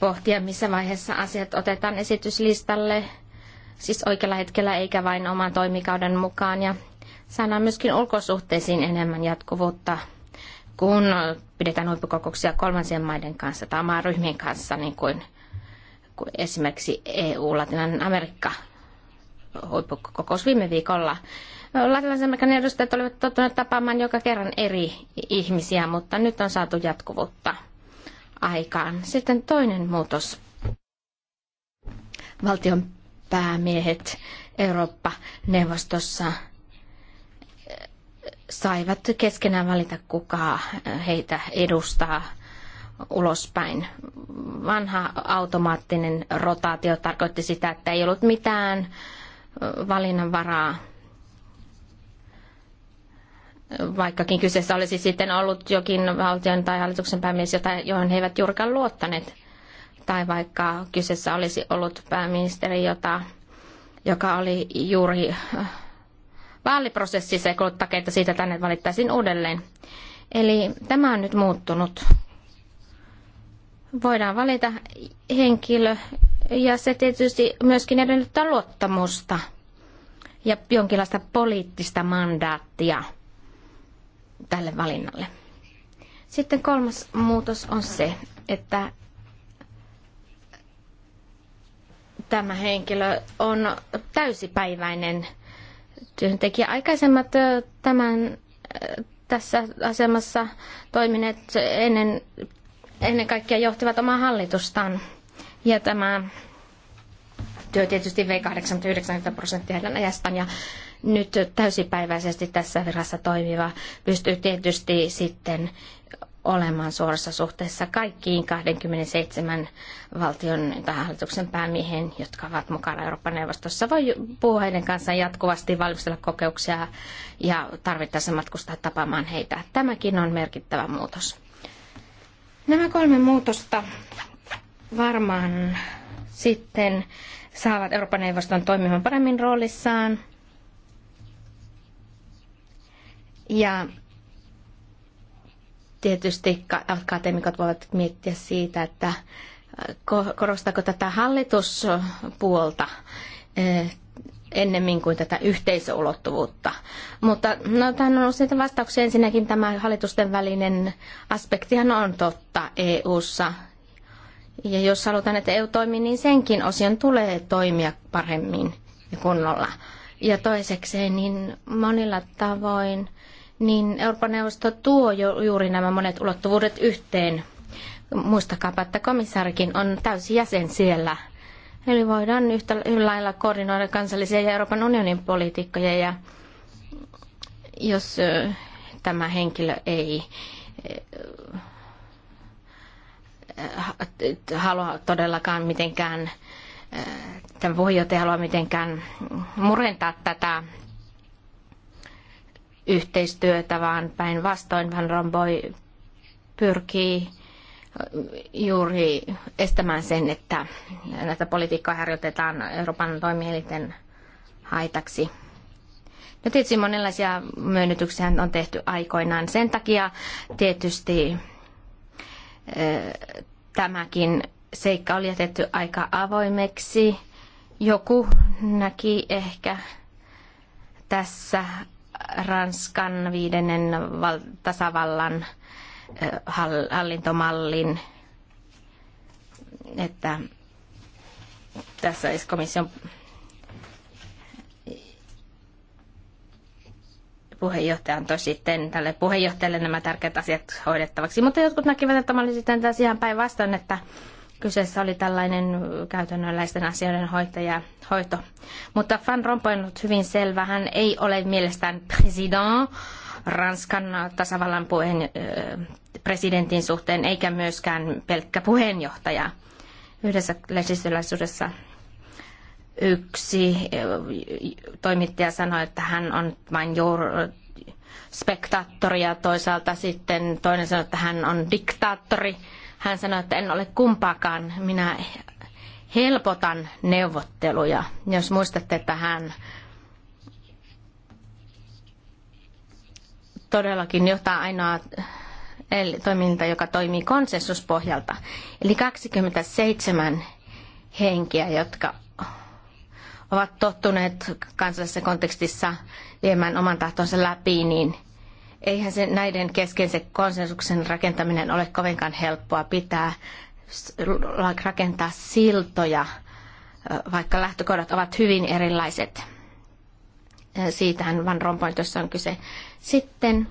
pohtia, missä vaiheessa asiat otetaan esityslistalle siis oikealla hetkellä eikä vain oman toimikauden mukaan. Ja saadaan myöskin ulkosuhteisiin enemmän jatkuvuutta, kun pidetään huippukokouksia kolmansien maiden kanssa tai maan ryhmien kanssa, niin kuin, kuin esimerkiksi EU, Latinan Amerikka huippukokous viime viikolla. Latinalaisen Amerikan edustajat olivat tottuneet tapaamaan joka kerran eri ihmisiä, mutta nyt on saatu jatkuvuutta aikaan. Sitten toinen muutos valtion päämiehet Eurooppa-neuvostossa eh, saivat keskenään valita, kuka eh, heitä edustaa ulospäin. Vanha automaattinen rotaatio tarkoitti sitä, että ei ollut mitään eh, valinnanvaraa, vaikkakin kyseessä olisi sitten ollut jokin valtion tai hallituksen päämies, johon he eivät juurikaan luottaneet tai vaikka kyseessä olisi ollut pääministeri, jota, joka oli juuri äh, vaaliprosessissa ja takeita siitä tänne valittaisiin uudelleen. Eli tämä on nyt muuttunut. Voidaan valita henkilö ja se tietysti myöskin edellyttää luottamusta ja jonkinlaista poliittista mandaattia tälle valinnalle. Sitten kolmas muutos on se, että tämä henkilö on täysipäiväinen työntekijä. Aikaisemmat tämän, tässä asemassa toimineet ennen, ennen kaikkea johtivat omaa hallitustaan. Ja tämä työ tietysti vei 80-90 prosenttia heidän ajastaan ja nyt täysipäiväisesti tässä virassa toimiva pystyy tietysti sitten olemaan suorassa suhteessa kaikkiin 27 valtion tai hallituksen päämiehen, jotka ovat mukana Euroopan neuvostossa. Voi puhua heidän kanssaan jatkuvasti, valmistella kokeuksia ja tarvittaessa matkustaa tapaamaan heitä. Tämäkin on merkittävä muutos. Nämä kolme muutosta varmaan sitten saavat Euroopan neuvoston toimimaan paremmin roolissaan. Ja Tietysti akateemikot voivat miettiä siitä, että äh, korostako tätä hallituspuolta äh, ennemmin kuin tätä yhteisöulottuvuutta. Mutta no, tämän on useita vastauksia. Ensinnäkin tämä hallitusten välinen aspektihan on totta EU:ssa. Ja jos halutaan, että EU toimii, niin senkin osion tulee toimia paremmin ja kunnolla. Ja toisekseen, niin monilla tavoin niin Euroopan neuvosto tuo jo, juuri nämä monet ulottuvuudet yhteen. Muistakaapa, että komissaarikin on täysi jäsen siellä. Eli voidaan yhtä lailla koordinoida kansallisia ja Euroopan unionin politiikkoja ja jos tämä henkilö ei halua todellakaan mitenkään, tämä puheenjohtaja halua mitenkään murentaa tätä yhteistyötä, vaan päinvastoin Van Rompuy pyrkii juuri estämään sen, että näitä politiikkaa harjoitetaan Euroopan toimielinten haitaksi. No tietysti monenlaisia myönnytyksiä on tehty aikoinaan. Sen takia tietysti tämäkin seikka oli jätetty aika avoimeksi. Joku näki ehkä tässä Ranskan viidennen tasavallan hallintomallin, että tässä komission puheenjohtaja antoi sitten tälle puheenjohtajalle nämä tärkeät asiat hoidettavaksi. Mutta jotkut näkivät, että mä oli sitten taas ihan päinvastoin, että Kyseessä oli tällainen käytännönläisten asioiden hoitaja, hoito. Mutta Van Rompuy on hyvin selvä. Hän ei ole mielestään president Ranskan tasavallan puheen, presidentin suhteen, eikä myöskään pelkkä puheenjohtaja. Yhdessä lehdistölaisuudessa yksi toimittaja sanoi, että hän on vain jour- spektaattori ja toisaalta sitten toinen sanoi, että hän on diktaattori. Hän sanoi, että en ole kumpaakaan. Minä helpotan neuvotteluja. Jos muistatte, että hän todellakin johtaa ainoa toiminta, joka toimii konsensuspohjalta. Eli 27 henkiä, jotka ovat tottuneet kansallisessa kontekstissa viemään oman tahtonsa läpi, niin – Eihän se näiden kesken se konsensuksen rakentaminen ole kovinkaan helppoa pitää rakentaa siltoja, vaikka lähtökohdat ovat hyvin erilaiset. Siitähän Van Rompuyn tuossa on kyse. Sitten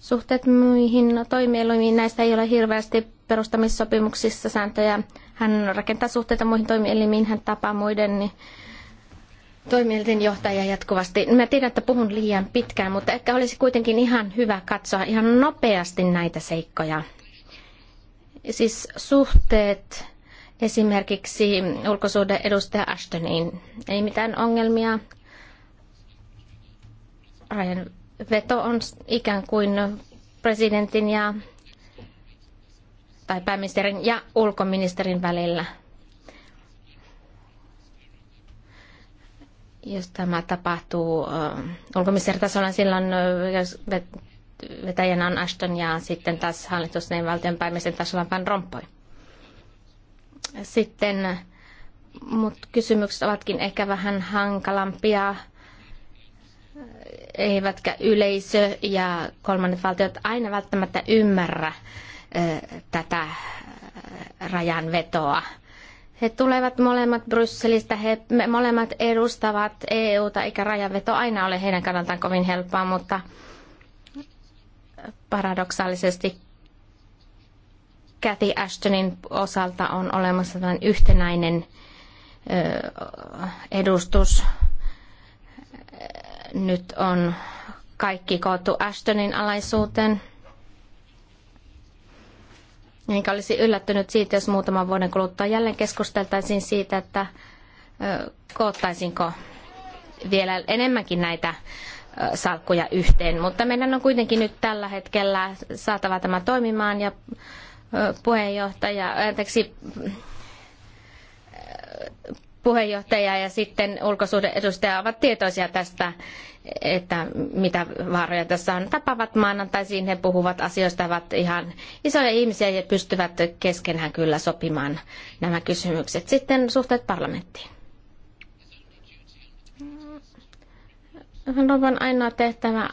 suhteet muihin no, toimielimiin, näistä ei ole hirveästi perustamissopimuksissa sääntöjä. Hän rakentaa suhteita muihin toimielimiin, hän tapaa muiden niin Toimielinten johtaja jatkuvasti. Mä tiedän, että puhun liian pitkään, mutta ehkä olisi kuitenkin ihan hyvä katsoa ihan nopeasti näitä seikkoja. Siis suhteet esimerkiksi ulkosuuden edustaja Ashtoniin. Ei mitään ongelmia. Ryan veto on ikään kuin presidentin ja, tai pääministerin ja ulkoministerin välillä – Jos tämä tapahtuu ulkoministeritasolla, niin silloin jos vetäjänä on Ashton ja sitten taas hallitusneen niin valtionpäämiesten tasolla vain Rompuy. Sitten mut kysymykset ovatkin ehkä vähän hankalampia. Eivätkä yleisö ja kolmannet valtiot aina välttämättä ymmärrä tätä rajanvetoa. He tulevat molemmat Brysselistä, he molemmat edustavat EUta, eikä rajanveto aina ole heidän kannaltaan kovin helppoa, mutta paradoksaalisesti Cathy Ashtonin osalta on olemassa tällainen yhtenäinen edustus. Nyt on kaikki koottu Ashtonin alaisuuteen. Enkä olisi yllättynyt siitä, jos muutaman vuoden kuluttua jälleen keskusteltaisiin siitä, että koottaisinko vielä enemmänkin näitä salkkuja yhteen. Mutta meidän on kuitenkin nyt tällä hetkellä saatava tämä toimimaan ja puheenjohtaja, anteeksi, puheenjohtaja ja sitten edustaja ovat tietoisia tästä, että mitä vaaroja tässä on. tapaavat maanantaisiin, he puhuvat asioista, ovat ihan isoja ihmisiä ja pystyvät keskenään kyllä sopimaan nämä kysymykset. Sitten suhteet parlamenttiin. Rovan ainoa tehtävä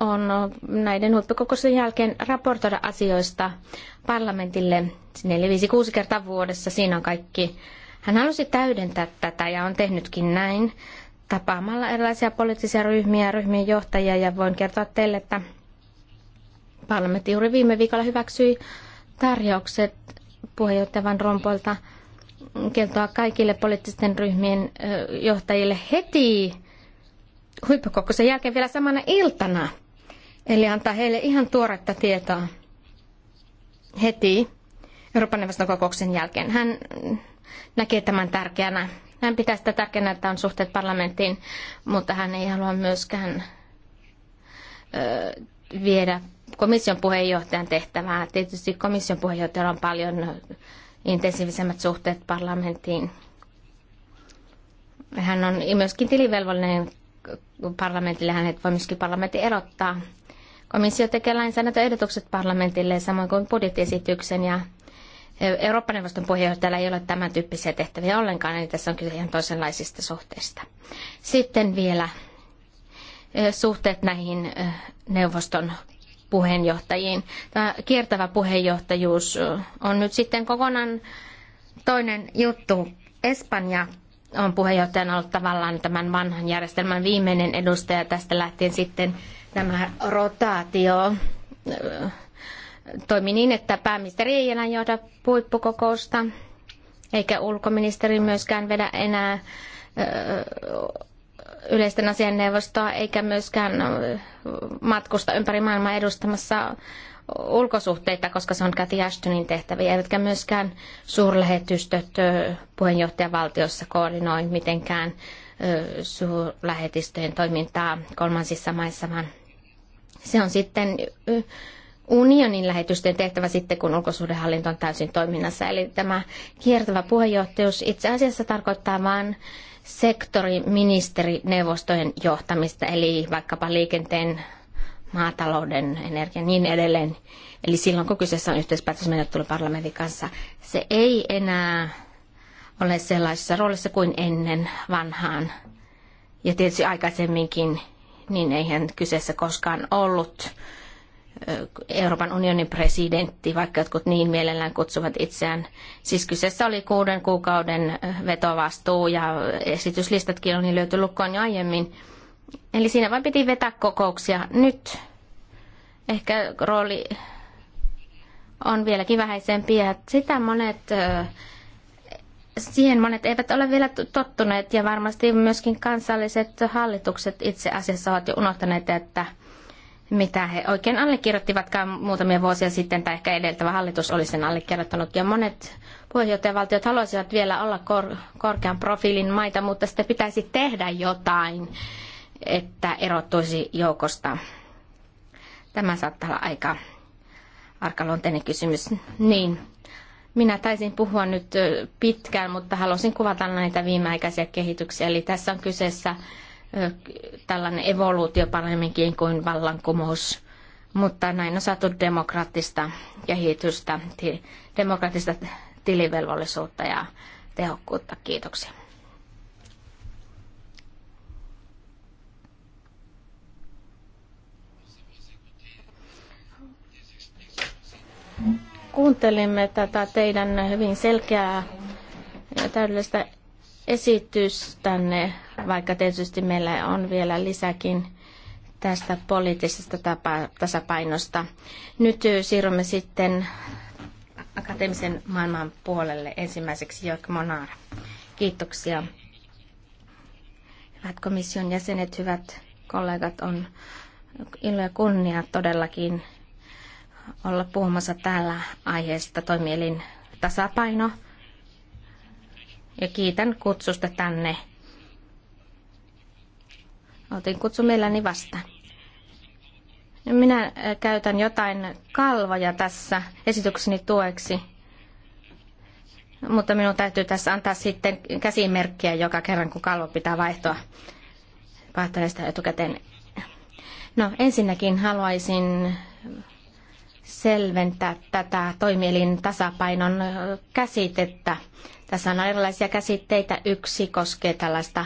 on näiden huippukokousten jälkeen raportoida asioista parlamentille 4-5-6 kertaa vuodessa. Siinä on kaikki hän halusi täydentää tätä ja on tehnytkin näin tapaamalla erilaisia poliittisia ryhmiä ja ryhmien johtajia ja voin kertoa teille, että parlamentti juuri viime viikolla hyväksyi tarjoukset puheenjohtaja Van Rompolta kertoa kaikille poliittisten ryhmien johtajille heti huippukokouksen jälkeen vielä samana iltana. Eli antaa heille ihan tuoretta tietoa heti Euroopan neuvoston kokouksen jälkeen. Hän näkee tämän tärkeänä. Hän pitää sitä tärkeänä, että on suhteet parlamenttiin, mutta hän ei halua myöskään ö, viedä komission puheenjohtajan tehtävää. Tietysti komission puheenjohtajalla on paljon intensiivisemmät suhteet parlamenttiin. Hän on myöskin tilivelvollinen parlamentille, hänet voi myöskin parlamentti erottaa. Komissio tekee lainsäädäntöehdotukset parlamentille samoin kuin budjettiesityksen ja Eurooppa-neuvoston puheenjohtajalla ei ole tämän tyyppisiä tehtäviä ollenkaan, eli tässä on kyse ihan toisenlaisista suhteista. Sitten vielä suhteet näihin neuvoston puheenjohtajiin. Tämä kiertävä puheenjohtajuus on nyt sitten kokonaan toinen juttu. Espanja on puheenjohtajana ollut tavallaan tämän vanhan järjestelmän viimeinen edustaja. Tästä lähtien sitten nämä rotaatio toimi niin, että pääministeri ei enää johda huippukokousta, eikä ulkoministeri myöskään vedä enää yleisten asian neuvostoa, eikä myöskään matkusta ympäri maailmaa edustamassa ulkosuhteita, koska se on Cathy Ashtonin tehtäviä, eivätkä myöskään suurlähetystöt puheenjohtajavaltiossa koordinoi mitenkään suurlähetistöjen toimintaa kolmansissa maissa, vaan se on sitten unionin lähetysten tehtävä sitten, kun ulkosuhdehallinto on täysin toiminnassa. Eli tämä kiertävä puheenjohtajuus itse asiassa tarkoittaa vain sektoriministerineuvostojen johtamista, eli vaikkapa liikenteen, maatalouden, energian niin edelleen. Eli silloin, kun kyseessä on yhteispäätösmenettely parlamentin kanssa, se ei enää ole sellaisessa roolissa kuin ennen vanhaan. Ja tietysti aikaisemminkin, niin eihän kyseessä koskaan ollut Euroopan unionin presidentti, vaikka jotkut niin mielellään kutsuvat itseään. Siis kyseessä oli kuuden kuukauden äh, vetovastuu ja esityslistatkin on löyty lukkoon jo aiemmin. Eli siinä vain piti vetää kokouksia. Nyt ehkä rooli on vieläkin vähäisempi ja sitä monet, äh, siihen monet eivät ole vielä tottuneet ja varmasti myöskin kansalliset hallitukset itse asiassa ovat jo unohtaneet, että – mitä he oikein allekirjoittivatkaan muutamia vuosia sitten, tai ehkä edeltävä hallitus oli sen allekirjoittanut. Ja monet puheenjohtajavaltiot haluaisivat vielä olla kor- korkean profiilin maita, mutta sitten pitäisi tehdä jotain, että erottuisi joukosta. Tämä saattaa olla aika arkaluonteinen kysymys. Niin, minä taisin puhua nyt pitkään, mutta halusin kuvata näitä viimeaikaisia kehityksiä. Eli tässä on kyseessä tällainen evoluutio paremminkin kuin vallankumous. Mutta näin on saatu demokraattista kehitystä, demokraattista tilivelvollisuutta ja tehokkuutta. Kiitoksia. Kuuntelimme tätä teidän hyvin selkeää ja täydellistä tänne, vaikka tietysti meillä on vielä lisäkin tästä poliittisesta tapa- tasapainosta. Nyt siirrymme sitten akateemisen maailman puolelle ensimmäiseksi Jörg Monar. Kiitoksia. Hyvät komission jäsenet, hyvät kollegat, on ilo ja kunnia todellakin olla puhumassa täällä aiheesta toimielin tasapaino – ja kiitän kutsusta tänne. Otin kutsu mielelläni vastaan. Minä käytän jotain kalvoja tässä esitykseni tueksi, mutta minun täytyy tässä antaa sitten käsimerkkiä joka kerran, kun kalvo pitää vaihtoa. Pahtelen sitä etukäteen. No ensinnäkin haluaisin selventää tätä toimielin tasapainon käsitettä. Tässä on erilaisia käsitteitä. Yksi koskee tällaista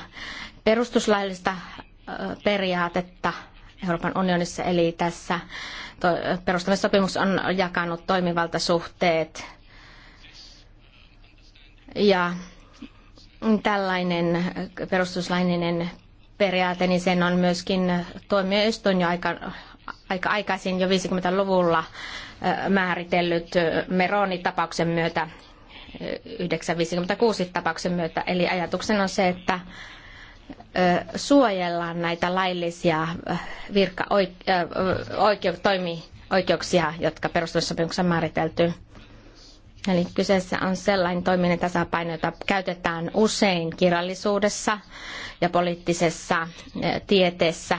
perustuslaillista periaatetta Euroopan unionissa, eli tässä perustamissopimus on jakanut toimivaltasuhteet. Ja tällainen perustuslaillinen periaate, niin sen on myöskin tuomioistuin jo aika, aika aikaisin jo 50-luvulla määritellyt Meroni-tapauksen myötä 956 tapauksen myötä. Eli ajatuksena on se, että suojellaan näitä laillisia virka toimioikeuksia, jotka perustamissopimuksessa on määritelty. Eli kyseessä on sellainen toiminnan tasapaino, jota käytetään usein kirjallisuudessa ja poliittisessa tieteessä.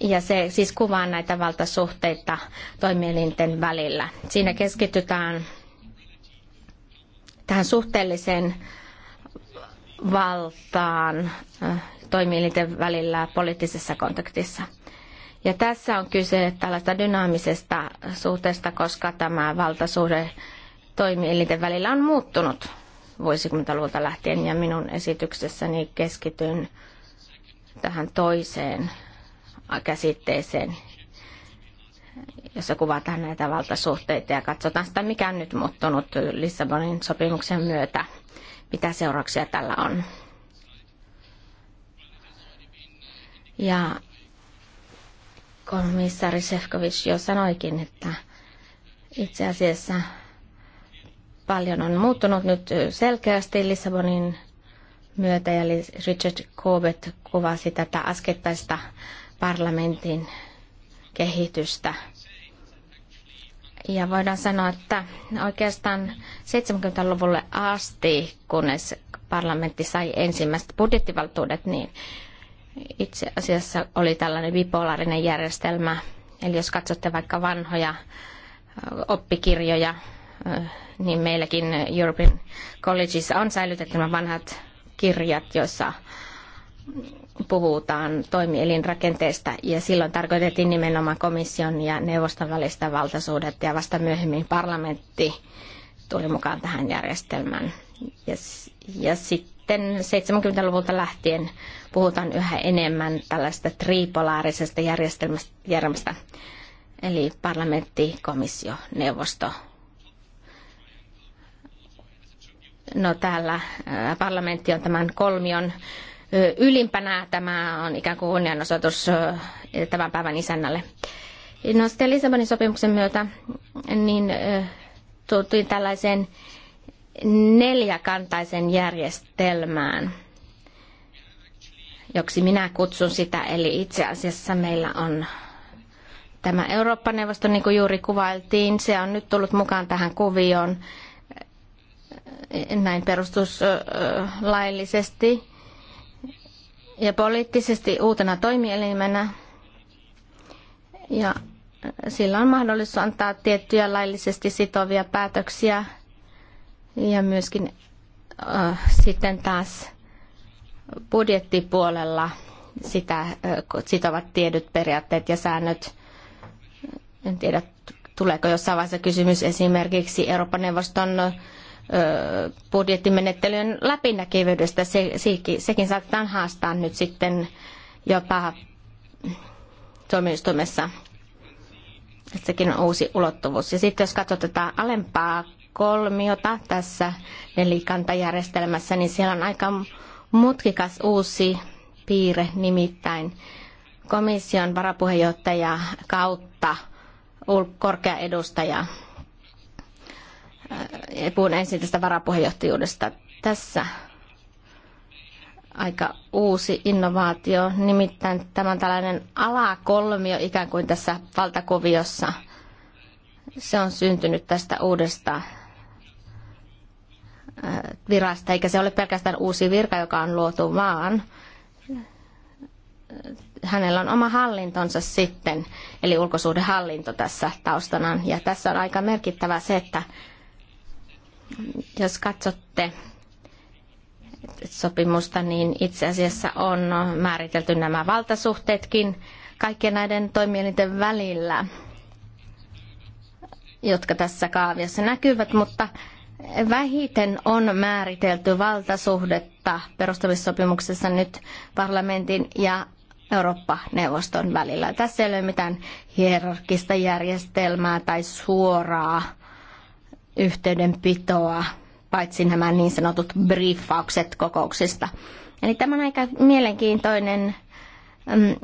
Ja se siis kuvaa näitä valtasuhteita toimielinten välillä. Siinä keskitytään tähän suhteelliseen valtaan äh, toimielinten välillä poliittisessa kontaktissa. Ja tässä on kyse tällaista dynaamisesta suhteesta, koska tämä valtasuhde toimielinten välillä on muuttunut vuosikymmentä-luvulta lähtien ja minun esityksessäni keskityn tähän toiseen käsitteeseen, jossa kuvataan näitä valtasuhteita ja katsotaan sitä, mikä on nyt muuttunut Lissabonin sopimuksen myötä, mitä seurauksia tällä on. Ja komissaari Sefkovic jo sanoikin, että itse asiassa paljon on muuttunut nyt selkeästi Lissabonin myötä ja Richard Corbett kuvasi tätä askettaista parlamentin kehitystä. Ja voidaan sanoa, että oikeastaan 70-luvulle asti, kunnes parlamentti sai ensimmäiset budjettivaltuudet, niin itse asiassa oli tällainen bipolaarinen järjestelmä. Eli jos katsotte vaikka vanhoja oppikirjoja, niin meilläkin European Colleges on säilytetty nämä vanhat kirjat, joissa puhutaan toimielinrakenteesta ja silloin tarkoitettiin nimenomaan komission ja neuvoston välistä valtasuhdetta ja vasta myöhemmin parlamentti tuli mukaan tähän järjestelmään. Ja, ja sitten 70-luvulta lähtien puhutaan yhä enemmän tällaista tripolaarisesta järjestelmästä, eli parlamentti, komissio, neuvosto. No täällä parlamentti on tämän kolmion ylimpänä. Tämä on ikään kuin kunnianosoitus tämän päivän isännälle. No sitten Lissabonin sopimuksen myötä niin tultiin tällaiseen neljäkantaisen järjestelmään, joksi minä kutsun sitä. Eli itse asiassa meillä on tämä Eurooppa-neuvosto, niin kuin juuri kuvailtiin, se on nyt tullut mukaan tähän kuvioon näin perustuslaillisesti ja poliittisesti uutena toimielimenä. Ja sillä on mahdollisuus antaa tiettyjä laillisesti sitovia päätöksiä ja myöskin äh, sitten taas budjettipuolella sitä äh, sitovat tiedyt periaatteet ja säännöt. En tiedä, tuleeko jossain vaiheessa kysymys esimerkiksi Euroopan neuvoston äh, budjettimenettelyjen läpinäkyvyydestä. Se, sekin saattaa haastaa nyt sitten jopa tuomioistuimessa. Sekin on uusi ulottuvuus. Ja sitten jos katsotaan alempaa kolmiota tässä nelikantajärjestelmässä, niin siellä on aika mutkikas uusi piirre, nimittäin komission varapuheenjohtaja kautta korkea edustaja Puhun ensin tästä varapuheenjohtajuudesta. Tässä aika uusi innovaatio, nimittäin tämä on tällainen alakolmio ikään kuin tässä valtakuviossa. Se on syntynyt tästä uudesta virasta, eikä se ole pelkästään uusi virka, joka on luotu, vaan hänellä on oma hallintonsa sitten, eli ulkosuhdehallinto tässä taustana, Ja tässä on aika merkittävä se, että jos katsotte sopimusta, niin itse asiassa on määritelty nämä valtasuhteetkin kaikkien näiden toimielinten välillä, jotka tässä kaaviossa näkyvät, mutta vähiten on määritelty valtasuhdetta perustamissopimuksessa nyt parlamentin ja Eurooppa-neuvoston välillä. Tässä ei ole mitään hierarkista järjestelmää tai suoraa yhteydenpitoa, paitsi nämä niin sanotut briefaukset kokouksista. Eli tämä on aika mielenkiintoinen mm,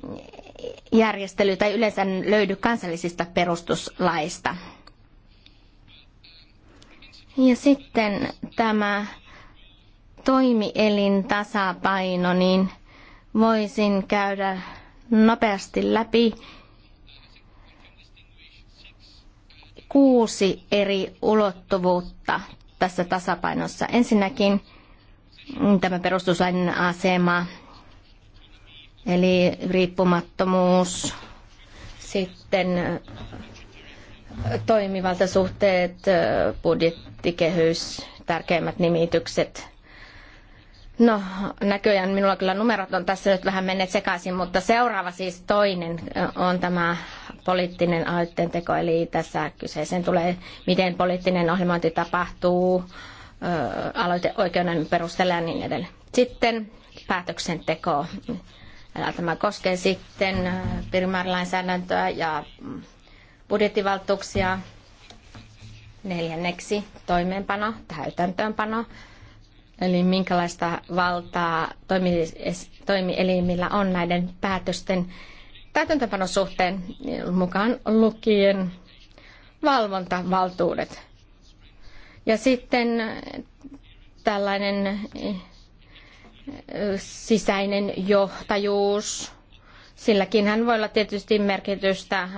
järjestely tai yleensä löydy kansallisista perustuslaista. Ja sitten tämä toimielin tasapaino, niin voisin käydä nopeasti läpi kuusi eri ulottuvuutta tässä tasapainossa. Ensinnäkin tämä perustuslain asema, eli riippumattomuus, sitten toimivaltasuhteet, budjettikehys, tärkeimmät nimitykset No, näköjään minulla kyllä numerot on tässä nyt vähän menneet sekaisin, mutta seuraava siis toinen on tämä poliittinen aloitteen teko, eli tässä kyseeseen tulee, miten poliittinen ohjelmointi tapahtuu, aloiteoikeuden perusteella ja niin edelleen. Sitten päätöksenteko. Tämä koskee sitten primäärilainsäädäntöä ja budjettivaltuuksia. Neljänneksi toimeenpano, täytäntöönpano eli minkälaista valtaa toimielimillä on näiden päätösten täytäntöpanon suhteen mukaan lukien valvontavaltuudet. Ja sitten tällainen eh, sisäinen johtajuus, silläkin hän voi olla tietysti merkitystä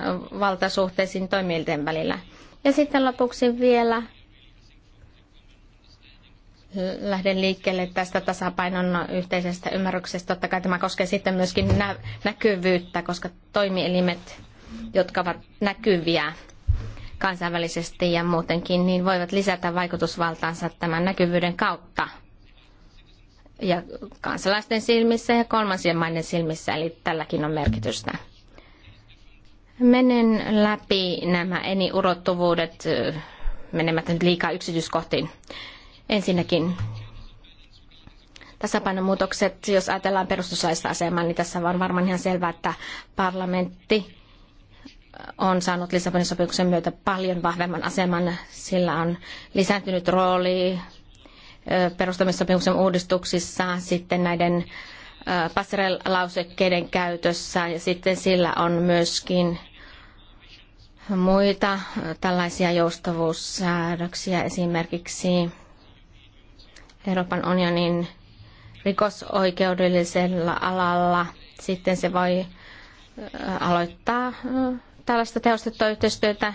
valtasuhteisiin toimielten välillä. Ja sitten lopuksi vielä lähden liikkeelle tästä tasapainon yhteisestä ymmärryksestä. Totta kai tämä koskee sitten myöskin nä- näkyvyyttä, koska toimielimet, jotka ovat näkyviä kansainvälisesti ja muutenkin, niin voivat lisätä vaikutusvaltaansa tämän näkyvyyden kautta ja kansalaisten silmissä ja kolmansien maiden silmissä, eli tälläkin on merkitystä. Menen läpi nämä eni urottuvuudet menemättä nyt liikaa yksityiskohtiin. Ensinnäkin tasapainomuutokset, jos ajatellaan perustuslaista asemaa, niin tässä on varmaan ihan selvää, että parlamentti on saanut Lissabonin sopimuksen myötä paljon vahvemman aseman. Sillä on lisääntynyt rooli perustamissopimuksen uudistuksissa, sitten näiden passerelausekkeiden käytössä ja sitten sillä on myöskin muita tällaisia joustavuussäädöksiä esimerkiksi Euroopan unionin rikosoikeudellisella alalla, sitten se voi aloittaa tällaista tehostettua yhteistyötä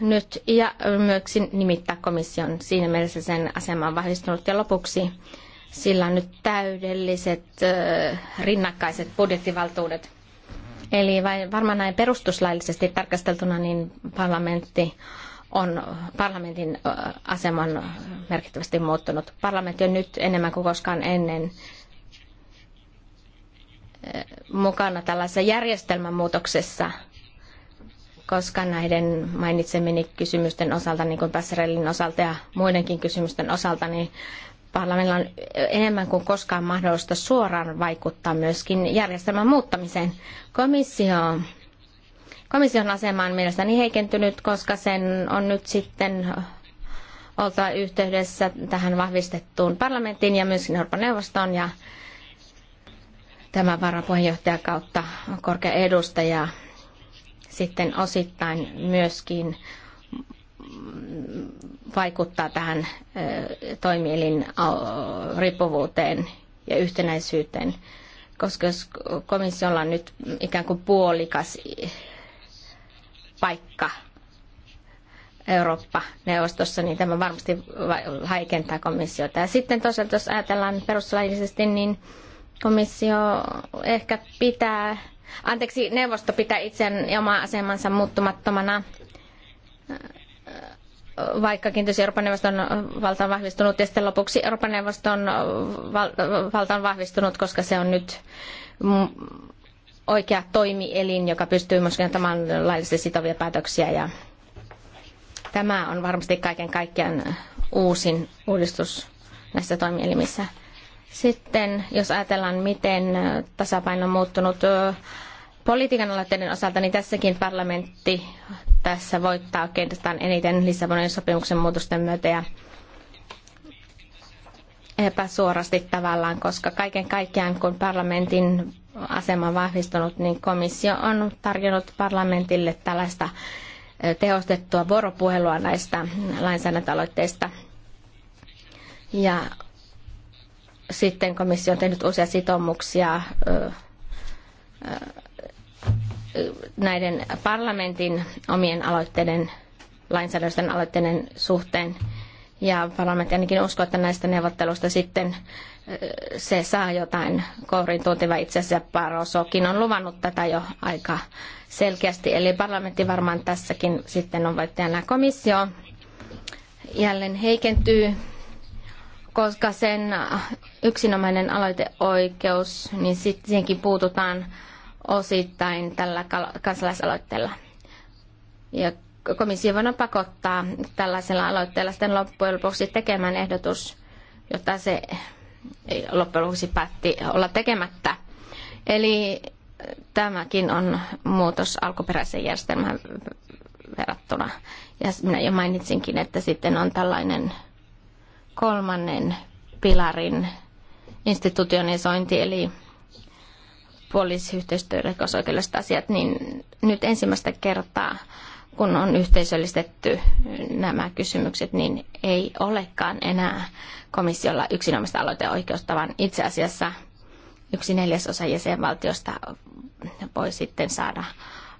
nyt ja myöskin nimittää komission. Siinä mielessä sen asema on vahvistunut ja lopuksi sillä on nyt täydelliset rinnakkaiset budjettivaltuudet. Eli varmaan näin perustuslaillisesti tarkasteltuna niin parlamentti on parlamentin aseman merkittävästi muuttunut. Parlamentti on nyt enemmän kuin koskaan ennen mukana tällaisessa järjestelmän muutoksessa, koska näiden mainitsemini kysymysten osalta, niin kuin Passerellin osalta ja muidenkin kysymysten osalta, niin parlamentilla on enemmän kuin koskaan mahdollista suoraan vaikuttaa myöskin järjestelmän muuttamiseen. Komissio Komission asema on mielestäni heikentynyt, koska sen on nyt sitten oltava yhteydessä tähän vahvistettuun parlamenttiin ja myöskin Euroopan neuvostoon ja tämän varapuheenjohtajan kautta korkea edustaja sitten osittain myöskin vaikuttaa tähän toimielin riippuvuuteen ja yhtenäisyyteen, koska jos komissiolla on nyt ikään kuin puolikas paikka Eurooppa-neuvostossa, niin tämä varmasti haikentaa komissiota. Ja sitten tosiaan jos ajatellaan perustuslaillisesti, niin komissio ehkä pitää, anteeksi, neuvosto pitää itse ja omaa asemansa muuttumattomana, vaikkakin tietysti Euroopan neuvoston valta on vahvistunut, ja sitten lopuksi Euroopan neuvoston valta on vahvistunut, koska se on nyt oikea toimielin, joka pystyy myös antamaan laillisesti sitovia päätöksiä. Ja tämä on varmasti kaiken kaikkiaan uusin uudistus näissä toimielimissä. Sitten jos ajatellaan, miten tasapaino on muuttunut politiikan aloitteiden osalta, niin tässäkin parlamentti tässä voittaa oikeastaan eniten Lissabonin sopimuksen muutosten myötä ja epäsuorasti tavallaan, koska kaiken kaikkiaan kun parlamentin asema vahvistunut, niin komissio on tarjonnut parlamentille tällaista tehostettua vuoropuhelua näistä lainsäädäntöaloitteista. Ja sitten komissio on tehnyt uusia sitoumuksia näiden parlamentin omien aloitteiden, lainsäädännöllisten aloitteiden suhteen. Ja parlamentti ainakin uskoo, että näistä neuvotteluista sitten se saa jotain kourin tuntiva. Itse asiassa Barrosokin on luvannut tätä jo aika selkeästi. Eli parlamentti varmaan tässäkin sitten on voittajana komissio. Jälleen heikentyy, koska sen yksinomainen aloiteoikeus, niin siihenkin puututaan osittain tällä kansalaisaloitteella. Ja komissio voidaan pakottaa tällaisella aloitteella sitten loppujen lopuksi tekemään ehdotus, jotta se loppujen lopuksi päätti olla tekemättä. Eli tämäkin on muutos alkuperäiseen järjestelmään verrattuna. Ja minä jo mainitsinkin, että sitten on tällainen kolmannen pilarin institutionisointi, eli poliisiyhteistyö, rikosoikeudelliset asiat, niin nyt ensimmäistä kertaa kun on yhteisöllistetty nämä kysymykset, niin ei olekaan enää komissiolla yksinomaista aloiteoikeutta, vaan itse asiassa yksi neljäsosa jäsenvaltiosta voi sitten saada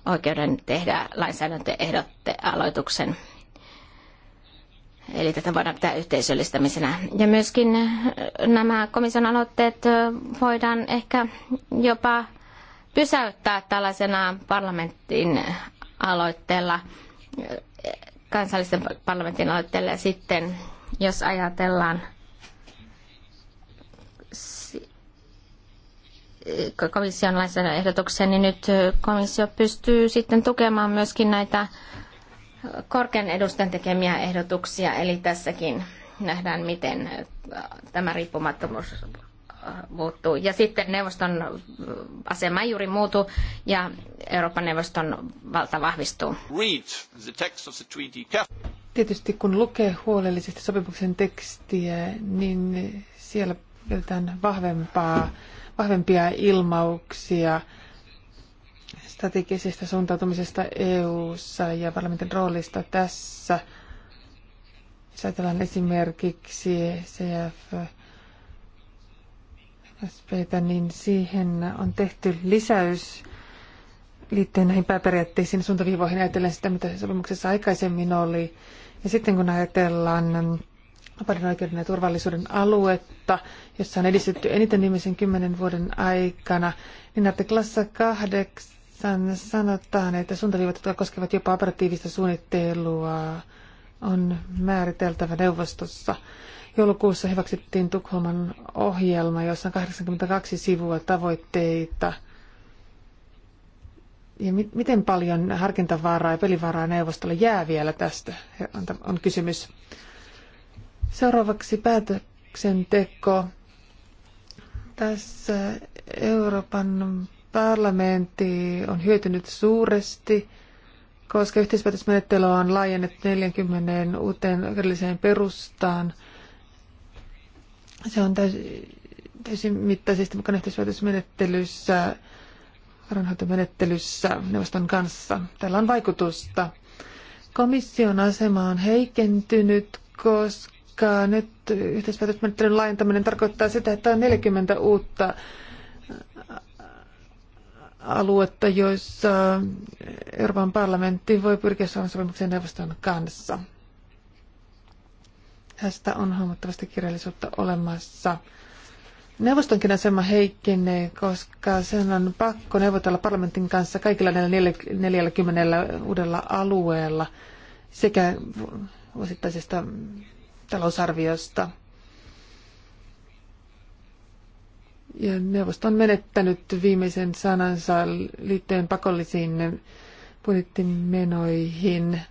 oikeuden tehdä lainsäädäntöehdotte-aloituksen. Eli tätä voidaan pitää yhteisöllistämisenä. Ja myöskin nämä komission aloitteet voidaan ehkä jopa pysäyttää tällaisena parlamentin aloitteella, kansallisten parlamentin aloitteella. Ja sitten jos ajatellaan komission lainsäädännön ehdotuksia, niin nyt komissio pystyy sitten tukemaan myöskin näitä korkean edustan tekemiä ehdotuksia, eli tässäkin nähdään, miten tämä riippumattomuus muuttuu. Ja sitten neuvoston asema ei juuri muutu ja Euroopan neuvoston valta vahvistuu. Tietysti kun lukee huolellisesti sopimuksen tekstiä, niin siellä pidetään vahvempaa, vahvempia ilmauksia strategisesta suuntautumisesta EU-ssa ja parlamentin roolista tässä. Jos ajatellaan esimerkiksi CF SPtä, niin siihen on tehty lisäys liittyen näihin pääperiaatteisiin suuntaviivoihin ajatellen sitä, mitä sopimuksessa aikaisemmin oli. Ja sitten kun ajatellaan vapauden oikeuden ja turvallisuuden aluetta, jossa on edistytty eniten viimeisen kymmenen vuoden aikana, niin artiklassa kahdeksan sanotaan, että suuntaviivat, jotka koskevat jopa operatiivista suunnittelua, on määriteltävä neuvostossa. Joulukuussa hyväksyttiin Tukholman ohjelma, jossa on 82 sivua tavoitteita. Ja mi- miten paljon harkintavaraa ja pelivaraa neuvostolle jää vielä tästä, on kysymys. Seuraavaksi päätöksenteko. Tässä Euroopan parlamentti on hyötynyt suuresti, koska yhteispäätösmenettelyä on laajennettu 40 uuteen oikeudelliseen perustaan – se on täysin mittaisesti mukana yhteisvaikutusmenettelyssä, varanhoitomenettelyssä neuvoston kanssa. Tällä on vaikutusta. Komission asema on heikentynyt, koska nyt yhteisvaikutusmenettelyn laajentaminen tarkoittaa sitä, että on 40 uutta aluetta, joissa Euroopan parlamentti voi pyrkiä saamaan sopimuksen neuvoston kanssa. Tästä on huomattavasti kirjallisuutta olemassa. Neuvostonkin asema heikkenee, koska sen on pakko neuvotella parlamentin kanssa kaikilla näillä 40 uudella alueella sekä vuosittaisesta talousarviosta. Ja neuvosto on menettänyt viimeisen sanansa liittyen pakollisiin budjettimenoihin.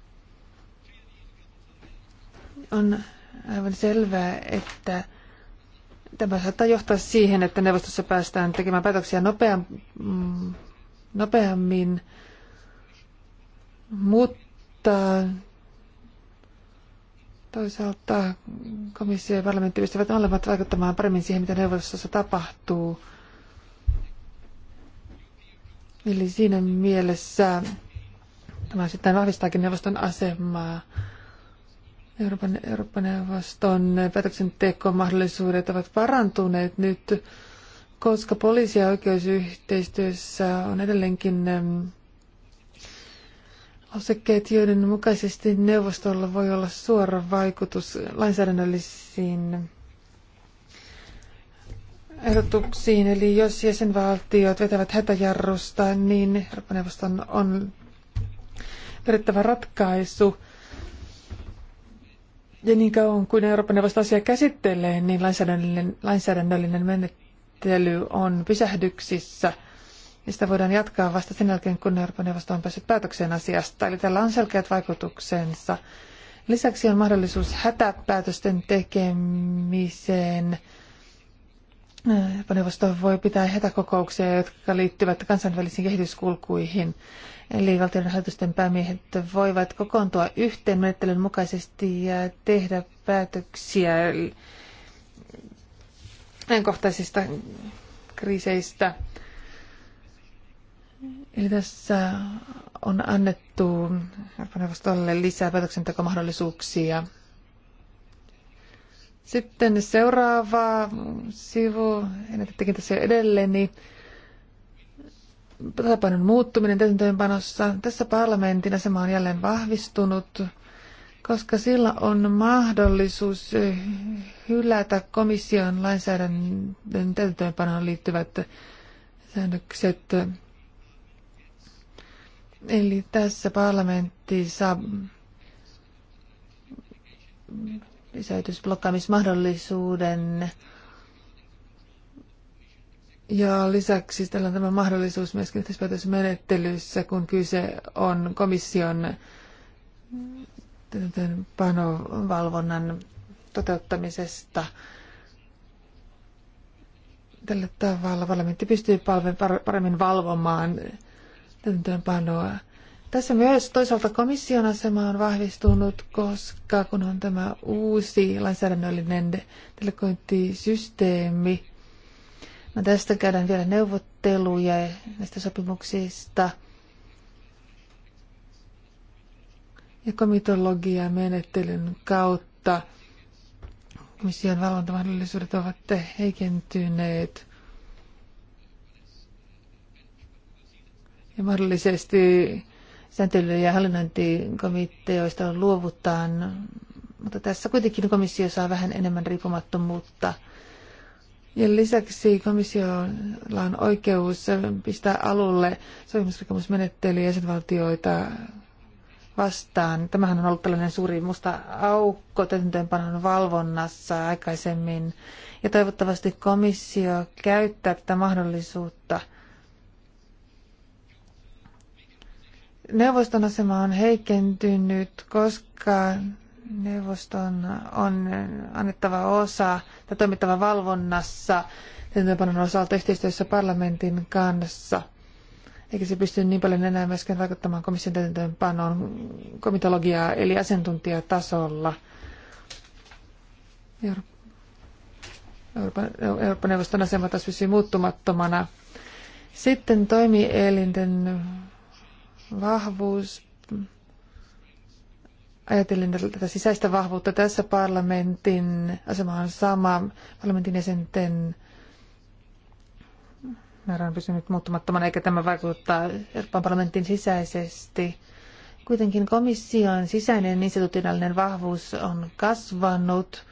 On aivan selvää, että tämä saattaa johtaa siihen, että neuvostossa päästään tekemään päätöksiä mm, nopeammin, mutta toisaalta komissio ja parlamentti pystyvät olevat vaikuttamaan paremmin siihen, mitä neuvostossa tapahtuu. Eli siinä mielessä tämä sitten vahvistaakin neuvoston asemaa. Euroopan, Euroopan neuvoston päätöksentekomahdollisuudet ovat parantuneet nyt, koska poliisi- ja oikeusyhteistyössä on edelleenkin osakkeet, joiden mukaisesti neuvostolla voi olla suora vaikutus lainsäädännöllisiin ehdotuksiin. Eli jos jäsenvaltiot vetävät hätäjarrusta, niin Euroopan neuvoston on vedettävä ratkaisu ja niin kauan kuin Euroopan neuvosto asia käsittelee, niin lainsäädännöllinen, lainsäädännöllinen menettely on pysähdyksissä. Ja sitä voidaan jatkaa vasta sen jälkeen, kun Euroopan neuvosto on päässyt päätökseen asiasta. Eli tällä on selkeät vaikutuksensa. Lisäksi on mahdollisuus hätäpäätösten tekemiseen. Neuvosto voi pitää hätäkokouksia, jotka liittyvät kansainvälisiin kehityskulkuihin. Eli valtion hallitusten päämiehet voivat kokoontua yhteen menettelyn mukaisesti ja tehdä päätöksiä ajankohtaisista kriiseistä. Eli tässä on annettu Euroopan neuvostolle lisää päätöksentekomahdollisuuksia. Sitten seuraava sivu, en tässä jo edelleen, niin tasapainon muuttuminen täytäntöönpanossa. Tässä parlamentin asema on jälleen vahvistunut, koska sillä on mahdollisuus hylätä komission lainsäädännön täytäntöönpanoon liittyvät säännökset. Eli tässä parlamentti saa lisäytysblokkaamismahdollisuuden ja lisäksi tällä on tämä mahdollisuus myöskin yhteispäätösmenettelyssä, kun kyse on komission panovalvonnan toteuttamisesta. Tällä tavalla parlamentti pystyy paremmin valvomaan täytäntöönpanoa. Tässä myös toisaalta komission asema on vahvistunut, koska kun on tämä uusi lainsäädännöllinen delegointisysteemi, No tästä käydään vielä neuvotteluja näistä sopimuksista. Ja komitologia menettelyn kautta komission valvontamahdollisuudet ovat heikentyneet. Ja mahdollisesti sääntely- ja hallinnointikomiteoista luovutaan, mutta tässä kuitenkin komissio saa vähän enemmän riippumattomuutta – ja lisäksi komissiolla on oikeus pistää alulle sopimusrikkomusmenettely jäsenvaltioita vastaan. Tämähän on ollut tällainen suuri musta aukko täytäntöönpanon valvonnassa aikaisemmin. Ja toivottavasti komissio käyttää tätä mahdollisuutta. Neuvoston asema on heikentynyt, koska neuvoston on annettava osa tai toimittava valvonnassa täytäntöönpanon osalta yhteistyössä parlamentin kanssa. Eikä se pysty niin paljon enää myöskään vaikuttamaan komission täytäntöönpanoon komitologiaa eli asiantuntijatasolla. Euroopan, Euroopan neuvoston asema taas pysyy muuttumattomana. Sitten toimielinten vahvuus ajatellen tätä sisäistä vahvuutta tässä parlamentin asema on sama. Parlamentin jäsenten määrä on pysynyt muuttumattomana, eikä tämä vaikuttaa Euroopan parlamentin sisäisesti. Kuitenkin komission sisäinen institutionaalinen vahvuus on kasvanut,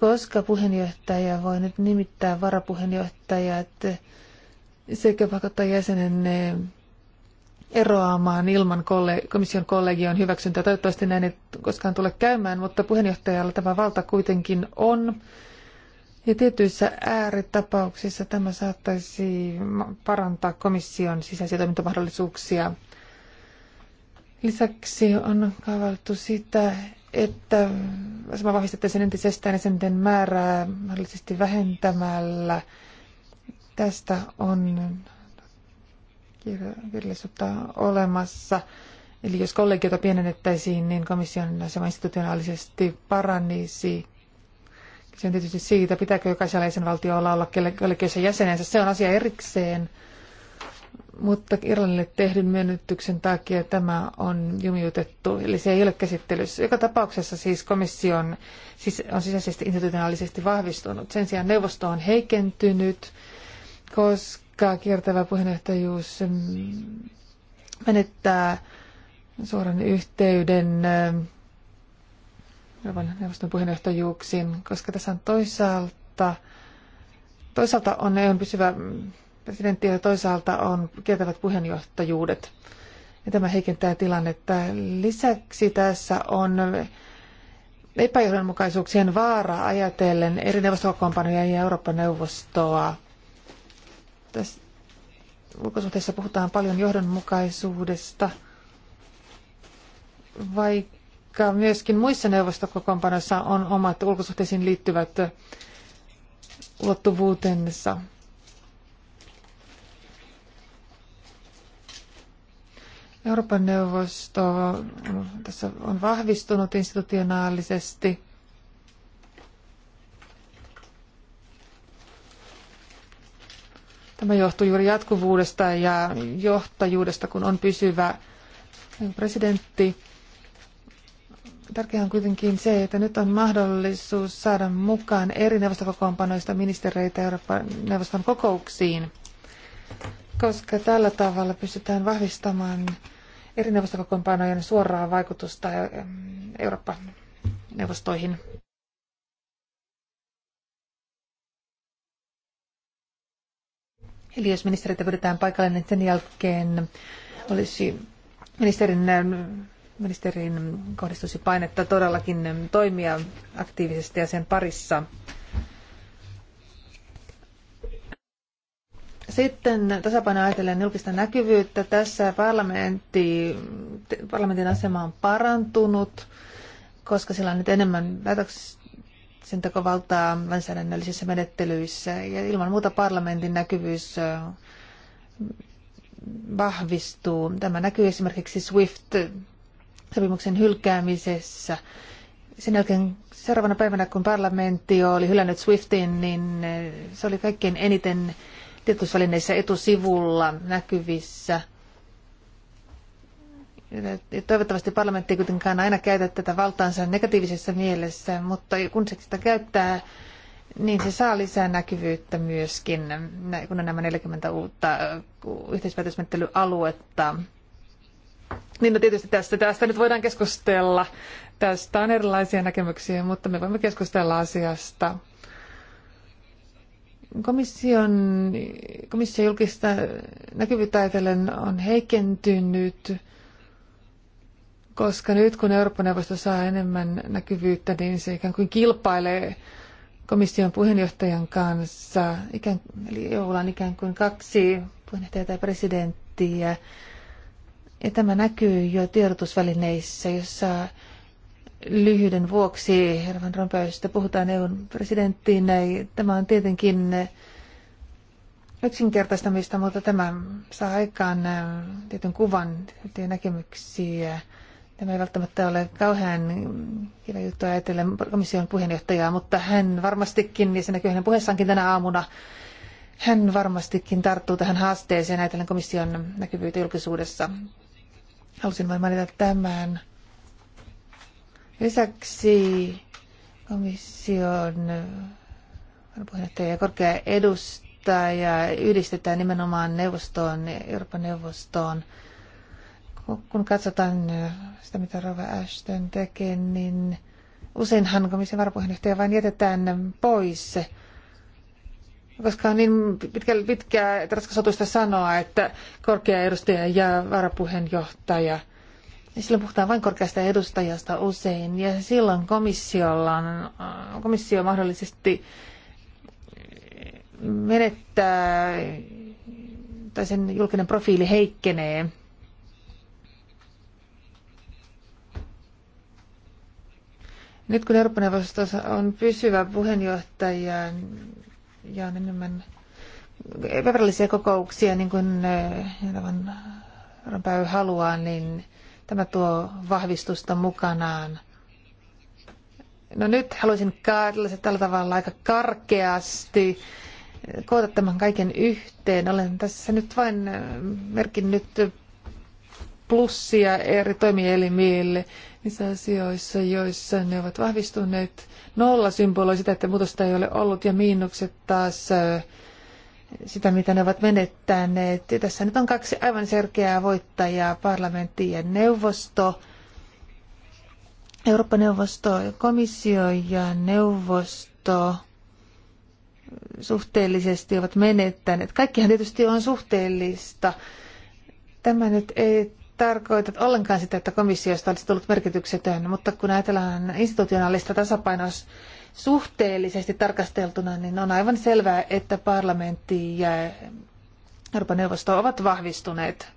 koska puheenjohtaja voi nyt nimittää varapuheenjohtajat sekä pakottaa jäsenen eroamaan ilman komission kollegion hyväksyntää. Toivottavasti näin ei koskaan tule käymään, mutta puheenjohtajalla tämä valta kuitenkin on. Ja tietyissä ääritapauksissa tämä saattaisi parantaa komission sisäisiä toimintamahdollisuuksia. Lisäksi on kaavailtu sitä, että asema vahvistettaisiin entisestään jäsenten määrää mahdollisesti vähentämällä. Tästä on kirjallisuutta olemassa. Eli jos kollegiota pienennettäisiin, niin komission asema institutionaalisesti parannisi. Se on tietysti siitä, pitääkö jokaisella jäsenvaltiolla olla kollegiossa jäsenensä. Se on asia erikseen. Mutta Irlannille tehdyn myönnytyksen takia tämä on jumiutettu, eli se ei ole käsittelyssä. Joka tapauksessa siis komission siis on sisäisesti institutionaalisesti vahvistunut. Sen sijaan neuvosto on heikentynyt, koska taakkaa kiertävä puheenjohtajuus menettää suoran yhteyden äh, Euroopan neuvoston puheenjohtajuuksiin, koska tässä on toisaalta, toisaalta on EUn pysyvä mm, presidentti ja toisaalta on kiertävät puheenjohtajuudet. Ja tämä heikentää tilannetta. Lisäksi tässä on epäjohdonmukaisuuksien vaara ajatellen eri neuvostokokoonpanoja ja Euroopan neuvostoa tässä ulkosuhteissa puhutaan paljon johdonmukaisuudesta, vaikka myöskin muissa neuvostokokoonpanoissa on omat ulkosuhteisiin liittyvät ulottuvuutensa. Euroopan neuvosto tässä on vahvistunut institutionaalisesti Tämä johtuu juuri jatkuvuudesta ja johtajuudesta, kun on pysyvä presidentti. Tärkeää on kuitenkin se, että nyt on mahdollisuus saada mukaan eri neuvostokokoonpanoista ministereitä Euroopan neuvoston kokouksiin, koska tällä tavalla pystytään vahvistamaan eri neuvostokokoonpanojen suoraa vaikutusta eh, Eurooppa-neuvostoihin. Eli jos ministeriltä pyydetään paikalle, niin sen jälkeen olisi ministerin, ministerin kohdistuisi painetta todellakin toimia aktiivisesti ja sen parissa. Sitten tasapaino ajatellen julkista näkyvyyttä. Tässä parlamentti, parlamentin asema on parantunut, koska siellä on nyt enemmän päätöksentekovaltaa valtaa lainsäädännöllisissä menettelyissä ja ilman muuta parlamentin näkyvyys vahvistuu. Tämä näkyy esimerkiksi SWIFT-sopimuksen hylkäämisessä. Sen jälkeen seuraavana päivänä, kun parlamentti oli hylännyt SWIFTin, niin se oli kaikkein eniten tiedotusvälineissä etusivulla näkyvissä – Toivottavasti parlamentti ei kuitenkaan aina käytä tätä valtaansa negatiivisessa mielessä, mutta kun se sitä käyttää, niin se saa lisää näkyvyyttä myöskin, kun on nämä 40 uutta yhteispäätösmenettelyaluetta. Niin no tietysti tästä, tästä nyt voidaan keskustella. Tästä on erilaisia näkemyksiä, mutta me voimme keskustella asiasta. Komission, komission julkista näkyvyyttä ajatellen on heikentynyt koska nyt kun Eurooppa-neuvosto saa enemmän näkyvyyttä, niin se ikään kuin kilpailee komission puheenjohtajan kanssa. Ikään, eli EUlla on ikään kuin kaksi puheenjohtajaa tai presidenttiä. Ja tämä näkyy jo tiedotusvälineissä, jossa lyhyyden vuoksi Herman Rompuysta puhutaan EUn presidenttiin. Tämä on tietenkin yksinkertaistamista, mutta tämä saa aikaan tietyn kuvan, tiettyjä näkemyksiä. Tämä ei välttämättä ole kauhean kiva juttu ajatella komission puheenjohtajaa, mutta hän varmastikin, ja se näkyy hänen puheessaankin tänä aamuna, hän varmastikin tarttuu tähän haasteeseen ajatellen komission näkyvyyttä julkisuudessa. Halusin vain mainita tämän. Lisäksi komission puheenjohtaja ja korkea edustaja yhdistetään nimenomaan neuvostoon, Euroopan neuvostoon – kun katsotaan sitä, mitä Rova Ashton tekee, niin useinhan komission varapuheenjohtaja vain jätetään pois, koska on niin pitkä, pitkää raskasotuista sanoa, että korkea edustaja ja varapuheenjohtaja – Silloin puhutaan vain korkeasta edustajasta usein, ja silloin komissiolla on, komissio mahdollisesti menettää, tai sen julkinen profiili heikkenee Nyt kun Euroopan neuvostossa on pysyvä puheenjohtaja ja on enemmän epävirallisia kokouksia, niin kuin Euroopan eh, päivä haluaa, niin tämä tuo vahvistusta mukanaan. No nyt haluaisin kaadella tällä tavalla aika karkeasti koota tämän kaiken yhteen. Olen tässä nyt vain eh, merkinnyt plussia eri toimielimille niissä asioissa, joissa ne ovat vahvistuneet. Nolla symboloi sitä, että muutosta ei ole ollut, ja miinukset taas sitä, mitä ne ovat menettäneet. Ja tässä nyt on kaksi aivan selkeää voittajaa, parlamentti ja neuvosto. Eurooppa-neuvosto, komissio ja neuvosto suhteellisesti ovat menettäneet. Kaikkihan tietysti on suhteellista. Tämä nyt ei tarkoita ollenkaan sitä, että komissiosta olisi tullut merkityksetön, mutta kun ajatellaan institutionaalista tasapainoa suhteellisesti tarkasteltuna, niin on aivan selvää, että parlamentti ja Euroopan neuvosto ovat vahvistuneet.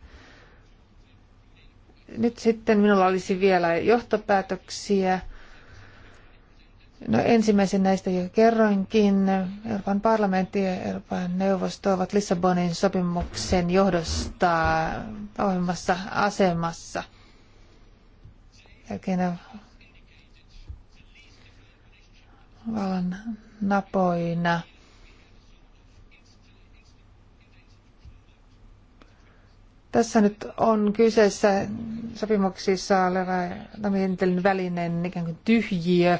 Nyt sitten minulla olisi vielä johtopäätöksiä. No ensimmäisen näistä jo kerroinkin. Euroopan parlamentti ja Euroopan neuvosto ovat Lissabonin sopimuksen johdosta ohjelmassa asemassa. Jälkeenä vallan napoina. Tässä nyt on kyseessä sopimuksissa oleva toimielinten välinen ikään kuin tyhjiö,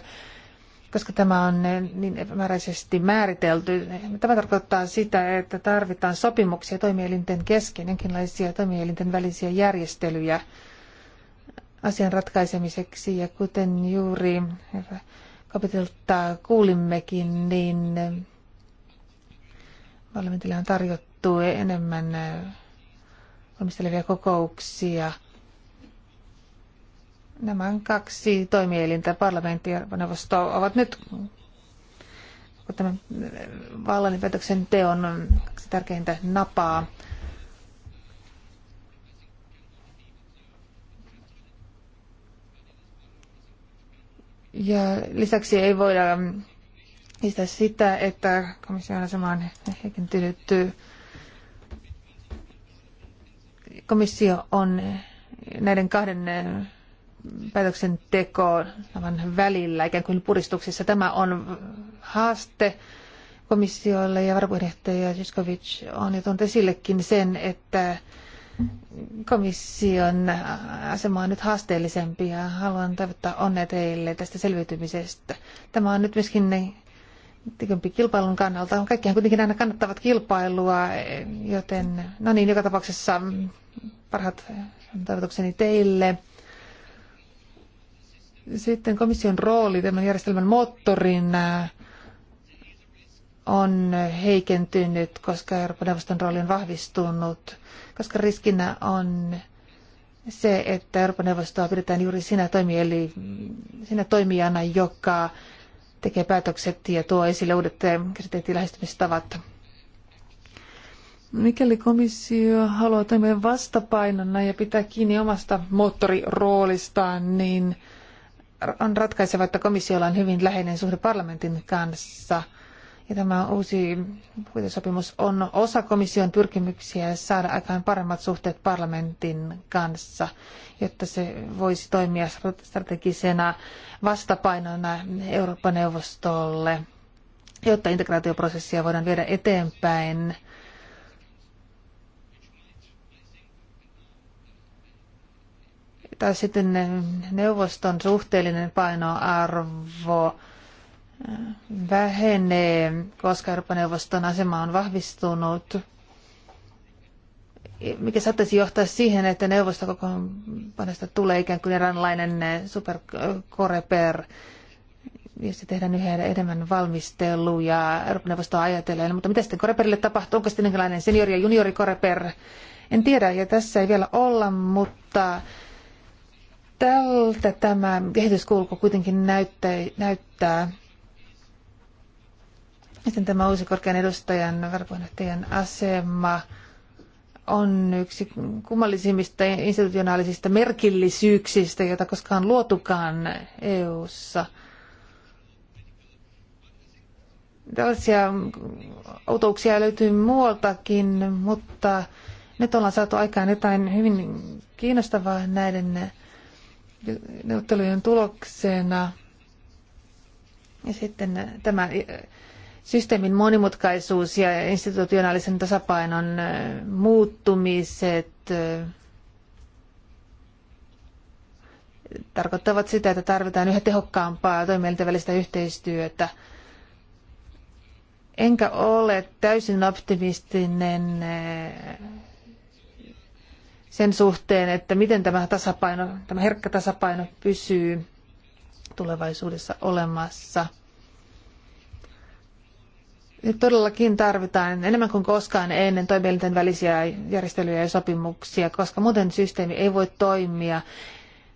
koska tämä on niin epämääräisesti määritelty. Tämä tarkoittaa sitä, että tarvitaan sopimuksia toimielinten kesken, jonkinlaisia toimielinten välisiä järjestelyjä asian ratkaisemiseksi. Ja kuten juuri kapitilta kuulimmekin, niin parlamentille on tarjottu enemmän valmistelevia kokouksia – Nämä kaksi toimielintä, parlamentti ja neuvosto, ovat nyt tämän äh, vallanpäätöksen teon kaksi tärkeintä napaa. Ja lisäksi ei voida sitä sitä, että komission asema on heikentynyt. Äh, komissio on näiden kahden äh, päätöksentekoon välillä ikään kuin puristuksissa. Tämä on haaste komissiolle ja varapuheenjohtaja Zyskovic on jo tuonut esillekin sen, että komission asema on nyt haasteellisempi ja haluan toivottaa onnea teille tästä selviytymisestä. Tämä on nyt myöskin tikempi kilpailun kannalta. Kaikkihan kuitenkin aina kannattavat kilpailua, joten no niin, joka tapauksessa parhaat toivotukseni teille. Sitten komission rooli tämän järjestelmän moottorina äh, on heikentynyt, koska Euroopan neuvoston rooli on vahvistunut, koska riskinä on se, että Euroopan neuvostoa pidetään juuri sinä, toimi, eli sinä toimijana, joka tekee päätökset ja tuo esille uudet äh, käsitteet ja lähestymistavat. Mikäli komissio haluaa toimia vastapainona ja pitää kiinni omasta moottoriroolistaan, niin on ratkaiseva, että komissiolla on hyvin läheinen suhde parlamentin kanssa. Ja tämä uusi puitesopimus on osa komission pyrkimyksiä saada aikaan paremmat suhteet parlamentin kanssa, jotta se voisi toimia strategisena vastapainona Eurooppa-neuvostolle, jotta integraatioprosessia voidaan viedä eteenpäin tai sitten neuvoston suhteellinen painoarvo äh, vähenee, koska Euroopan neuvoston asema on vahvistunut, mikä saattaisi johtaa siihen, että neuvostokokoonpanosta tulee ikään kuin eräänlainen äh, superkoreper, jossa tehdään yhä enemmän valmisteluja Euroopan neuvostoa ajatellen. Mutta mitä sitten koreperille tapahtuu? Onko sitten jonkinlainen seniori- ja juniorikoreper? En tiedä, ja tässä ei vielä olla, mutta Tältä tämä kehityskulku kuitenkin näyttää. näyttää. Sitten tämä uusi korkean edustajan varapuheenjohtajan asema on yksi kummallisimmista institutionaalisista merkillisyyksistä, jota koskaan luotukaan EU-ssa. Tällaisia outouksia löytyy muualtakin, mutta nyt ollaan saatu aikaan jotain hyvin kiinnostavaa näiden neuvottelujen tuloksena ja sitten tämä eh, systeemin monimutkaisuus ja institutionaalisen tasapainon eh, muuttumiset eh, tarkoittavat sitä, että tarvitaan yhä tehokkaampaa toimielinten välistä yhteistyötä. Enkä ole täysin optimistinen sen suhteen, että miten tämä tasapaino, tämä herkkä tasapaino pysyy tulevaisuudessa olemassa. Nyt todellakin tarvitaan enemmän kuin koskaan ennen toimielinten välisiä järjestelyjä ja sopimuksia, koska muuten systeemi ei voi toimia.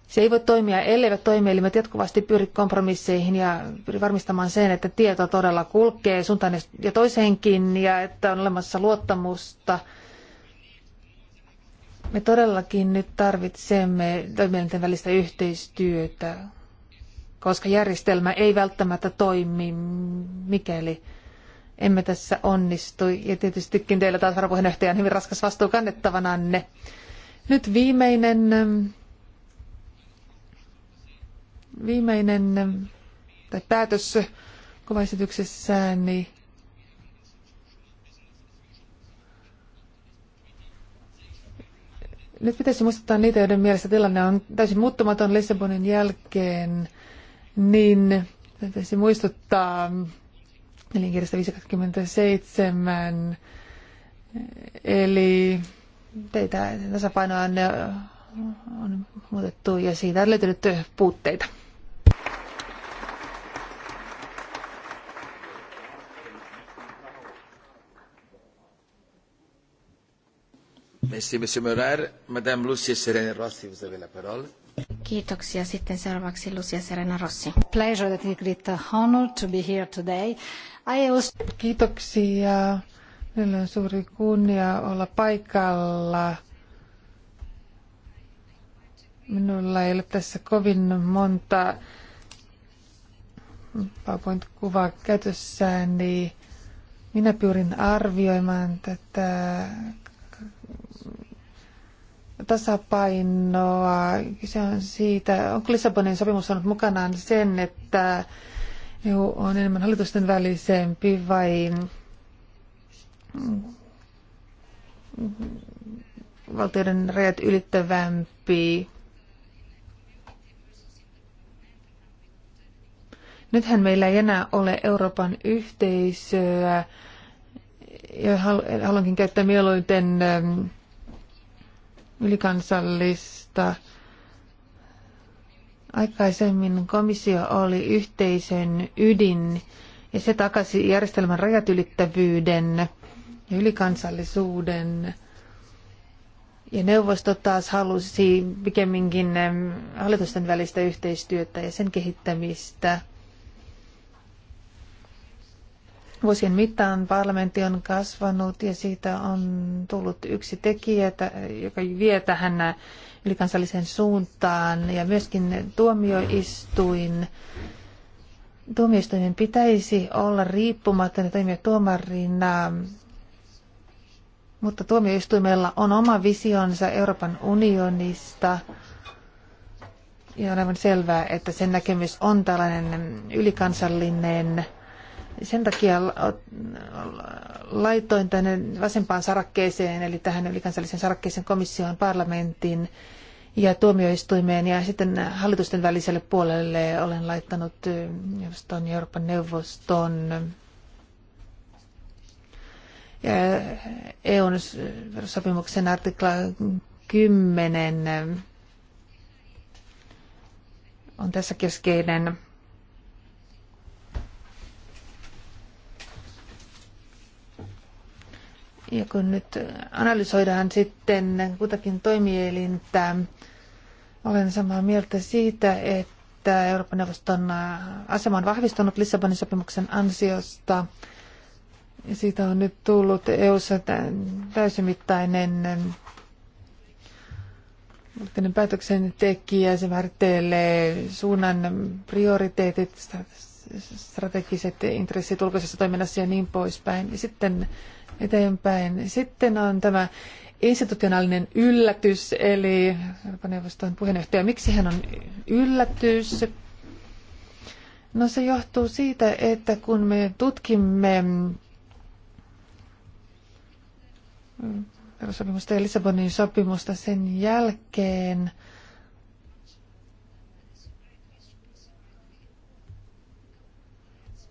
Se ei voi toimia, elleivät toimielimet jatkuvasti pyri kompromisseihin ja pyri varmistamaan sen, että tieto todella kulkee suuntaan ja toiseenkin ja että on olemassa luottamusta – me todellakin nyt tarvitsemme toimielinten välistä yhteistyötä, koska järjestelmä ei välttämättä toimi, mikäli emme tässä onnistu. Ja tietystikin teillä taas varapuheenjohtaja on hyvin raskas vastuu kannettavananne. Nyt viimeinen, viimeinen tai päätös kuvaesityksessään, niin Nyt pitäisi muistuttaa niitä, joiden mielestä tilanne on täysin muuttumaton Lissabonin jälkeen, niin pitäisi muistuttaa elinkirjasta 527, eli teitä tasapainoa on muutettu ja siitä on löytynyt puutteita. Merci, Monsieur Morar. Madame Lucia Serena Rossi, vous avez la parole. Kiitoksia. Sitten seuraavaksi Lucia Serena Rossi. Pleasure that you great honor to be here today. I also... Kiitoksia. Meillä on suuri kunnia olla paikalla. Minulla ei ole tässä kovin monta PowerPoint-kuvaa käytössään, niin minä pyrin arvioimaan tätä tasapainoa. Se on siitä, onko Lissabonin sopimus saanut mukanaan sen, että EU on enemmän hallitusten välisempi vai valtioiden rajat ylittävämpi? Nythän meillä ei enää ole Euroopan yhteisöä ja haluankin käyttää mieluiten ähm, ylikansallista. Aikaisemmin komissio oli yhteisen ydin ja se takasi järjestelmän rajat ylittävyyden ja ylikansallisuuden. Ja neuvosto taas halusi pikemminkin hallitusten välistä yhteistyötä ja sen kehittämistä. Vuosien mittaan parlamentti on kasvanut ja siitä on tullut yksi tekijä, joka vie tähän ylikansalliseen suuntaan ja myöskin tuomioistuin tuomioistuimen pitäisi olla riippumaton ja toimia tuomarina, mutta tuomioistuimella on oma visionsa Euroopan unionista. Ja on aivan selvää, että sen näkemys on tällainen ylikansallinen sen takia laitoin tänne vasempaan sarakkeeseen, eli tähän ylikansallisen sarakkeeseen komission parlamentin ja tuomioistuimeen ja sitten hallitusten väliselle puolelle olen laittanut jostain Euroopan neuvoston ja EUn sopimuksen artikla 10 on tässä keskeinen Ja kun nyt analysoidaan sitten kutakin toimielintä, olen samaa mieltä siitä, että Euroopan neuvoston asema on vahvistunut Lissabonin sopimuksen ansiosta. Siitä on nyt tullut EU-ssa täysimittainen poliittinen päätöksentekijä, se määrittelee suunnan prioriteetit, strategiset intressit ulkoisessa toiminnassa ja niin poispäin. Ja sitten eteenpäin. Sitten on tämä institutionaalinen yllätys, eli Euroopan neuvoston puheenjohtaja, miksi hän on yllätys? No se johtuu siitä, että kun me tutkimme perussopimusta ja Lissabonin sopimusta sen jälkeen,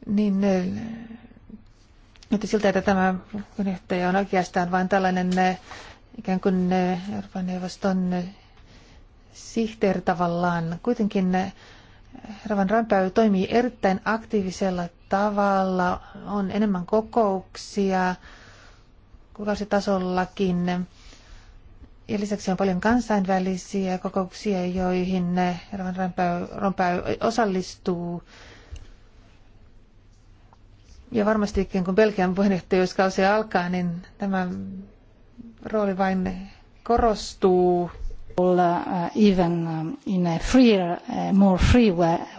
niin mutta siltä, että tämä puheenjohtaja on oikeastaan vain tällainen eh, ikään kuin eh, Euroopan neuvoston eh, sihteeri tavallaan. Kuitenkin Ravan Rampäy toimii erittäin aktiivisella tavalla, on enemmän kokouksia kuukausitasollakin. Ja lisäksi on paljon kansainvälisiä kokouksia, joihin Ravan Rampäy, Rampäy osallistuu ja varmastikin kun Belgian puheenjohtajuuskausi alkaa, niin tämä rooli vain korostuu. Uh, even um, in a freer, uh, more free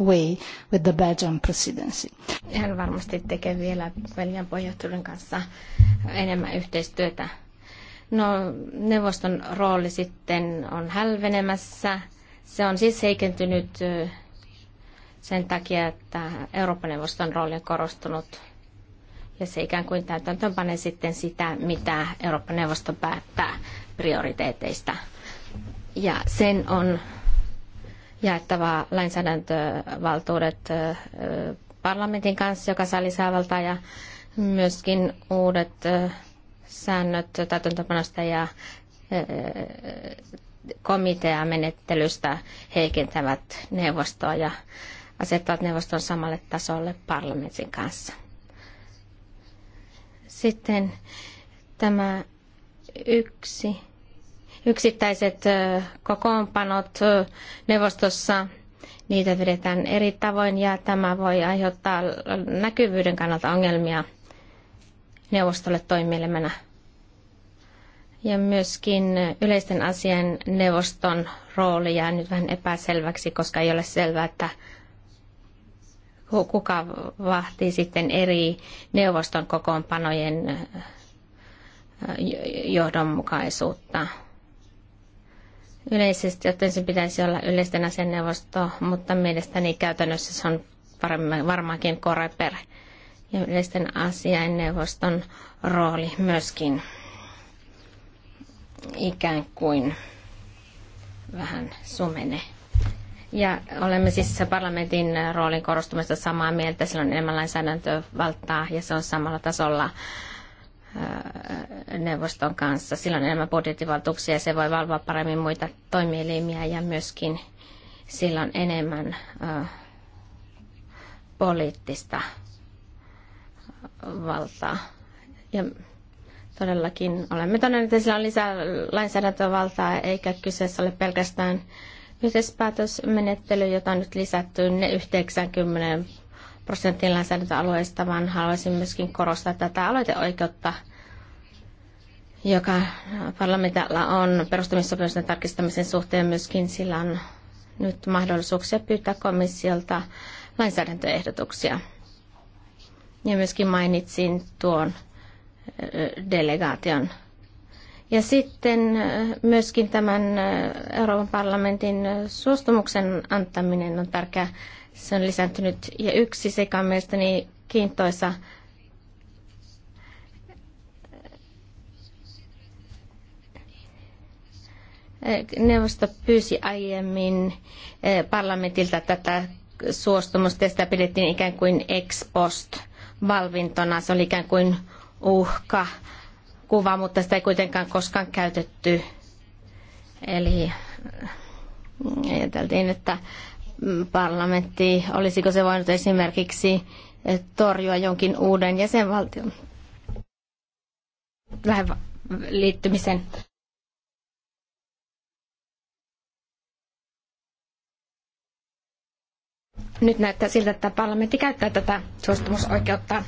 way with the Belgian presidency. Hän varmasti tekee vielä Belgian puheenjohtajuuden kanssa enemmän yhteistyötä. No, neuvoston rooli sitten on hälvenemässä. Se on siis heikentynyt uh, sen takia, että Euroopan neuvoston rooli on korostunut ja se ikään kuin täytäntöönpanee sitten sitä, mitä Euroopan neuvosto päättää prioriteeteista. Ja sen on jaettava lainsäädäntövaltuudet parlamentin kanssa, joka saa lisää ja myöskin uudet säännöt täytäntöönpanosta ja komiteamenettelystä heikentävät neuvostoa ja asettavat neuvoston samalle tasolle parlamentin kanssa. Sitten tämä yksi, yksittäiset kokoonpanot neuvostossa, niitä vedetään eri tavoin ja tämä voi aiheuttaa näkyvyyden kannalta ongelmia neuvostolle toimielimänä. Ja myöskin yleisten asian neuvoston rooli jää nyt vähän epäselväksi, koska ei ole selvää, että kuka vahti sitten eri neuvoston kokoonpanojen johdonmukaisuutta. Yleisesti, joten se pitäisi olla yleisten asianneuvosto, mutta mielestäni käytännössä se on paremmin, varmaankin Koreper ja yleisten asiainneuvoston rooli myöskin ikään kuin vähän sumene. Ja olemme siis parlamentin roolin korostumista samaa mieltä. Silloin enemmän lainsäädäntövaltaa ja se on samalla tasolla äh, neuvoston kanssa. Silloin enemmän budjettivaltuuksia ja se voi valvoa paremmin muita toimielimiä ja myöskin silloin enemmän äh, poliittista valtaa. Ja todellakin olemme todenneet, että sillä on lisää lainsäädäntövaltaa, eikä kyseessä ole pelkästään Yhteispäätösmenettely, jota on nyt lisätty 90 prosentin lainsäädäntöalueista, vaan haluaisin myöskin korostaa tätä aloiteoikeutta, joka parlamentilla on perustamissopimusten tarkistamisen suhteen myöskin. Sillä on nyt mahdollisuuksia pyytää komissiolta lainsäädäntöehdotuksia. Ja myöskin mainitsin tuon delegaation ja sitten äh, myöskin tämän äh, Euroopan parlamentin äh, suostumuksen antaminen on tärkeää. Se on lisääntynyt. Ja yksi sekä on mielestäni kiintoisa Neuvosto pyysi aiemmin parlamentilta tätä suostumusta ja sitä pidettiin ikään kuin ex post valvintona. Se oli ikään kuin uhka kuva, mutta sitä ei kuitenkaan koskaan käytetty. Eli mm, ajateltiin, että parlamentti, olisiko se voinut esimerkiksi torjua jonkin uuden jäsenvaltion vähän liittymisen. Nyt näyttää siltä, että parlamentti käyttää tätä suostumusoikeuttaan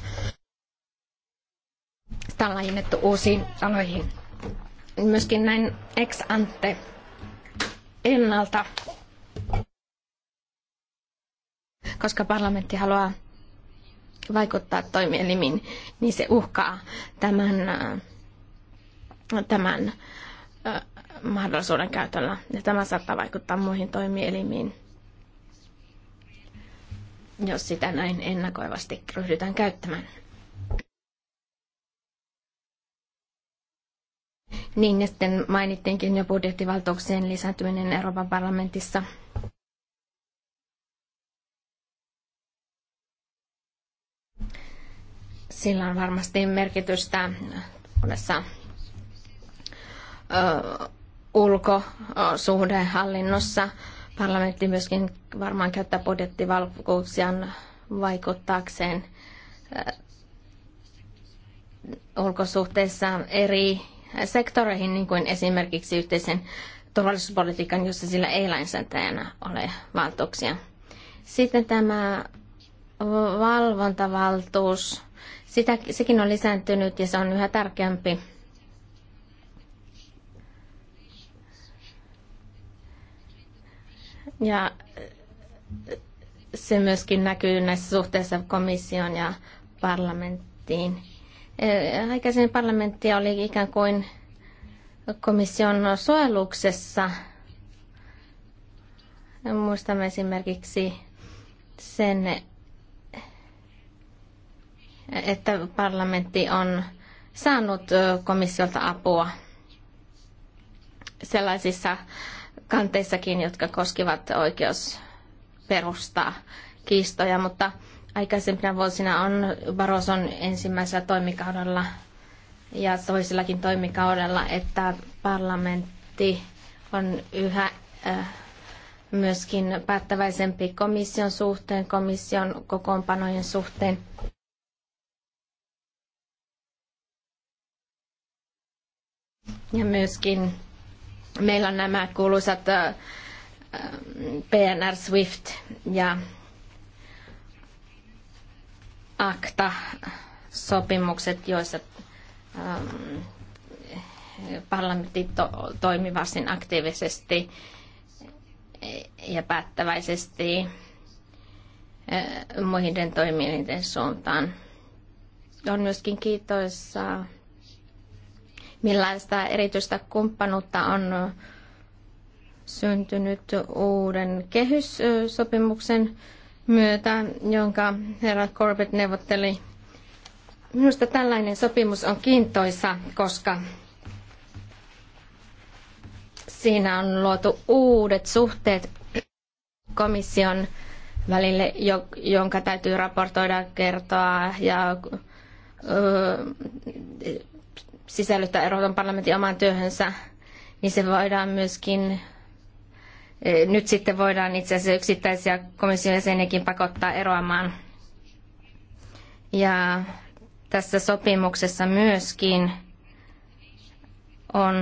sitä on laajennettu uusiin aloihin. Myöskin näin ex ante ennalta, koska parlamentti haluaa vaikuttaa toimielimiin, niin se uhkaa tämän, äh, tämän äh, mahdollisuuden käytöllä. Ja tämä saattaa vaikuttaa muihin toimielimiin, jos sitä näin ennakoivasti ryhdytään käyttämään. Niin, ja sitten mainittiinkin jo budjettivaltuuksien lisääntyminen Euroopan parlamentissa. Sillä on varmasti merkitystä monessa ulkosuhdehallinnossa. Parlamentti myöskin varmaan käyttää budjettivaltuuksiaan vaikuttaakseen ulkosuhteissa eri sektoreihin, niin kuin esimerkiksi yhteisen turvallisuuspolitiikan, jossa sillä ei lainsäätäjänä ole valtuuksia. Sitten tämä valvontavaltuus, sitä, sekin on lisääntynyt ja se on yhä tärkeämpi. Ja se myöskin näkyy näissä suhteissa komission ja parlamenttiin. Aikaisemmin parlamentti oli ikään kuin komission suojeluksessa. Muistamme esimerkiksi sen, että parlamentti on saanut komissiolta apua sellaisissa kanteissakin, jotka koskivat oikeusperustaa kiistoja, mutta aikaisempina vuosina on Baroson ensimmäisellä toimikaudella ja toisellakin toimikaudella, että parlamentti on yhä äh, myöskin päättäväisempi komission suhteen, komission kokoonpanojen suhteen. Ja myöskin meillä on nämä kuuluisat äh, äh, PNR Swift ja ACTA-sopimukset, joissa ähm, parlamentti to- toimi varsin aktiivisesti ja päättäväisesti äh, muiden toimielinten suuntaan. On myöskin kiitoissa, millaista erityistä kumppanuutta on syntynyt uuden kehyssopimuksen myötä, jonka herra Corbett neuvotteli. Minusta tällainen sopimus on kiintoisa, koska siinä on luotu uudet suhteet komission välille, jonka täytyy raportoida, kertoa ja sisällyttää Euroopan parlamentin omaan työhönsä, niin se voidaan myöskin Eh, nyt sitten voidaan itse asiassa yksittäisiä komission jäseniäkin pakottaa eroamaan. Ja tässä sopimuksessa myöskin on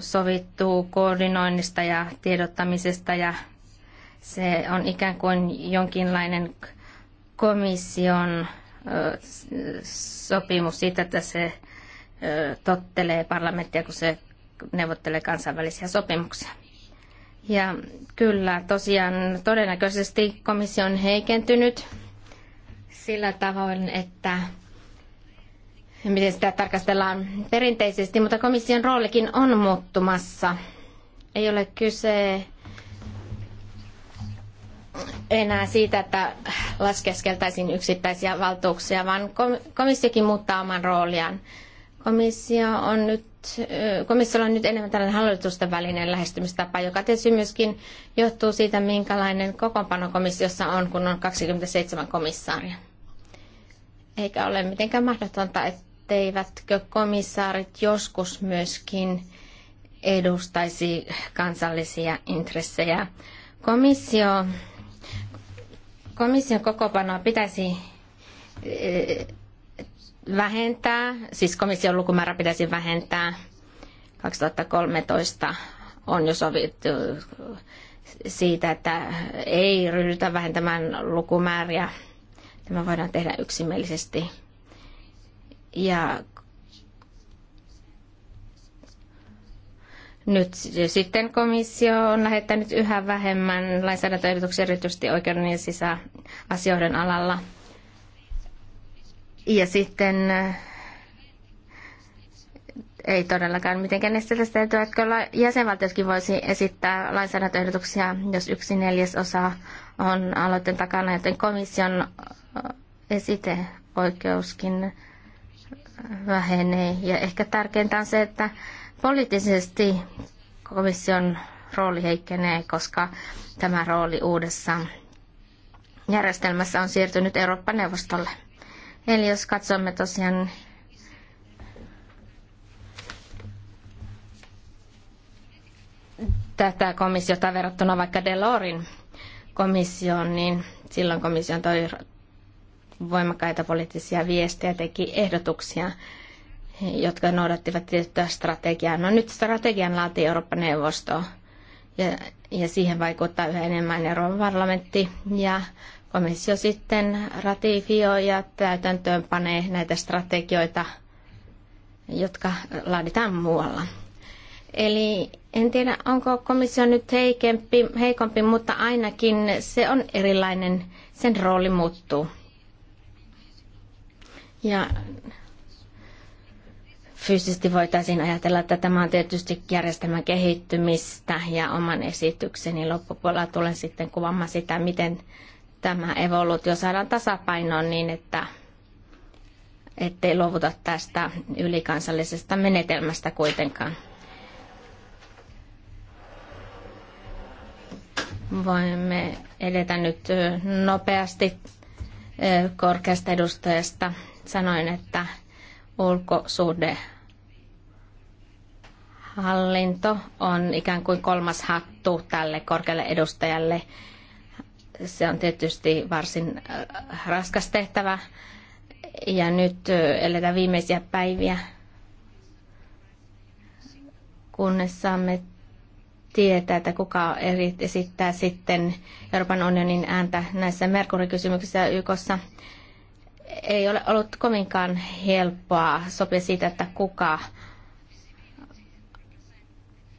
sovittu koordinoinnista ja tiedottamisesta ja se on ikään kuin jonkinlainen komission sopimus siitä, että se tottelee parlamenttia, kun se neuvottelee kansainvälisiä sopimuksia. Ja kyllä, tosiaan todennäköisesti komissio on heikentynyt sillä tavoin, että miten sitä tarkastellaan perinteisesti, mutta komission roolikin on muuttumassa. Ei ole kyse enää siitä, että laskeskeltäisiin yksittäisiä valtuuksia, vaan komissiokin muuttaa oman rooliaan. Komissio on nyt komissiolla on nyt enemmän tällainen hallitusten välinen lähestymistapa, joka tietysti myöskin johtuu siitä, minkälainen kokoonpano komissiossa on, kun on 27 komissaaria. Eikä ole mitenkään mahdotonta, etteivätkö komissaarit joskus myöskin edustaisi kansallisia intressejä. Komissio, komission kokoonpanoa pitäisi vähentää, siis komission lukumäärä pitäisi vähentää 2013 on jo sovittu siitä, että ei ryhdytä vähentämään lukumääriä. Tämä voidaan tehdä yksimielisesti. Ja nyt sitten komissio on lähettänyt yhä vähemmän lainsäädäntöehdotuksia erityisesti oikeuden ja sisäasioiden alalla – ja sitten eh, ei todellakaan mitenkään estetä sitä, että jäsenvaltioskin voisi esittää lainsäädäntöehdotuksia, jos yksi neljäsosa on aloitteen takana, joten komission eh, esiteoikeuskin vähenee. Ja ehkä tärkeintä on se, että poliittisesti komission rooli heikkenee, koska tämä rooli uudessa järjestelmässä on siirtynyt Eurooppa-neuvostolle. Eli jos katsomme tosiaan tätä komissiota verrattuna vaikka Delorin komissioon, niin silloin komission toi voimakkaita poliittisia viestejä, teki ehdotuksia, jotka noudattivat tiettyä strategiaa. No nyt strategian laati Eurooppa-neuvosto ja, ja siihen vaikuttaa yhä enemmän Euroopan parlamentti ja komissio sitten ratifioi ja täytäntöön panee näitä strategioita, jotka laaditaan muualla. Eli en tiedä, onko komissio nyt heikempi, heikompi, mutta ainakin se on erilainen, sen rooli muuttuu. Ja fyysisesti voitaisiin ajatella, että tämä on tietysti järjestelmän kehittymistä ja oman esitykseni loppupuolella tulen sitten kuvaamaan sitä, miten tämä evoluutio saadaan tasapainoon niin, että ettei luovuta tästä ylikansallisesta menetelmästä kuitenkaan. Voimme edetä nyt nopeasti korkeasta edustajasta. Sanoin, että ulkosuhde hallinto on ikään kuin kolmas hattu tälle korkealle edustajalle se on tietysti varsin äh, raskas tehtävä ja nyt äh, eletään viimeisiä päiviä, kunnes saamme tietää, että kuka eri esittää sitten Euroopan unionin ääntä näissä Merkurikysymyksissä YKssa. Ei ole ollut kovinkaan helppoa sopia siitä, että kuka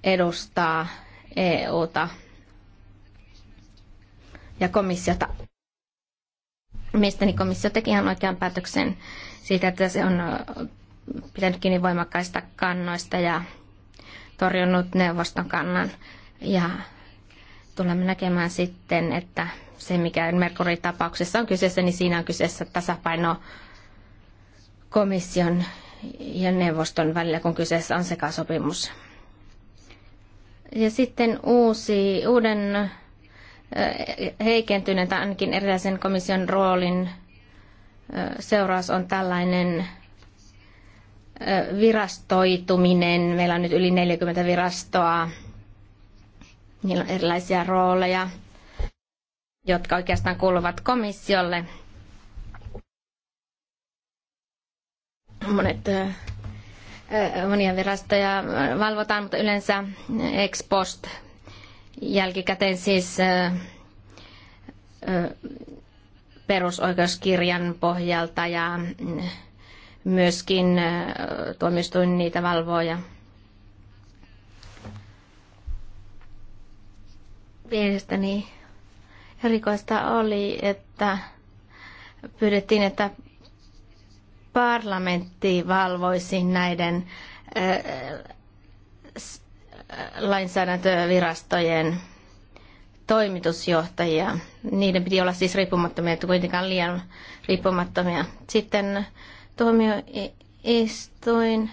edustaa EUta ja komissiota. Mielestäni komissio teki ihan oikean päätöksen siitä, että se on pitänyt kiinni voimakkaista kannoista ja torjunut neuvoston kannan. Ja tulemme näkemään sitten, että se mikä Merkurin tapauksessa on kyseessä, niin siinä on kyseessä tasapaino komission ja neuvoston välillä, kun kyseessä on sekasopimus. Ja sitten uusi, uuden tai ainakin erilaisen komission roolin seuraus on tällainen virastoituminen. Meillä on nyt yli 40 virastoa. Niillä on erilaisia rooleja, jotka oikeastaan kuuluvat komissiolle. Monet, monia virastoja valvotaan, mutta yleensä ex post jälkikäteen siis perusoikeuskirjan pohjalta ja mm, myöskin tuomistuin niitä valvoja. Mielestäni erikoista oli, että pyydettiin, että parlamentti valvoisi näiden lainsäädäntövirastojen toimitusjohtajia. Niiden piti olla siis riippumattomia, että kuitenkaan liian riippumattomia. Sitten tuomioistuin,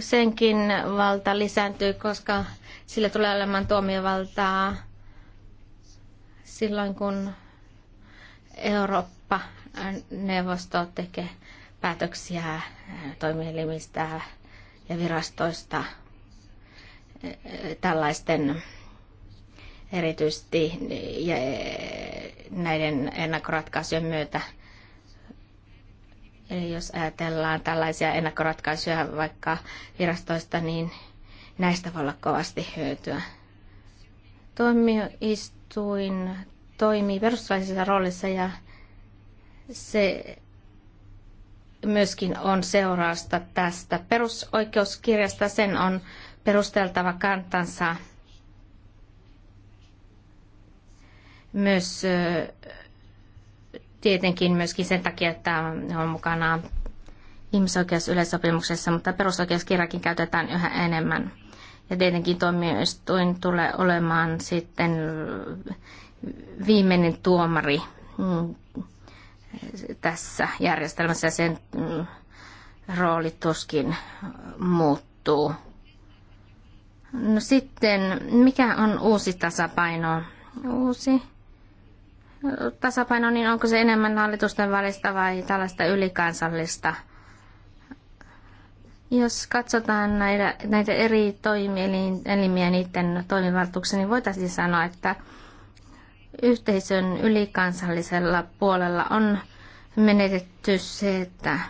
senkin valta lisääntyy, koska sillä tulee olemaan tuomiovaltaa silloin, kun Eurooppa-neuvosto tekee päätöksiä toimielimistä ja virastoista e, e, tällaisten erityisesti e, näiden ennakkoratkaisujen myötä. Eli jos ajatellaan tällaisia ennakkoratkaisuja vaikka virastoista, niin näistä voi olla kovasti hyötyä. Tuomioistuin toimii perustuslaisessa roolissa ja se myöskin on seurausta tästä perusoikeuskirjasta. Sen on perusteltava kantansa myös tietenkin myöskin sen takia, että on mukana ihmisoikeusyleisopimuksessa, mutta perusoikeuskirjakin käytetään yhä enemmän. Ja tietenkin tuomioistuin tulee olemaan sitten viimeinen tuomari mm, tässä järjestelmässä ja sen mm, rooli tuskin muuttuu. No sitten, mikä on uusi tasapaino? Uusi tasapaino, niin onko se enemmän hallitusten välistä vai tällaista ylikansallista? Jos katsotaan näitä, näitä eri toimielimiä niiden toimivaltuuksia, niin voitaisiin sanoa, että yhteisön ylikansallisella puolella on menetetty se, että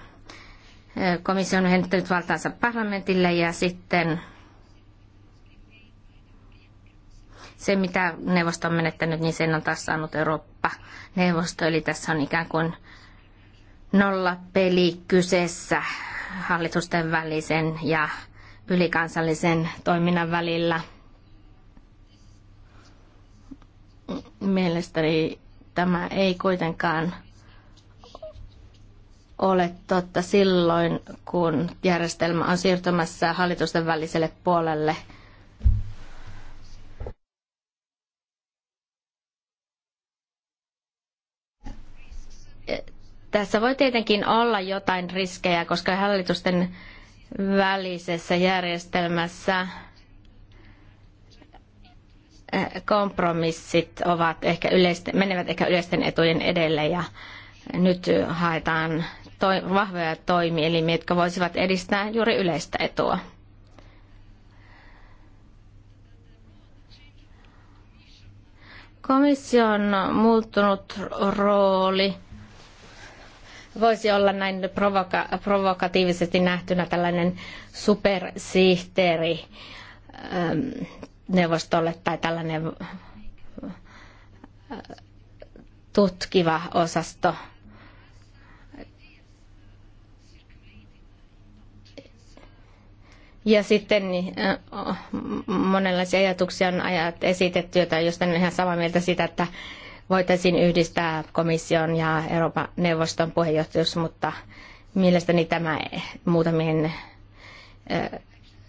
komissio on hennyttänyt valtaansa parlamentille ja sitten se, mitä neuvosto on menettänyt, niin sen on taas saanut Eurooppa-neuvosto. Eli tässä on ikään kuin peli kyseessä hallitusten välisen ja ylikansallisen toiminnan välillä – Mielestäni tämä ei kuitenkaan ole totta silloin, kun järjestelmä on siirtymässä hallitusten väliselle puolelle. Tässä voi tietenkin olla jotain riskejä, koska hallitusten välisessä järjestelmässä Eh, kompromissit ovat ehkä yleisten, menevät ehkä yleisten etujen edelle ja nyt haetaan toi, vahvoja toimielimiä, jotka voisivat edistää juuri yleistä etua. Komission muuttunut rooli voisi olla näin provoka- provokatiivisesti nähtynä tällainen supersihteeri ähm, neuvostolle tai tällainen äh, tutkiva osasto. Ja sitten niin, äh, monenlaisia ajatuksia on ajat esitetty, joita josta on ihan samaa mieltä siitä, että voitaisiin yhdistää komission ja Euroopan neuvoston puheenjohtajuus, mutta mielestäni tämä eh, muutamien äh,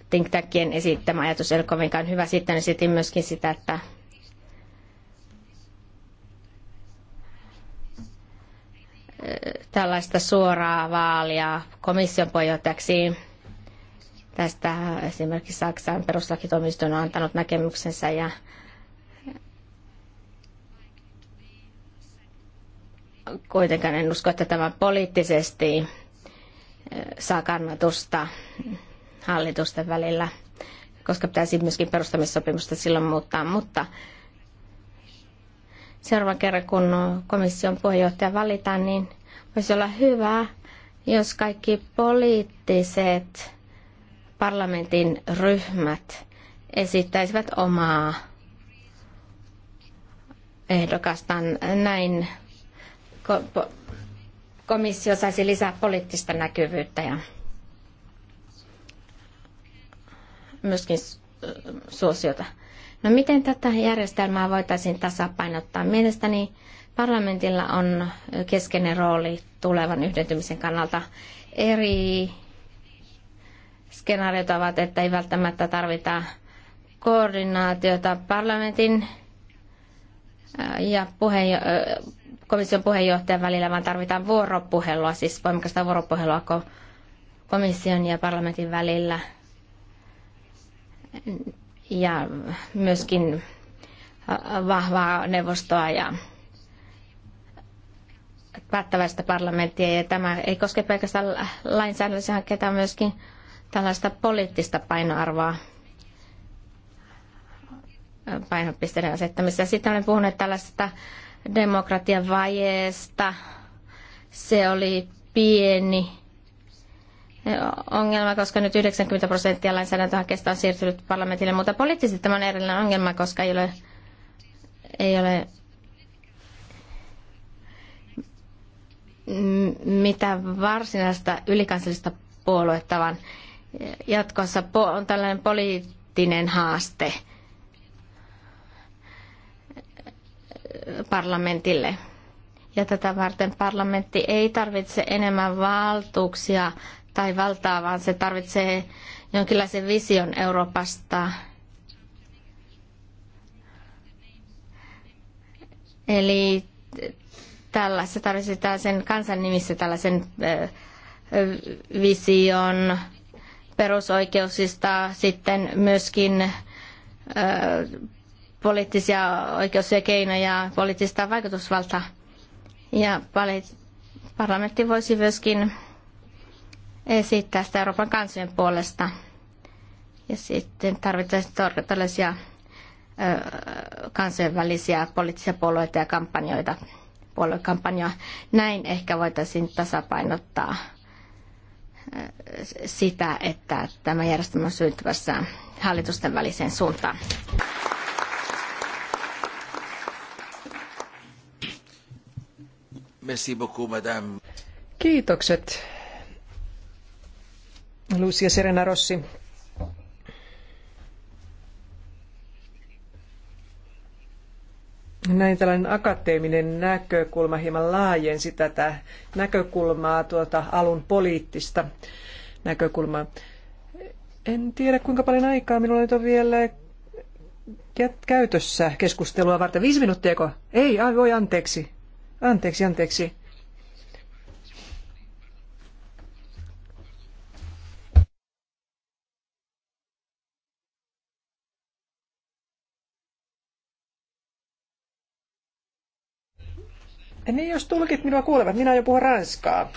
think tankien esittämä ajatus ei ole kovinkaan hyvä. Sitten esitin myöskin sitä, että tällaista suoraa vaalia komission puheenjohtajaksi. Tästä esimerkiksi Saksan peruslakitoimisto on antanut näkemyksensä ja kuitenkaan en usko, että tämä poliittisesti saa kannatusta hallitusten välillä, koska pitäisi myöskin perustamissopimusta silloin muuttaa. Mutta seuraavan kerran, kun komission puheenjohtaja valitaan, niin voisi olla hyvä, jos kaikki poliittiset parlamentin ryhmät esittäisivät omaa ehdokastaan. Näin komissio saisi lisää poliittista näkyvyyttä ja myöskin suosiota. No miten tätä järjestelmää voitaisiin tasapainottaa? Mielestäni parlamentilla on keskeinen rooli tulevan yhdentymisen kannalta. Eri skenaariot ovat, että ei välttämättä tarvita koordinaatiota parlamentin äh, ja puheenjo- äh, komission puheenjohtajan välillä, vaan tarvitaan vuoropuhelua, siis voimakasta vuoropuhelua komission ja parlamentin välillä – ja myöskin vahvaa neuvostoa ja päättäväistä parlamenttia. Ja tämä ei koske pelkästään lainsäädännöllisiä hankkeita, vaan myöskin tällaista poliittista painoarvoa painopisteiden asettamista. Sitten olen puhunut tällaisesta demokratiavajeesta. Se oli pieni ongelma, koska nyt 90 prosenttia lainsäädäntöhankkeesta on siirtynyt parlamentille, mutta poliittisesti tämä on erillinen ongelma, koska ei ole, ei ole mitä varsinaista ylikansallista puoluetta, vaan jatkossa on tällainen poliittinen haaste parlamentille. Ja tätä varten parlamentti ei tarvitse enemmän valtuuksia tai valtaa, vaan se tarvitsee jonkinlaisen vision Euroopasta. Eli tällaista tarvitsee sen kansan nimissä tällaisen vision perusoikeuksista, sitten myöskin poliittisia oikeuksia, keinoja, poliittista vaikutusvaltaa. Ja parlamentti voisi myöskin esittää sitä Euroopan kansojen puolesta. Ja sitten tarvittaisiin tällaisia kansainvälisiä poliittisia puolueita ja kampanjoita, puoluekampanjoja. Näin ehkä voitaisiin tasapainottaa sitä, että tämä järjestelmä on syntyvässä hallitusten väliseen suuntaan. Merci beaucoup, madame. Kiitokset, Lucia Serena Rossi. Näin tällainen akateeminen näkökulma hieman laajensi tätä näkökulmaa, tuota alun poliittista näkökulmaa. En tiedä, kuinka paljon aikaa minulla nyt on vielä käytössä keskustelua varten. Viisi minuuttiako? Ei, ai voi, anteeksi. Anteeksi, anteeksi. Niin jos tulkit minua kuulevat, minä jo puhun ranskaa.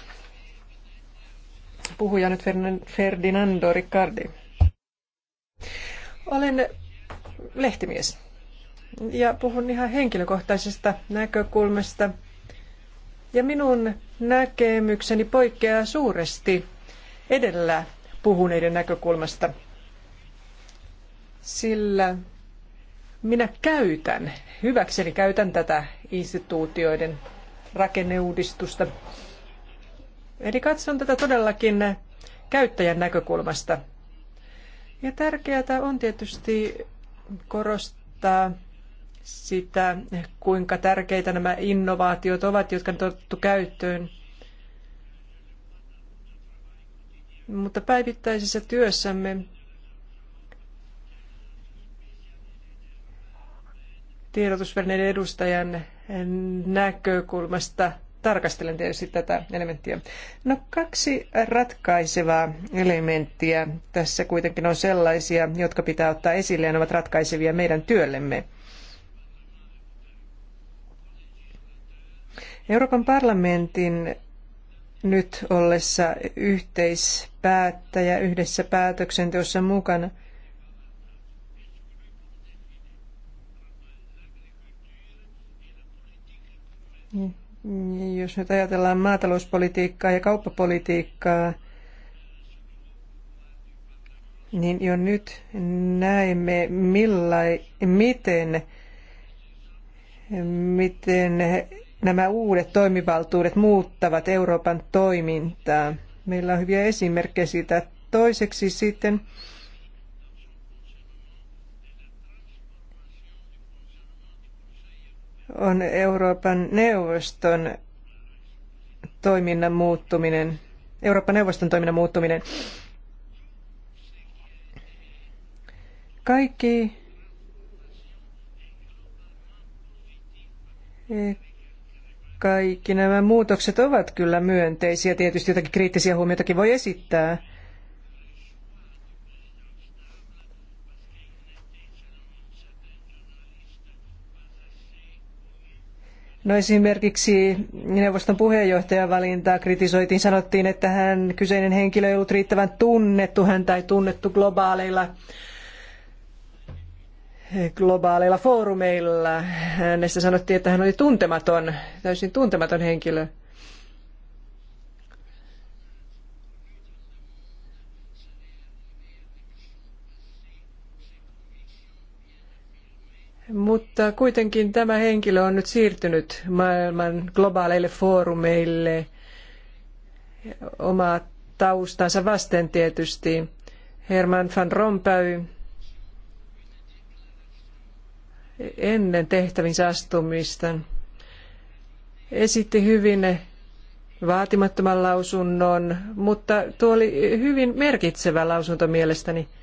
Puhuja nyt Ferdinando Riccardi. Olen lehtimies ja puhun ihan henkilökohtaisesta näkökulmasta. Ja minun näkemykseni poikkeaa suuresti edellä puhuneiden näkökulmasta, sillä minä käytän, hyväkseni käytän tätä instituutioiden rakenneuudistusta. Eli katson tätä todellakin käyttäjän näkökulmasta. Ja tärkeää on tietysti korostaa sitä, kuinka tärkeitä nämä innovaatiot ovat, jotka on otettu käyttöön. Mutta päivittäisessä työssämme tiedotusvälineiden edustajan näkökulmasta tarkastelen tietysti tätä elementtiä. No kaksi ratkaisevaa elementtiä tässä kuitenkin on sellaisia, jotka pitää ottaa esille ja ne ovat ratkaisevia meidän työllemme. Euroopan parlamentin nyt ollessa yhteispäättäjä yhdessä päätöksenteossa mukana – Jos nyt ajatellaan maatalouspolitiikkaa ja kauppapolitiikkaa, niin jo nyt näemme, millai, miten, miten nämä uudet toimivaltuudet muuttavat Euroopan toimintaa. Meillä on hyviä esimerkkejä siitä. Toiseksi sitten on Euroopan neuvoston toiminnan muuttuminen, Euroopan neuvoston toiminnan muuttuminen. Kaikki kaikki nämä muutokset ovat kyllä myönteisiä. Tietysti jotakin kriittisiä huomioitakin voi esittää. No esimerkiksi neuvoston puheenjohtajan valintaa kritisoitiin, sanottiin, että hän kyseinen henkilö ei ollut riittävän tunnettu, hän tai tunnettu globaaleilla globaaleilla foorumeilla. Hänestä sanottiin, että hän oli tuntematon, täysin tuntematon henkilö. Mutta kuitenkin tämä henkilö on nyt siirtynyt maailman globaaleille foorumeille omaa taustansa vasten tietysti. Herman van Rompuy ennen tehtävinsä astumista esitti hyvin vaatimattoman lausunnon, mutta tuo oli hyvin merkitsevä lausunto mielestäni –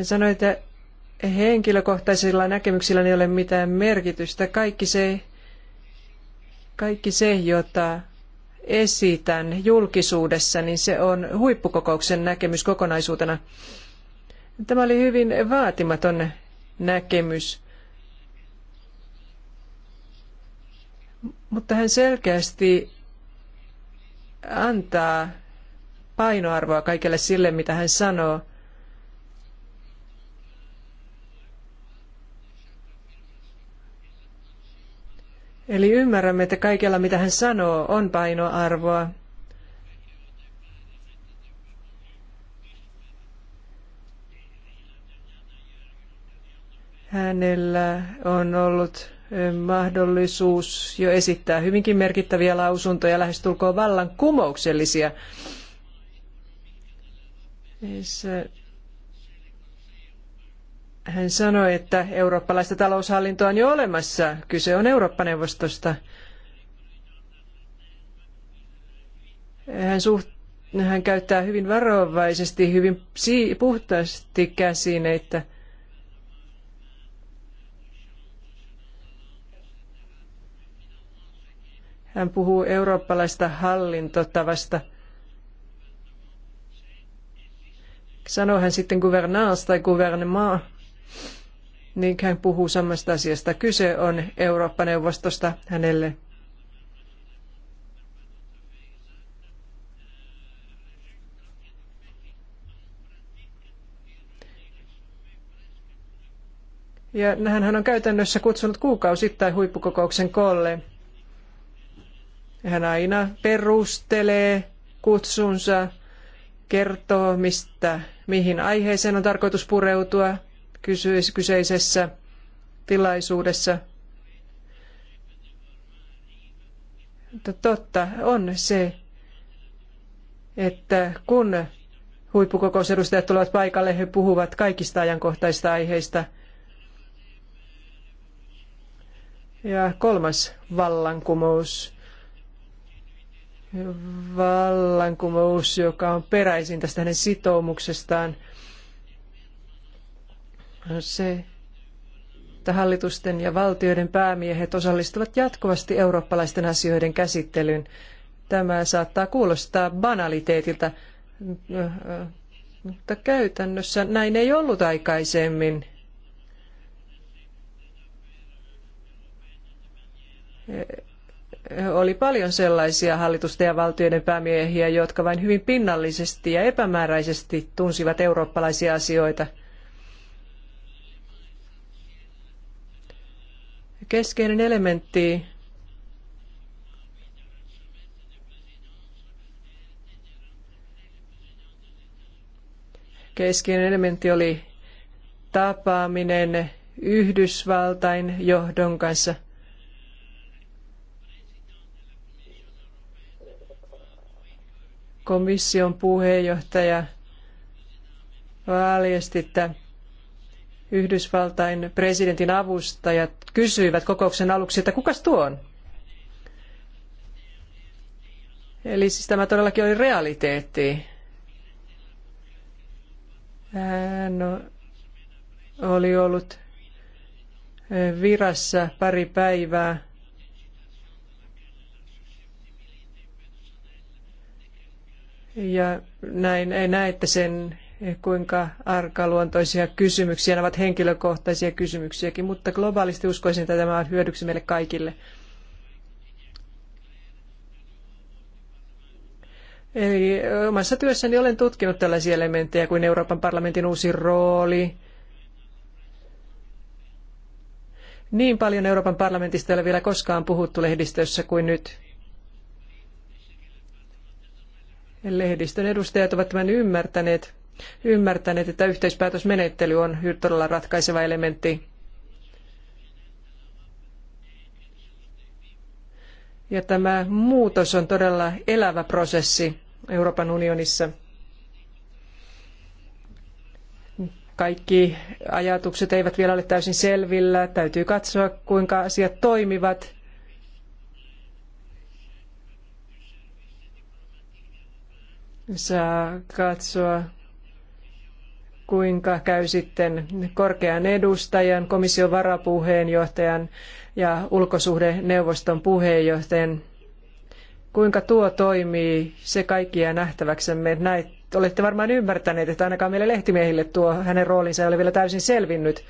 Hän sanoi, että henkilökohtaisilla näkemyksillä ei ole mitään merkitystä. Kaikki se, kaikki se jota esitän julkisuudessa, niin se on huippukokouksen näkemys kokonaisuutena. Tämä oli hyvin vaatimaton näkemys. Mutta hän selkeästi antaa painoarvoa kaikelle sille, mitä hän sanoo. Eli ymmärrämme, että kaikella mitä hän sanoo on painoarvoa. Hänellä on ollut mahdollisuus jo esittää hyvinkin merkittäviä lausuntoja, lähestulkoon vallankumouksellisia. Hän sanoi, että eurooppalaista taloushallintoa on jo olemassa. Kyse on Eurooppa-neuvostosta. Hän, suht, hän käyttää hyvin varovaisesti, hyvin puhtaasti käsineitä. Hän puhuu eurooppalaista hallintotavasta. Sanoo hän sitten gouvernance tai gouvernement niin hän puhuu samasta asiasta. Kyse on Eurooppa-neuvostosta hänelle. Ja hän on käytännössä kutsunut kuukausittain huippukokouksen kolle. Hän aina perustelee kutsunsa, kertoo mistä, mihin aiheeseen on tarkoitus pureutua, kyseisessä tilaisuudessa. Totta on se, että kun huippukokousedustajat tulevat paikalle, he puhuvat kaikista ajankohtaisista aiheista. Ja kolmas vallankumous. Vallankumous, joka on peräisin tästä hänen sitoumuksestaan – se, että hallitusten ja valtioiden päämiehet osallistuvat jatkuvasti eurooppalaisten asioiden käsittelyyn. Tämä saattaa kuulostaa banaliteetilta, mutta käytännössä näin ei ollut aikaisemmin. Oli paljon sellaisia hallitusten ja valtioiden päämiehiä, jotka vain hyvin pinnallisesti ja epämääräisesti tunsivat eurooppalaisia asioita – keskeinen elementti keskeinen elementti oli tapaaminen Yhdysvaltain johdon kanssa. Komission puheenjohtaja valjasti, että Yhdysvaltain presidentin avustajat kysyivät kokouksen aluksi, että kukas tuo on? Eli siis tämä todellakin oli realiteetti. Hän no, oli ollut virassa pari päivää. Ja näin näette sen kuinka arkaluontoisia kysymyksiä, ne ovat henkilökohtaisia kysymyksiäkin, mutta globaalisti uskoisin, että tämä on hyödyksi meille kaikille. Eli omassa työssäni olen tutkinut tällaisia elementtejä kuin Euroopan parlamentin uusi rooli. Niin paljon Euroopan parlamentista ei ole vielä koskaan puhuttu lehdistössä kuin nyt. Lehdistön edustajat ovat tämän ymmärtäneet ymmärtäneet, että yhteispäätösmenettely on todella ratkaiseva elementti. Ja tämä muutos on todella elävä prosessi Euroopan unionissa. Kaikki ajatukset eivät vielä ole täysin selvillä. Täytyy katsoa, kuinka asiat toimivat. saa katsoa, kuinka käy sitten korkean edustajan, komission varapuheenjohtajan ja ulkosuhdeneuvoston puheenjohtajan. Kuinka tuo toimii, se kaikki jää nähtäväksemme. Näit, olette varmaan ymmärtäneet, että ainakaan meille lehtimiehille tuo hänen roolinsa ei ole vielä täysin selvinnyt.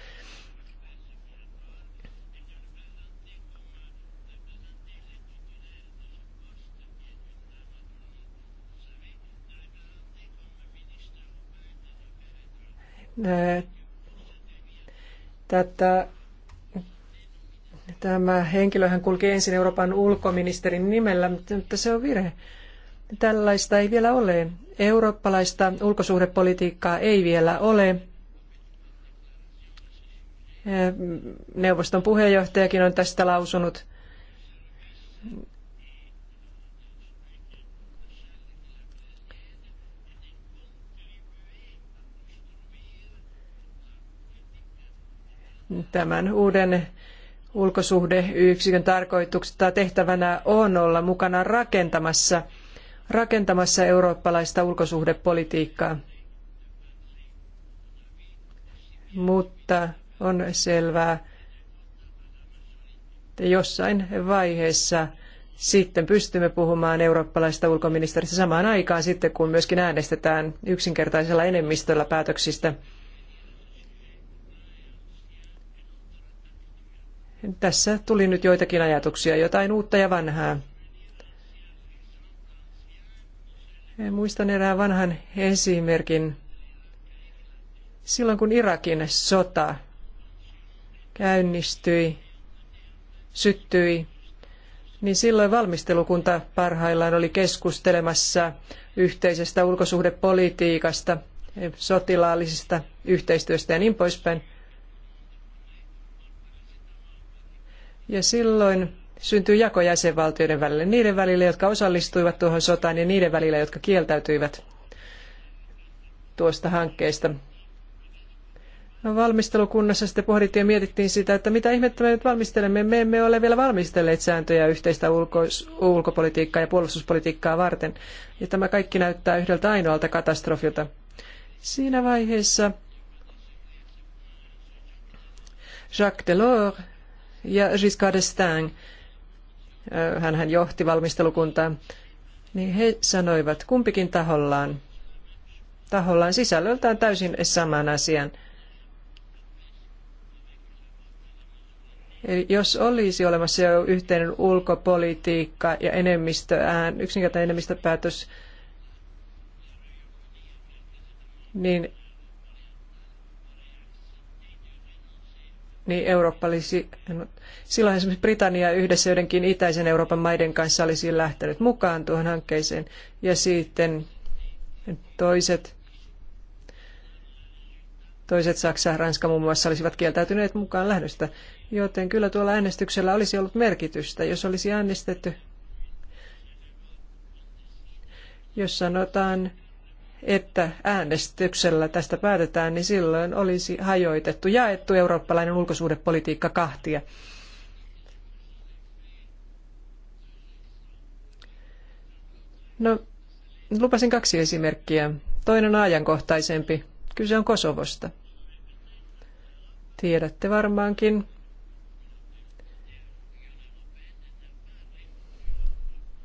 tätä Tämä henkilöhän kulki ensin Euroopan ulkoministerin nimellä, mutta se on virhe. Tällaista ei vielä ole. Eurooppalaista ulkosuhdepolitiikkaa ei vielä ole. Neuvoston puheenjohtajakin on tästä lausunut. Tämän uuden ulkosuhdeyksikön tarkoituksena tehtävänä on olla mukana rakentamassa, rakentamassa eurooppalaista ulkosuhdepolitiikkaa. Mutta on selvää, että jossain vaiheessa sitten pystymme puhumaan eurooppalaista ulkoministeristä samaan aikaan sitten, kun myöskin äänestetään yksinkertaisella enemmistöllä päätöksistä – Tässä tuli nyt joitakin ajatuksia, jotain uutta ja vanhaa. Muistan erään vanhan esimerkin. Silloin kun Irakin sota käynnistyi, syttyi, niin silloin valmistelukunta parhaillaan oli keskustelemassa yhteisestä ulkosuhdepolitiikasta, sotilaallisesta yhteistyöstä ja niin poispäin. Ja silloin syntyi jako jäsenvaltioiden välille, niiden välille, jotka osallistuivat tuohon sotaan ja niiden välille, jotka kieltäytyivät tuosta hankkeesta. No, valmistelukunnassa sitten pohdittiin ja mietittiin sitä, että mitä ihmettä me nyt valmistelemme. Me emme ole vielä valmistelleet sääntöjä yhteistä ulko- ulkopolitiikkaa ja puolustuspolitiikkaa varten. Ja tämä kaikki näyttää yhdeltä ainoalta katastrofilta. Siinä vaiheessa Jacques Delors ja Giscard d'Estaing, äh, hän johti valmistelukuntaa, niin he sanoivat kumpikin tahollaan, tahollaan sisällöltään täysin saman asian. Eli jos olisi olemassa jo yhteinen ulkopolitiikka ja enemmistö, yksinkertainen enemmistöpäätös, niin niin Eurooppa olisi, silloin esimerkiksi Britannia yhdessä joidenkin itäisen Euroopan maiden kanssa olisi lähtenyt mukaan tuohon hankkeeseen ja sitten toiset, toiset Saksa, Ranska muun muassa olisivat kieltäytyneet mukaan lähdöstä. Joten kyllä tuolla äänestyksellä olisi ollut merkitystä, jos olisi äänestetty, jos sanotaan että äänestyksellä tästä päätetään, niin silloin olisi hajoitettu, jaettu eurooppalainen ulkosuhdepolitiikka kahtia. No, lupasin kaksi esimerkkiä. Toinen on ajankohtaisempi. Kyse on Kosovosta. Tiedätte varmaankin.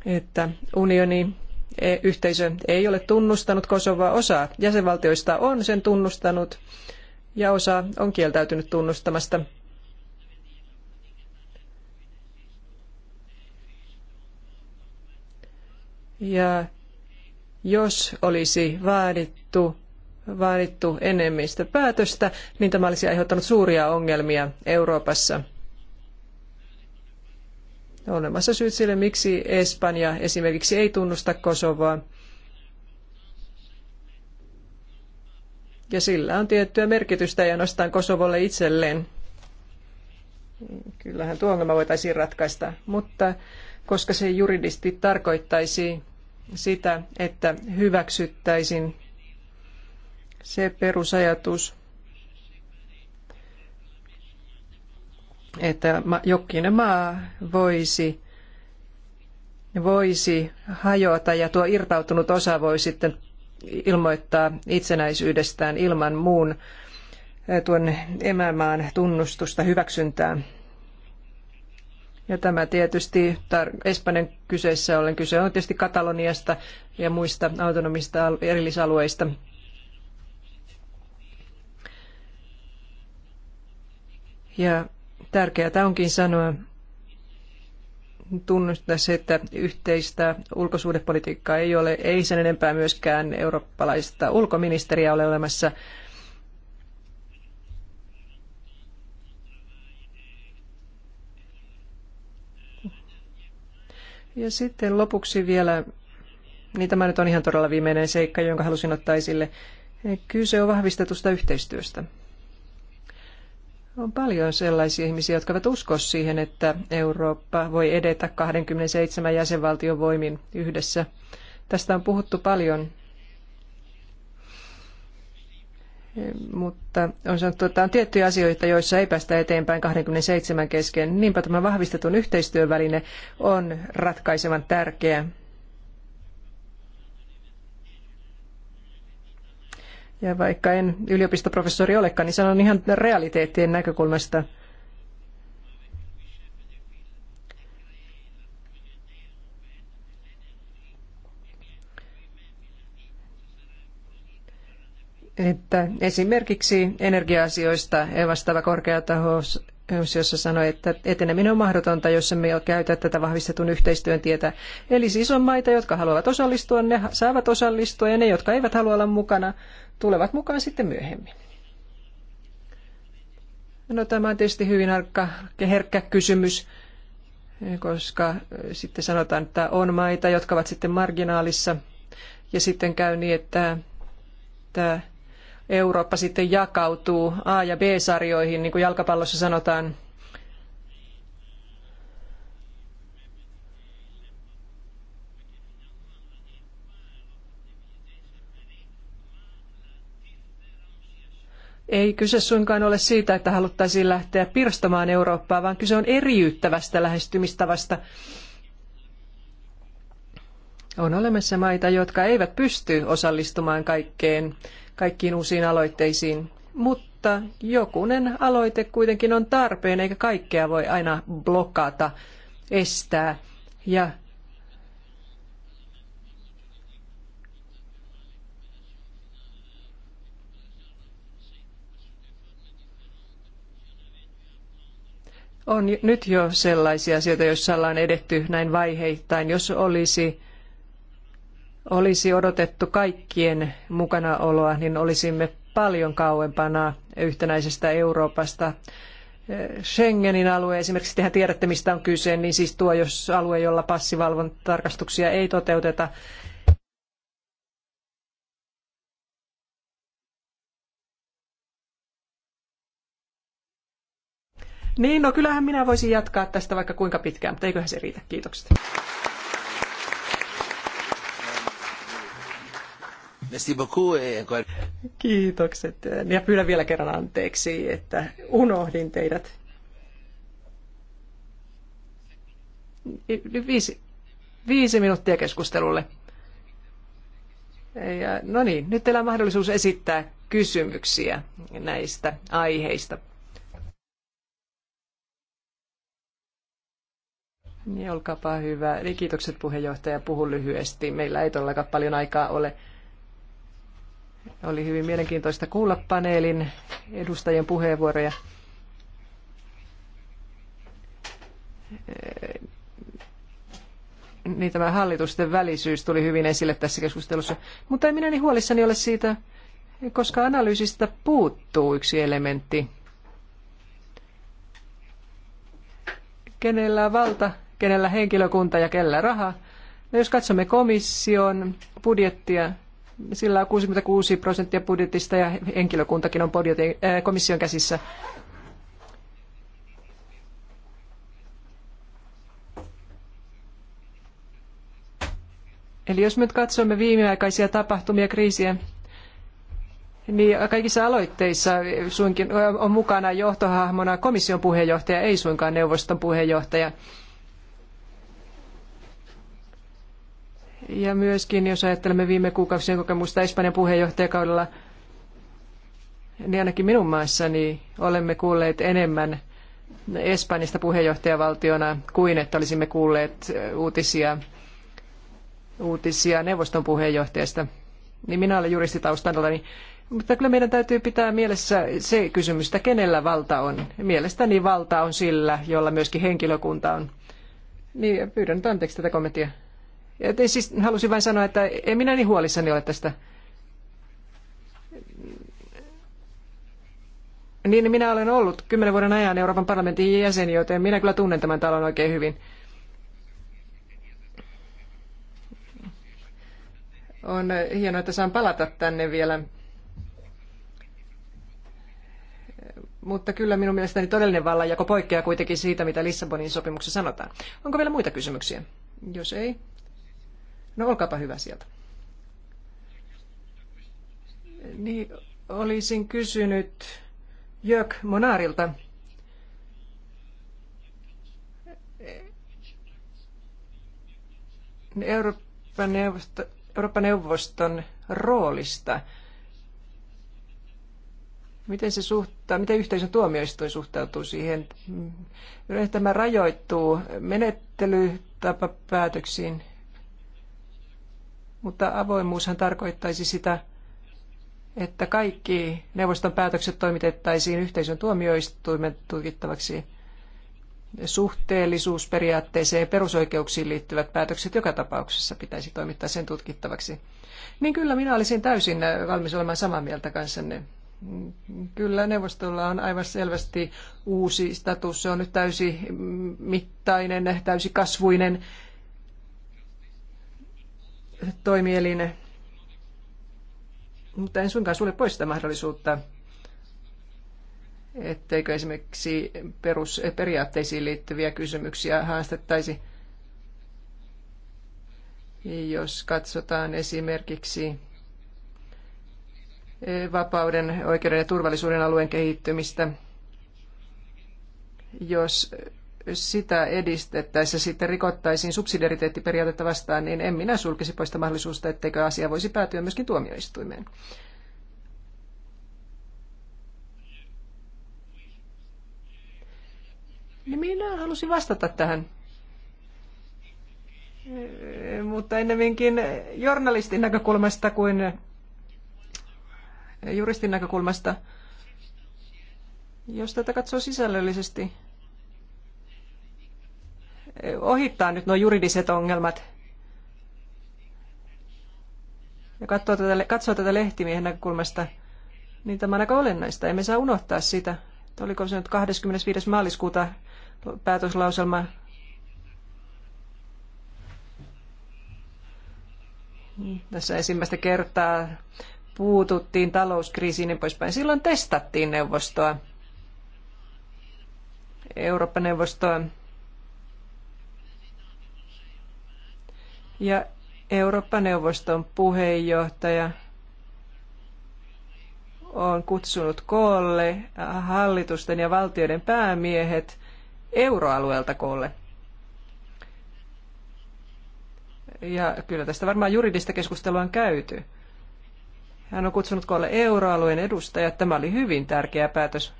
että unioni E, yhteisö ei ole tunnustanut Kosovoa. Osa jäsenvaltioista on sen tunnustanut ja osa on kieltäytynyt tunnustamasta. Ja jos olisi vaadittu, vaadittu enemmistö päätöstä, niin tämä olisi aiheuttanut suuria ongelmia Euroopassa – olemassa syyt sille, miksi Espanja esimerkiksi ei tunnusta Kosovoa. Ja sillä on tiettyä merkitystä ja ainoastaan Kosovolle itselleen. Kyllähän tuo ongelma voitaisiin ratkaista, mutta koska se juridisesti tarkoittaisi sitä, että hyväksyttäisiin se perusajatus, että jokin maa voisi, voisi hajota ja tuo irtautunut osa voi sitten ilmoittaa itsenäisyydestään ilman muun eh, tuon emämaan tunnustusta hyväksyntää. Ja tämä tietysti Espanjan kyseessä ollen kyse on tietysti Kataloniasta ja muista autonomista erillisalueista. Ja Tärkeää onkin sanoa tunnustaa se, että yhteistä ulkosuhdepolitiikkaa ei ole, ei sen enempää myöskään eurooppalaista ulkoministeriä ole olemassa. Ja sitten lopuksi vielä, niin tämä nyt on ihan todella viimeinen seikka, jonka halusin ottaa esille. Kyse on vahvistetusta yhteistyöstä. On paljon sellaisia ihmisiä, jotka eivät usko siihen, että Eurooppa voi edetä 27 jäsenvaltion voimin yhdessä. Tästä on puhuttu paljon, mutta on sanottu, että on tiettyjä asioita, joissa ei päästä eteenpäin 27 kesken. Niinpä tämä vahvistetun yhteistyöväline on ratkaisevan tärkeä. Ja vaikka en yliopistoprofessori olekaan, niin sanon ihan realiteettien näkökulmasta. että esimerkiksi energia-asioista vastaava korkeatahoisuus, jossa sanoi, että eteneminen on mahdotonta, jos emme käytä tätä vahvistetun yhteistyön tietä. Eli siis on maita, jotka haluavat osallistua, ne saavat osallistua ja ne, jotka eivät halua olla mukana, tulevat mukaan sitten myöhemmin. No tämä on tietysti hyvin arkka, herkkä kysymys, koska sitten sanotaan, että on maita, jotka ovat sitten marginaalissa. Ja sitten käy niin, että tämä Eurooppa sitten jakautuu A- ja B-sarjoihin, niin kuin jalkapallossa sanotaan – Ei kyse suinkaan ole siitä, että haluttaisiin lähteä pirstomaan Eurooppaa, vaan kyse on eriyttävästä lähestymistavasta. On olemassa maita, jotka eivät pysty osallistumaan kaikkeen, kaikkiin uusiin aloitteisiin, mutta jokunen aloite kuitenkin on tarpeen, eikä kaikkea voi aina blokata, estää. Ja on nyt jo sellaisia asioita, joissa ollaan edetty näin vaiheittain. Jos olisi, olisi odotettu kaikkien mukanaoloa, niin olisimme paljon kauempana yhtenäisestä Euroopasta. Schengenin alue, esimerkiksi tehän tiedätte mistä on kyse, niin siis tuo jos alue, jolla passivalvontatarkastuksia ei toteuteta, Niin, no kyllähän minä voisin jatkaa tästä vaikka kuinka pitkään, mutta eiköhän se riitä. Kiitokset. Kiitokset. Ja pyydän vielä kerran anteeksi, että unohdin teidät. Viisi, viisi minuuttia keskustelulle. Ja, no niin, nyt teillä on mahdollisuus esittää kysymyksiä näistä aiheista. Niin, olkaapa hyvä. Eli kiitokset puheenjohtaja. Puhun lyhyesti. Meillä ei todellakaan paljon aikaa ole. Oli hyvin mielenkiintoista kuulla paneelin edustajien puheenvuoroja. Niin tämä hallitusten välisyys tuli hyvin esille tässä keskustelussa. Mutta en minä niin huolissani ole siitä, koska analyysistä puuttuu yksi elementti. Kenellä on valta kenellä henkilökunta ja kenellä raha. No jos katsomme komission budjettia, sillä on 66 prosenttia budjetista ja henkilökuntakin on budjetin, äh, komission käsissä. Eli jos nyt katsomme viimeaikaisia tapahtumia, kriisiä, niin kaikissa aloitteissa suinkin on mukana johtohahmona komission puheenjohtaja, ei suinkaan neuvoston puheenjohtaja. Ja myöskin, jos ajattelemme viime kuukausien kokemusta Espanjan puheenjohtajakaudella, niin ainakin minun maassani olemme kuulleet enemmän Espanjasta puheenjohtajavaltiona kuin että olisimme kuulleet uutisia, uutisia neuvoston puheenjohtajasta. Niin minä olen juristitaustallani. Niin- mutta kyllä meidän täytyy pitää mielessä se kysymys, että kenellä valta on. Mielestäni valta on sillä, jolla myöskin henkilökunta on. Niin pyydän nyt anteeksi tätä kommenttia. Joten siis halusin vain sanoa, että en minä niin huolissani ole tästä. Niin minä olen ollut kymmenen vuoden ajan Euroopan parlamentin jäseni, joten minä kyllä tunnen tämän talon oikein hyvin. On hienoa, että saan palata tänne vielä. Mutta kyllä minun mielestäni todellinen vallanjako poikkeaa kuitenkin siitä, mitä Lissabonin sopimuksessa sanotaan. Onko vielä muita kysymyksiä? Jos ei, No olkaapa hyvä sieltä. Niin, olisin kysynyt Jörg Monarilta. Euroopan neuvoston, Euroopan roolista. Miten, se suhtaa, miten yhteisön tuomioistuin suhtautuu siihen? Yleensä tämä rajoittuu menettelytapapäätöksiin. päätöksiin mutta avoimuushan tarkoittaisi sitä, että kaikki neuvoston päätökset toimitettaisiin yhteisön tuomioistuimen tutkittavaksi suhteellisuusperiaatteeseen ja perusoikeuksiin liittyvät päätökset joka tapauksessa pitäisi toimittaa sen tutkittavaksi. Niin kyllä minä olisin täysin valmis olemaan samaa mieltä kanssanne. Kyllä neuvostolla on aivan selvästi uusi status. Se on nyt täysi mittainen, täysi kasvuinen toimielin, mutta en suinkaan sulle pois sitä mahdollisuutta, etteikö esimerkiksi perusperiaatteisiin liittyviä kysymyksiä haastettaisi. Jos katsotaan esimerkiksi eh, vapauden, oikeuden ja turvallisuuden alueen kehittymistä, jos sitä edistettäessä sitten rikottaisiin subsidiariteettiperiaatetta vastaan, niin en minä sulkisi pois sitä mahdollisuutta, etteikö asia voisi päätyä myöskin tuomioistuimeen. Niin minä halusin vastata tähän. Mutta ennemminkin journalistin näkökulmasta kuin juristin näkökulmasta. Jos tätä katsoo sisällöllisesti, ohittaa nyt nuo juridiset ongelmat ja katsoo tätä, katsoo tätä lehtimiehen näkökulmasta, niin tämä on aika olennaista. Emme saa unohtaa sitä. Että Oliko se nyt 25. maaliskuuta päätöslauselma tässä ensimmäistä kertaa puututtiin talouskriisiin ja niin poispäin. Silloin testattiin neuvostoa, Eurooppa-neuvostoa. ja Eurooppa-neuvoston puheenjohtaja on kutsunut koolle hallitusten ja valtioiden päämiehet euroalueelta koolle. Ja kyllä tästä varmaan juridista keskustelua on käyty. Hän on kutsunut koolle euroalueen edustajat. Tämä oli hyvin tärkeä päätös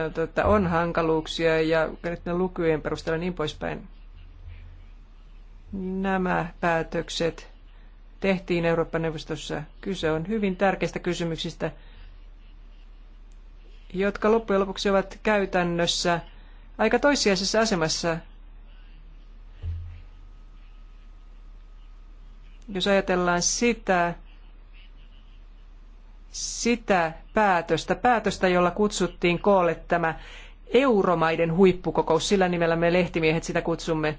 joissa tota, on hankaluuksia ja lukujen perusteella niin poispäin. Nämä päätökset tehtiin Euroopan neuvostossa Kyse on hyvin tärkeistä kysymyksistä, jotka loppujen lopuksi ovat käytännössä aika toissijaisessa asemassa. Jos ajatellaan sitä, sitä päätöstä, päätöstä, jolla kutsuttiin koolle tämä euromaiden huippukokous, sillä nimellä me lehtimiehet sitä kutsumme.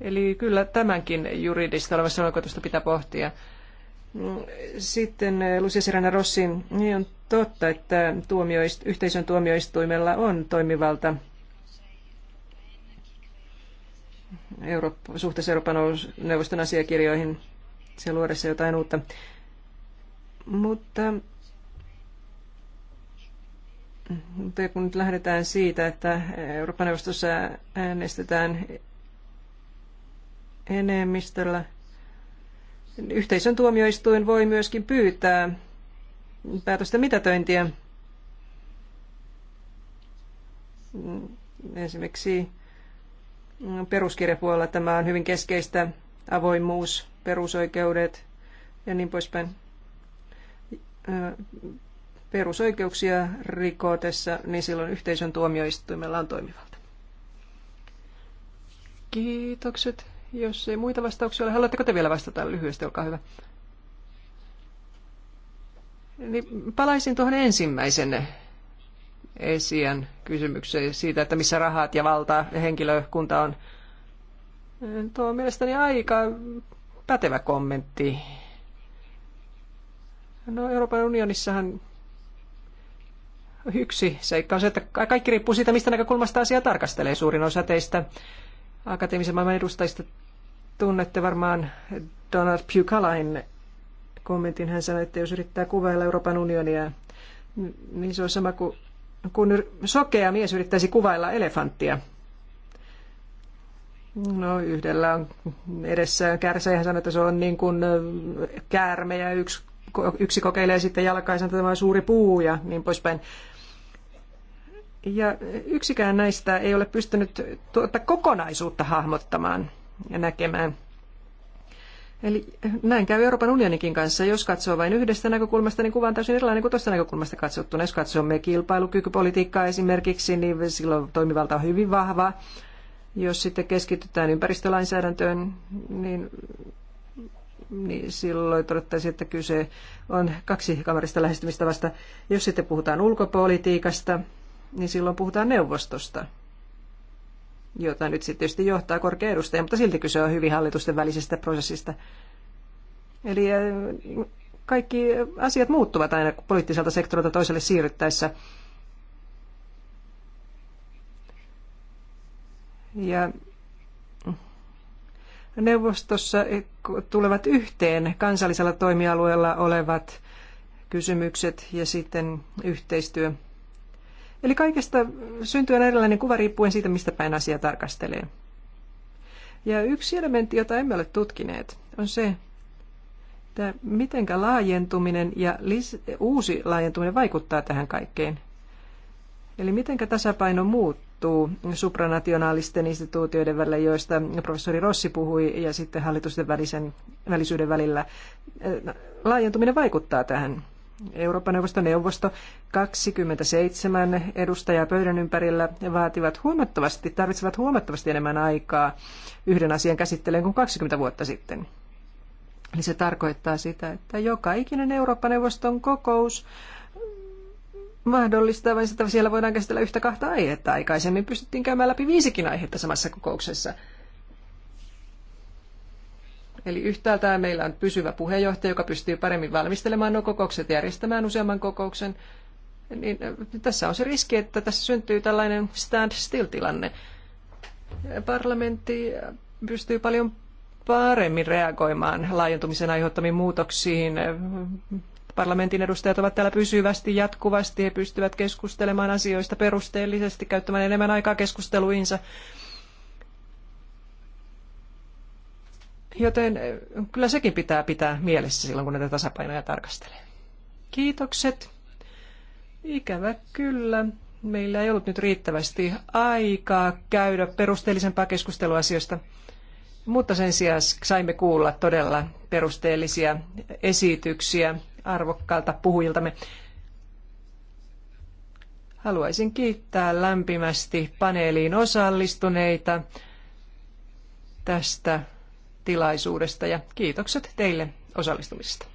Eli kyllä tämänkin juridista olevassa oikeutusta pitää pohtia. Sitten eh, Lucia Serena Rossin, niin on totta, että tuomioist, yhteisön tuomioistuimella on toimivalta Eurooppa, suhteessa Euroopan neuvoston asiakirjoihin siellä luodessa jotain uutta. Mutta, mutta kun nyt lähdetään siitä, että Euroopan neuvostossa äänestetään enemmistöllä, yhteisön tuomioistuin voi myöskin pyytää päätöstä mitätöintiä. Esimerkiksi peruskirjapuolella tämä on hyvin keskeistä, avoimuus, perusoikeudet ja niin poispäin. Perusoikeuksia rikotessa, niin silloin yhteisön tuomioistuimella on toimivalta. Kiitokset. Jos ei muita vastauksia ole, haluatteko te vielä vastata lyhyesti, olkaa hyvä. Niin palaisin tuohon ensimmäisenne. Esian kysymykseen siitä, että missä rahat ja valta ja henkilökunta on. Tuo on mielestäni aika pätevä kommentti. No Euroopan unionissahan yksi seikka on se, että kaikki riippuu siitä, mistä näkökulmasta asia tarkastelee. Suurin osa teistä akateemisen maailman edustajista tunnette varmaan Donald Pukalain kommentin. Hän sanoi, että jos yrittää kuvailla Euroopan unionia, niin se on sama kuin kun sokea mies yrittäisi kuvailla elefanttia. No yhdellä on edessään kärsä, ja sanoo, että se on niin kuin käärme ja yksi, yksi kokeilee sitten jalkaisen, että tämä on suuri puu ja niin poispäin. Ja yksikään näistä ei ole pystynyt tuota kokonaisuutta hahmottamaan ja näkemään. Eli eh, näin käy Euroopan unionikin kanssa. Jos katsoo vain yhdestä näkökulmasta, niin kuva on täysin erilainen kuin tuosta näkökulmasta katsottuna. Jos me kilpailukykypolitiikkaa esimerkiksi, niin silloin toimivalta on hyvin vahva. Jos sitten keskitytään ympäristölainsäädäntöön, niin, niin silloin todettaisiin, että kyse on kaksi kamarista lähestymistavasta. Jos sitten puhutaan ulkopolitiikasta, niin silloin puhutaan neuvostosta jota nyt sitten tietysti johtaa korkea edustaja, mutta silti kyse on hyvin hallitusten välisestä prosessista. Eli äh, kaikki asiat muuttuvat aina poliittiselta sektorilta toiselle siirryttäessä. Ja neuvostossa tulevat yhteen kansallisella toimialueella olevat kysymykset ja sitten yhteistyö Eli kaikesta syntyy erilainen kuva riippuen siitä, mistä päin asia tarkastelee. Ja yksi elementti, jota emme ole tutkineet, on se, että miten laajentuminen ja uusi laajentuminen vaikuttaa tähän kaikkeen. Eli miten tasapaino muuttuu supranationaalisten instituutioiden välillä, joista professori Rossi puhui, ja sitten hallitusten välisen, välisyyden välillä. Laajentuminen vaikuttaa tähän. Euroopan neuvoston neuvosto 27 edustajaa pöydän ympärillä vaativat huomattavasti, tarvitsevat huomattavasti enemmän aikaa yhden asian käsittelyyn kuin 20 vuotta sitten. Eli se tarkoittaa sitä, että joka ikinen Euroopan neuvoston kokous mahdollistaa vain sitä, siellä voidaan käsitellä yhtä kahta aihetta. Aikaisemmin pystyttiin käymään läpi viisikin aihetta samassa kokouksessa – Eli yhtäältä meillä on pysyvä puheenjohtaja, joka pystyy paremmin valmistelemaan nuo kokoukset, järjestämään useamman kokouksen. Niin äh, tässä on se riski, että tässä syntyy tällainen stand still-tilanne. Parlamentti pystyy paljon paremmin reagoimaan laajentumisen aiheuttamiin muutoksiin. Parlamentin edustajat ovat täällä pysyvästi, jatkuvasti. He pystyvät keskustelemaan asioista perusteellisesti, käyttämään enemmän aikaa keskusteluihinsa. Joten eh, kyllä sekin pitää pitää mielessä silloin, kun näitä tasapainoja tarkastelee. Kiitokset. Ikävä kyllä. Meillä ei ollut nyt riittävästi aikaa käydä perusteellisempaa keskustelua asioista, mutta sen sijaan saimme kuulla todella perusteellisia esityksiä arvokkaalta puhujiltamme. Haluaisin kiittää lämpimästi paneeliin osallistuneita tästä tilaisuudesta ja kiitokset teille osallistumisesta.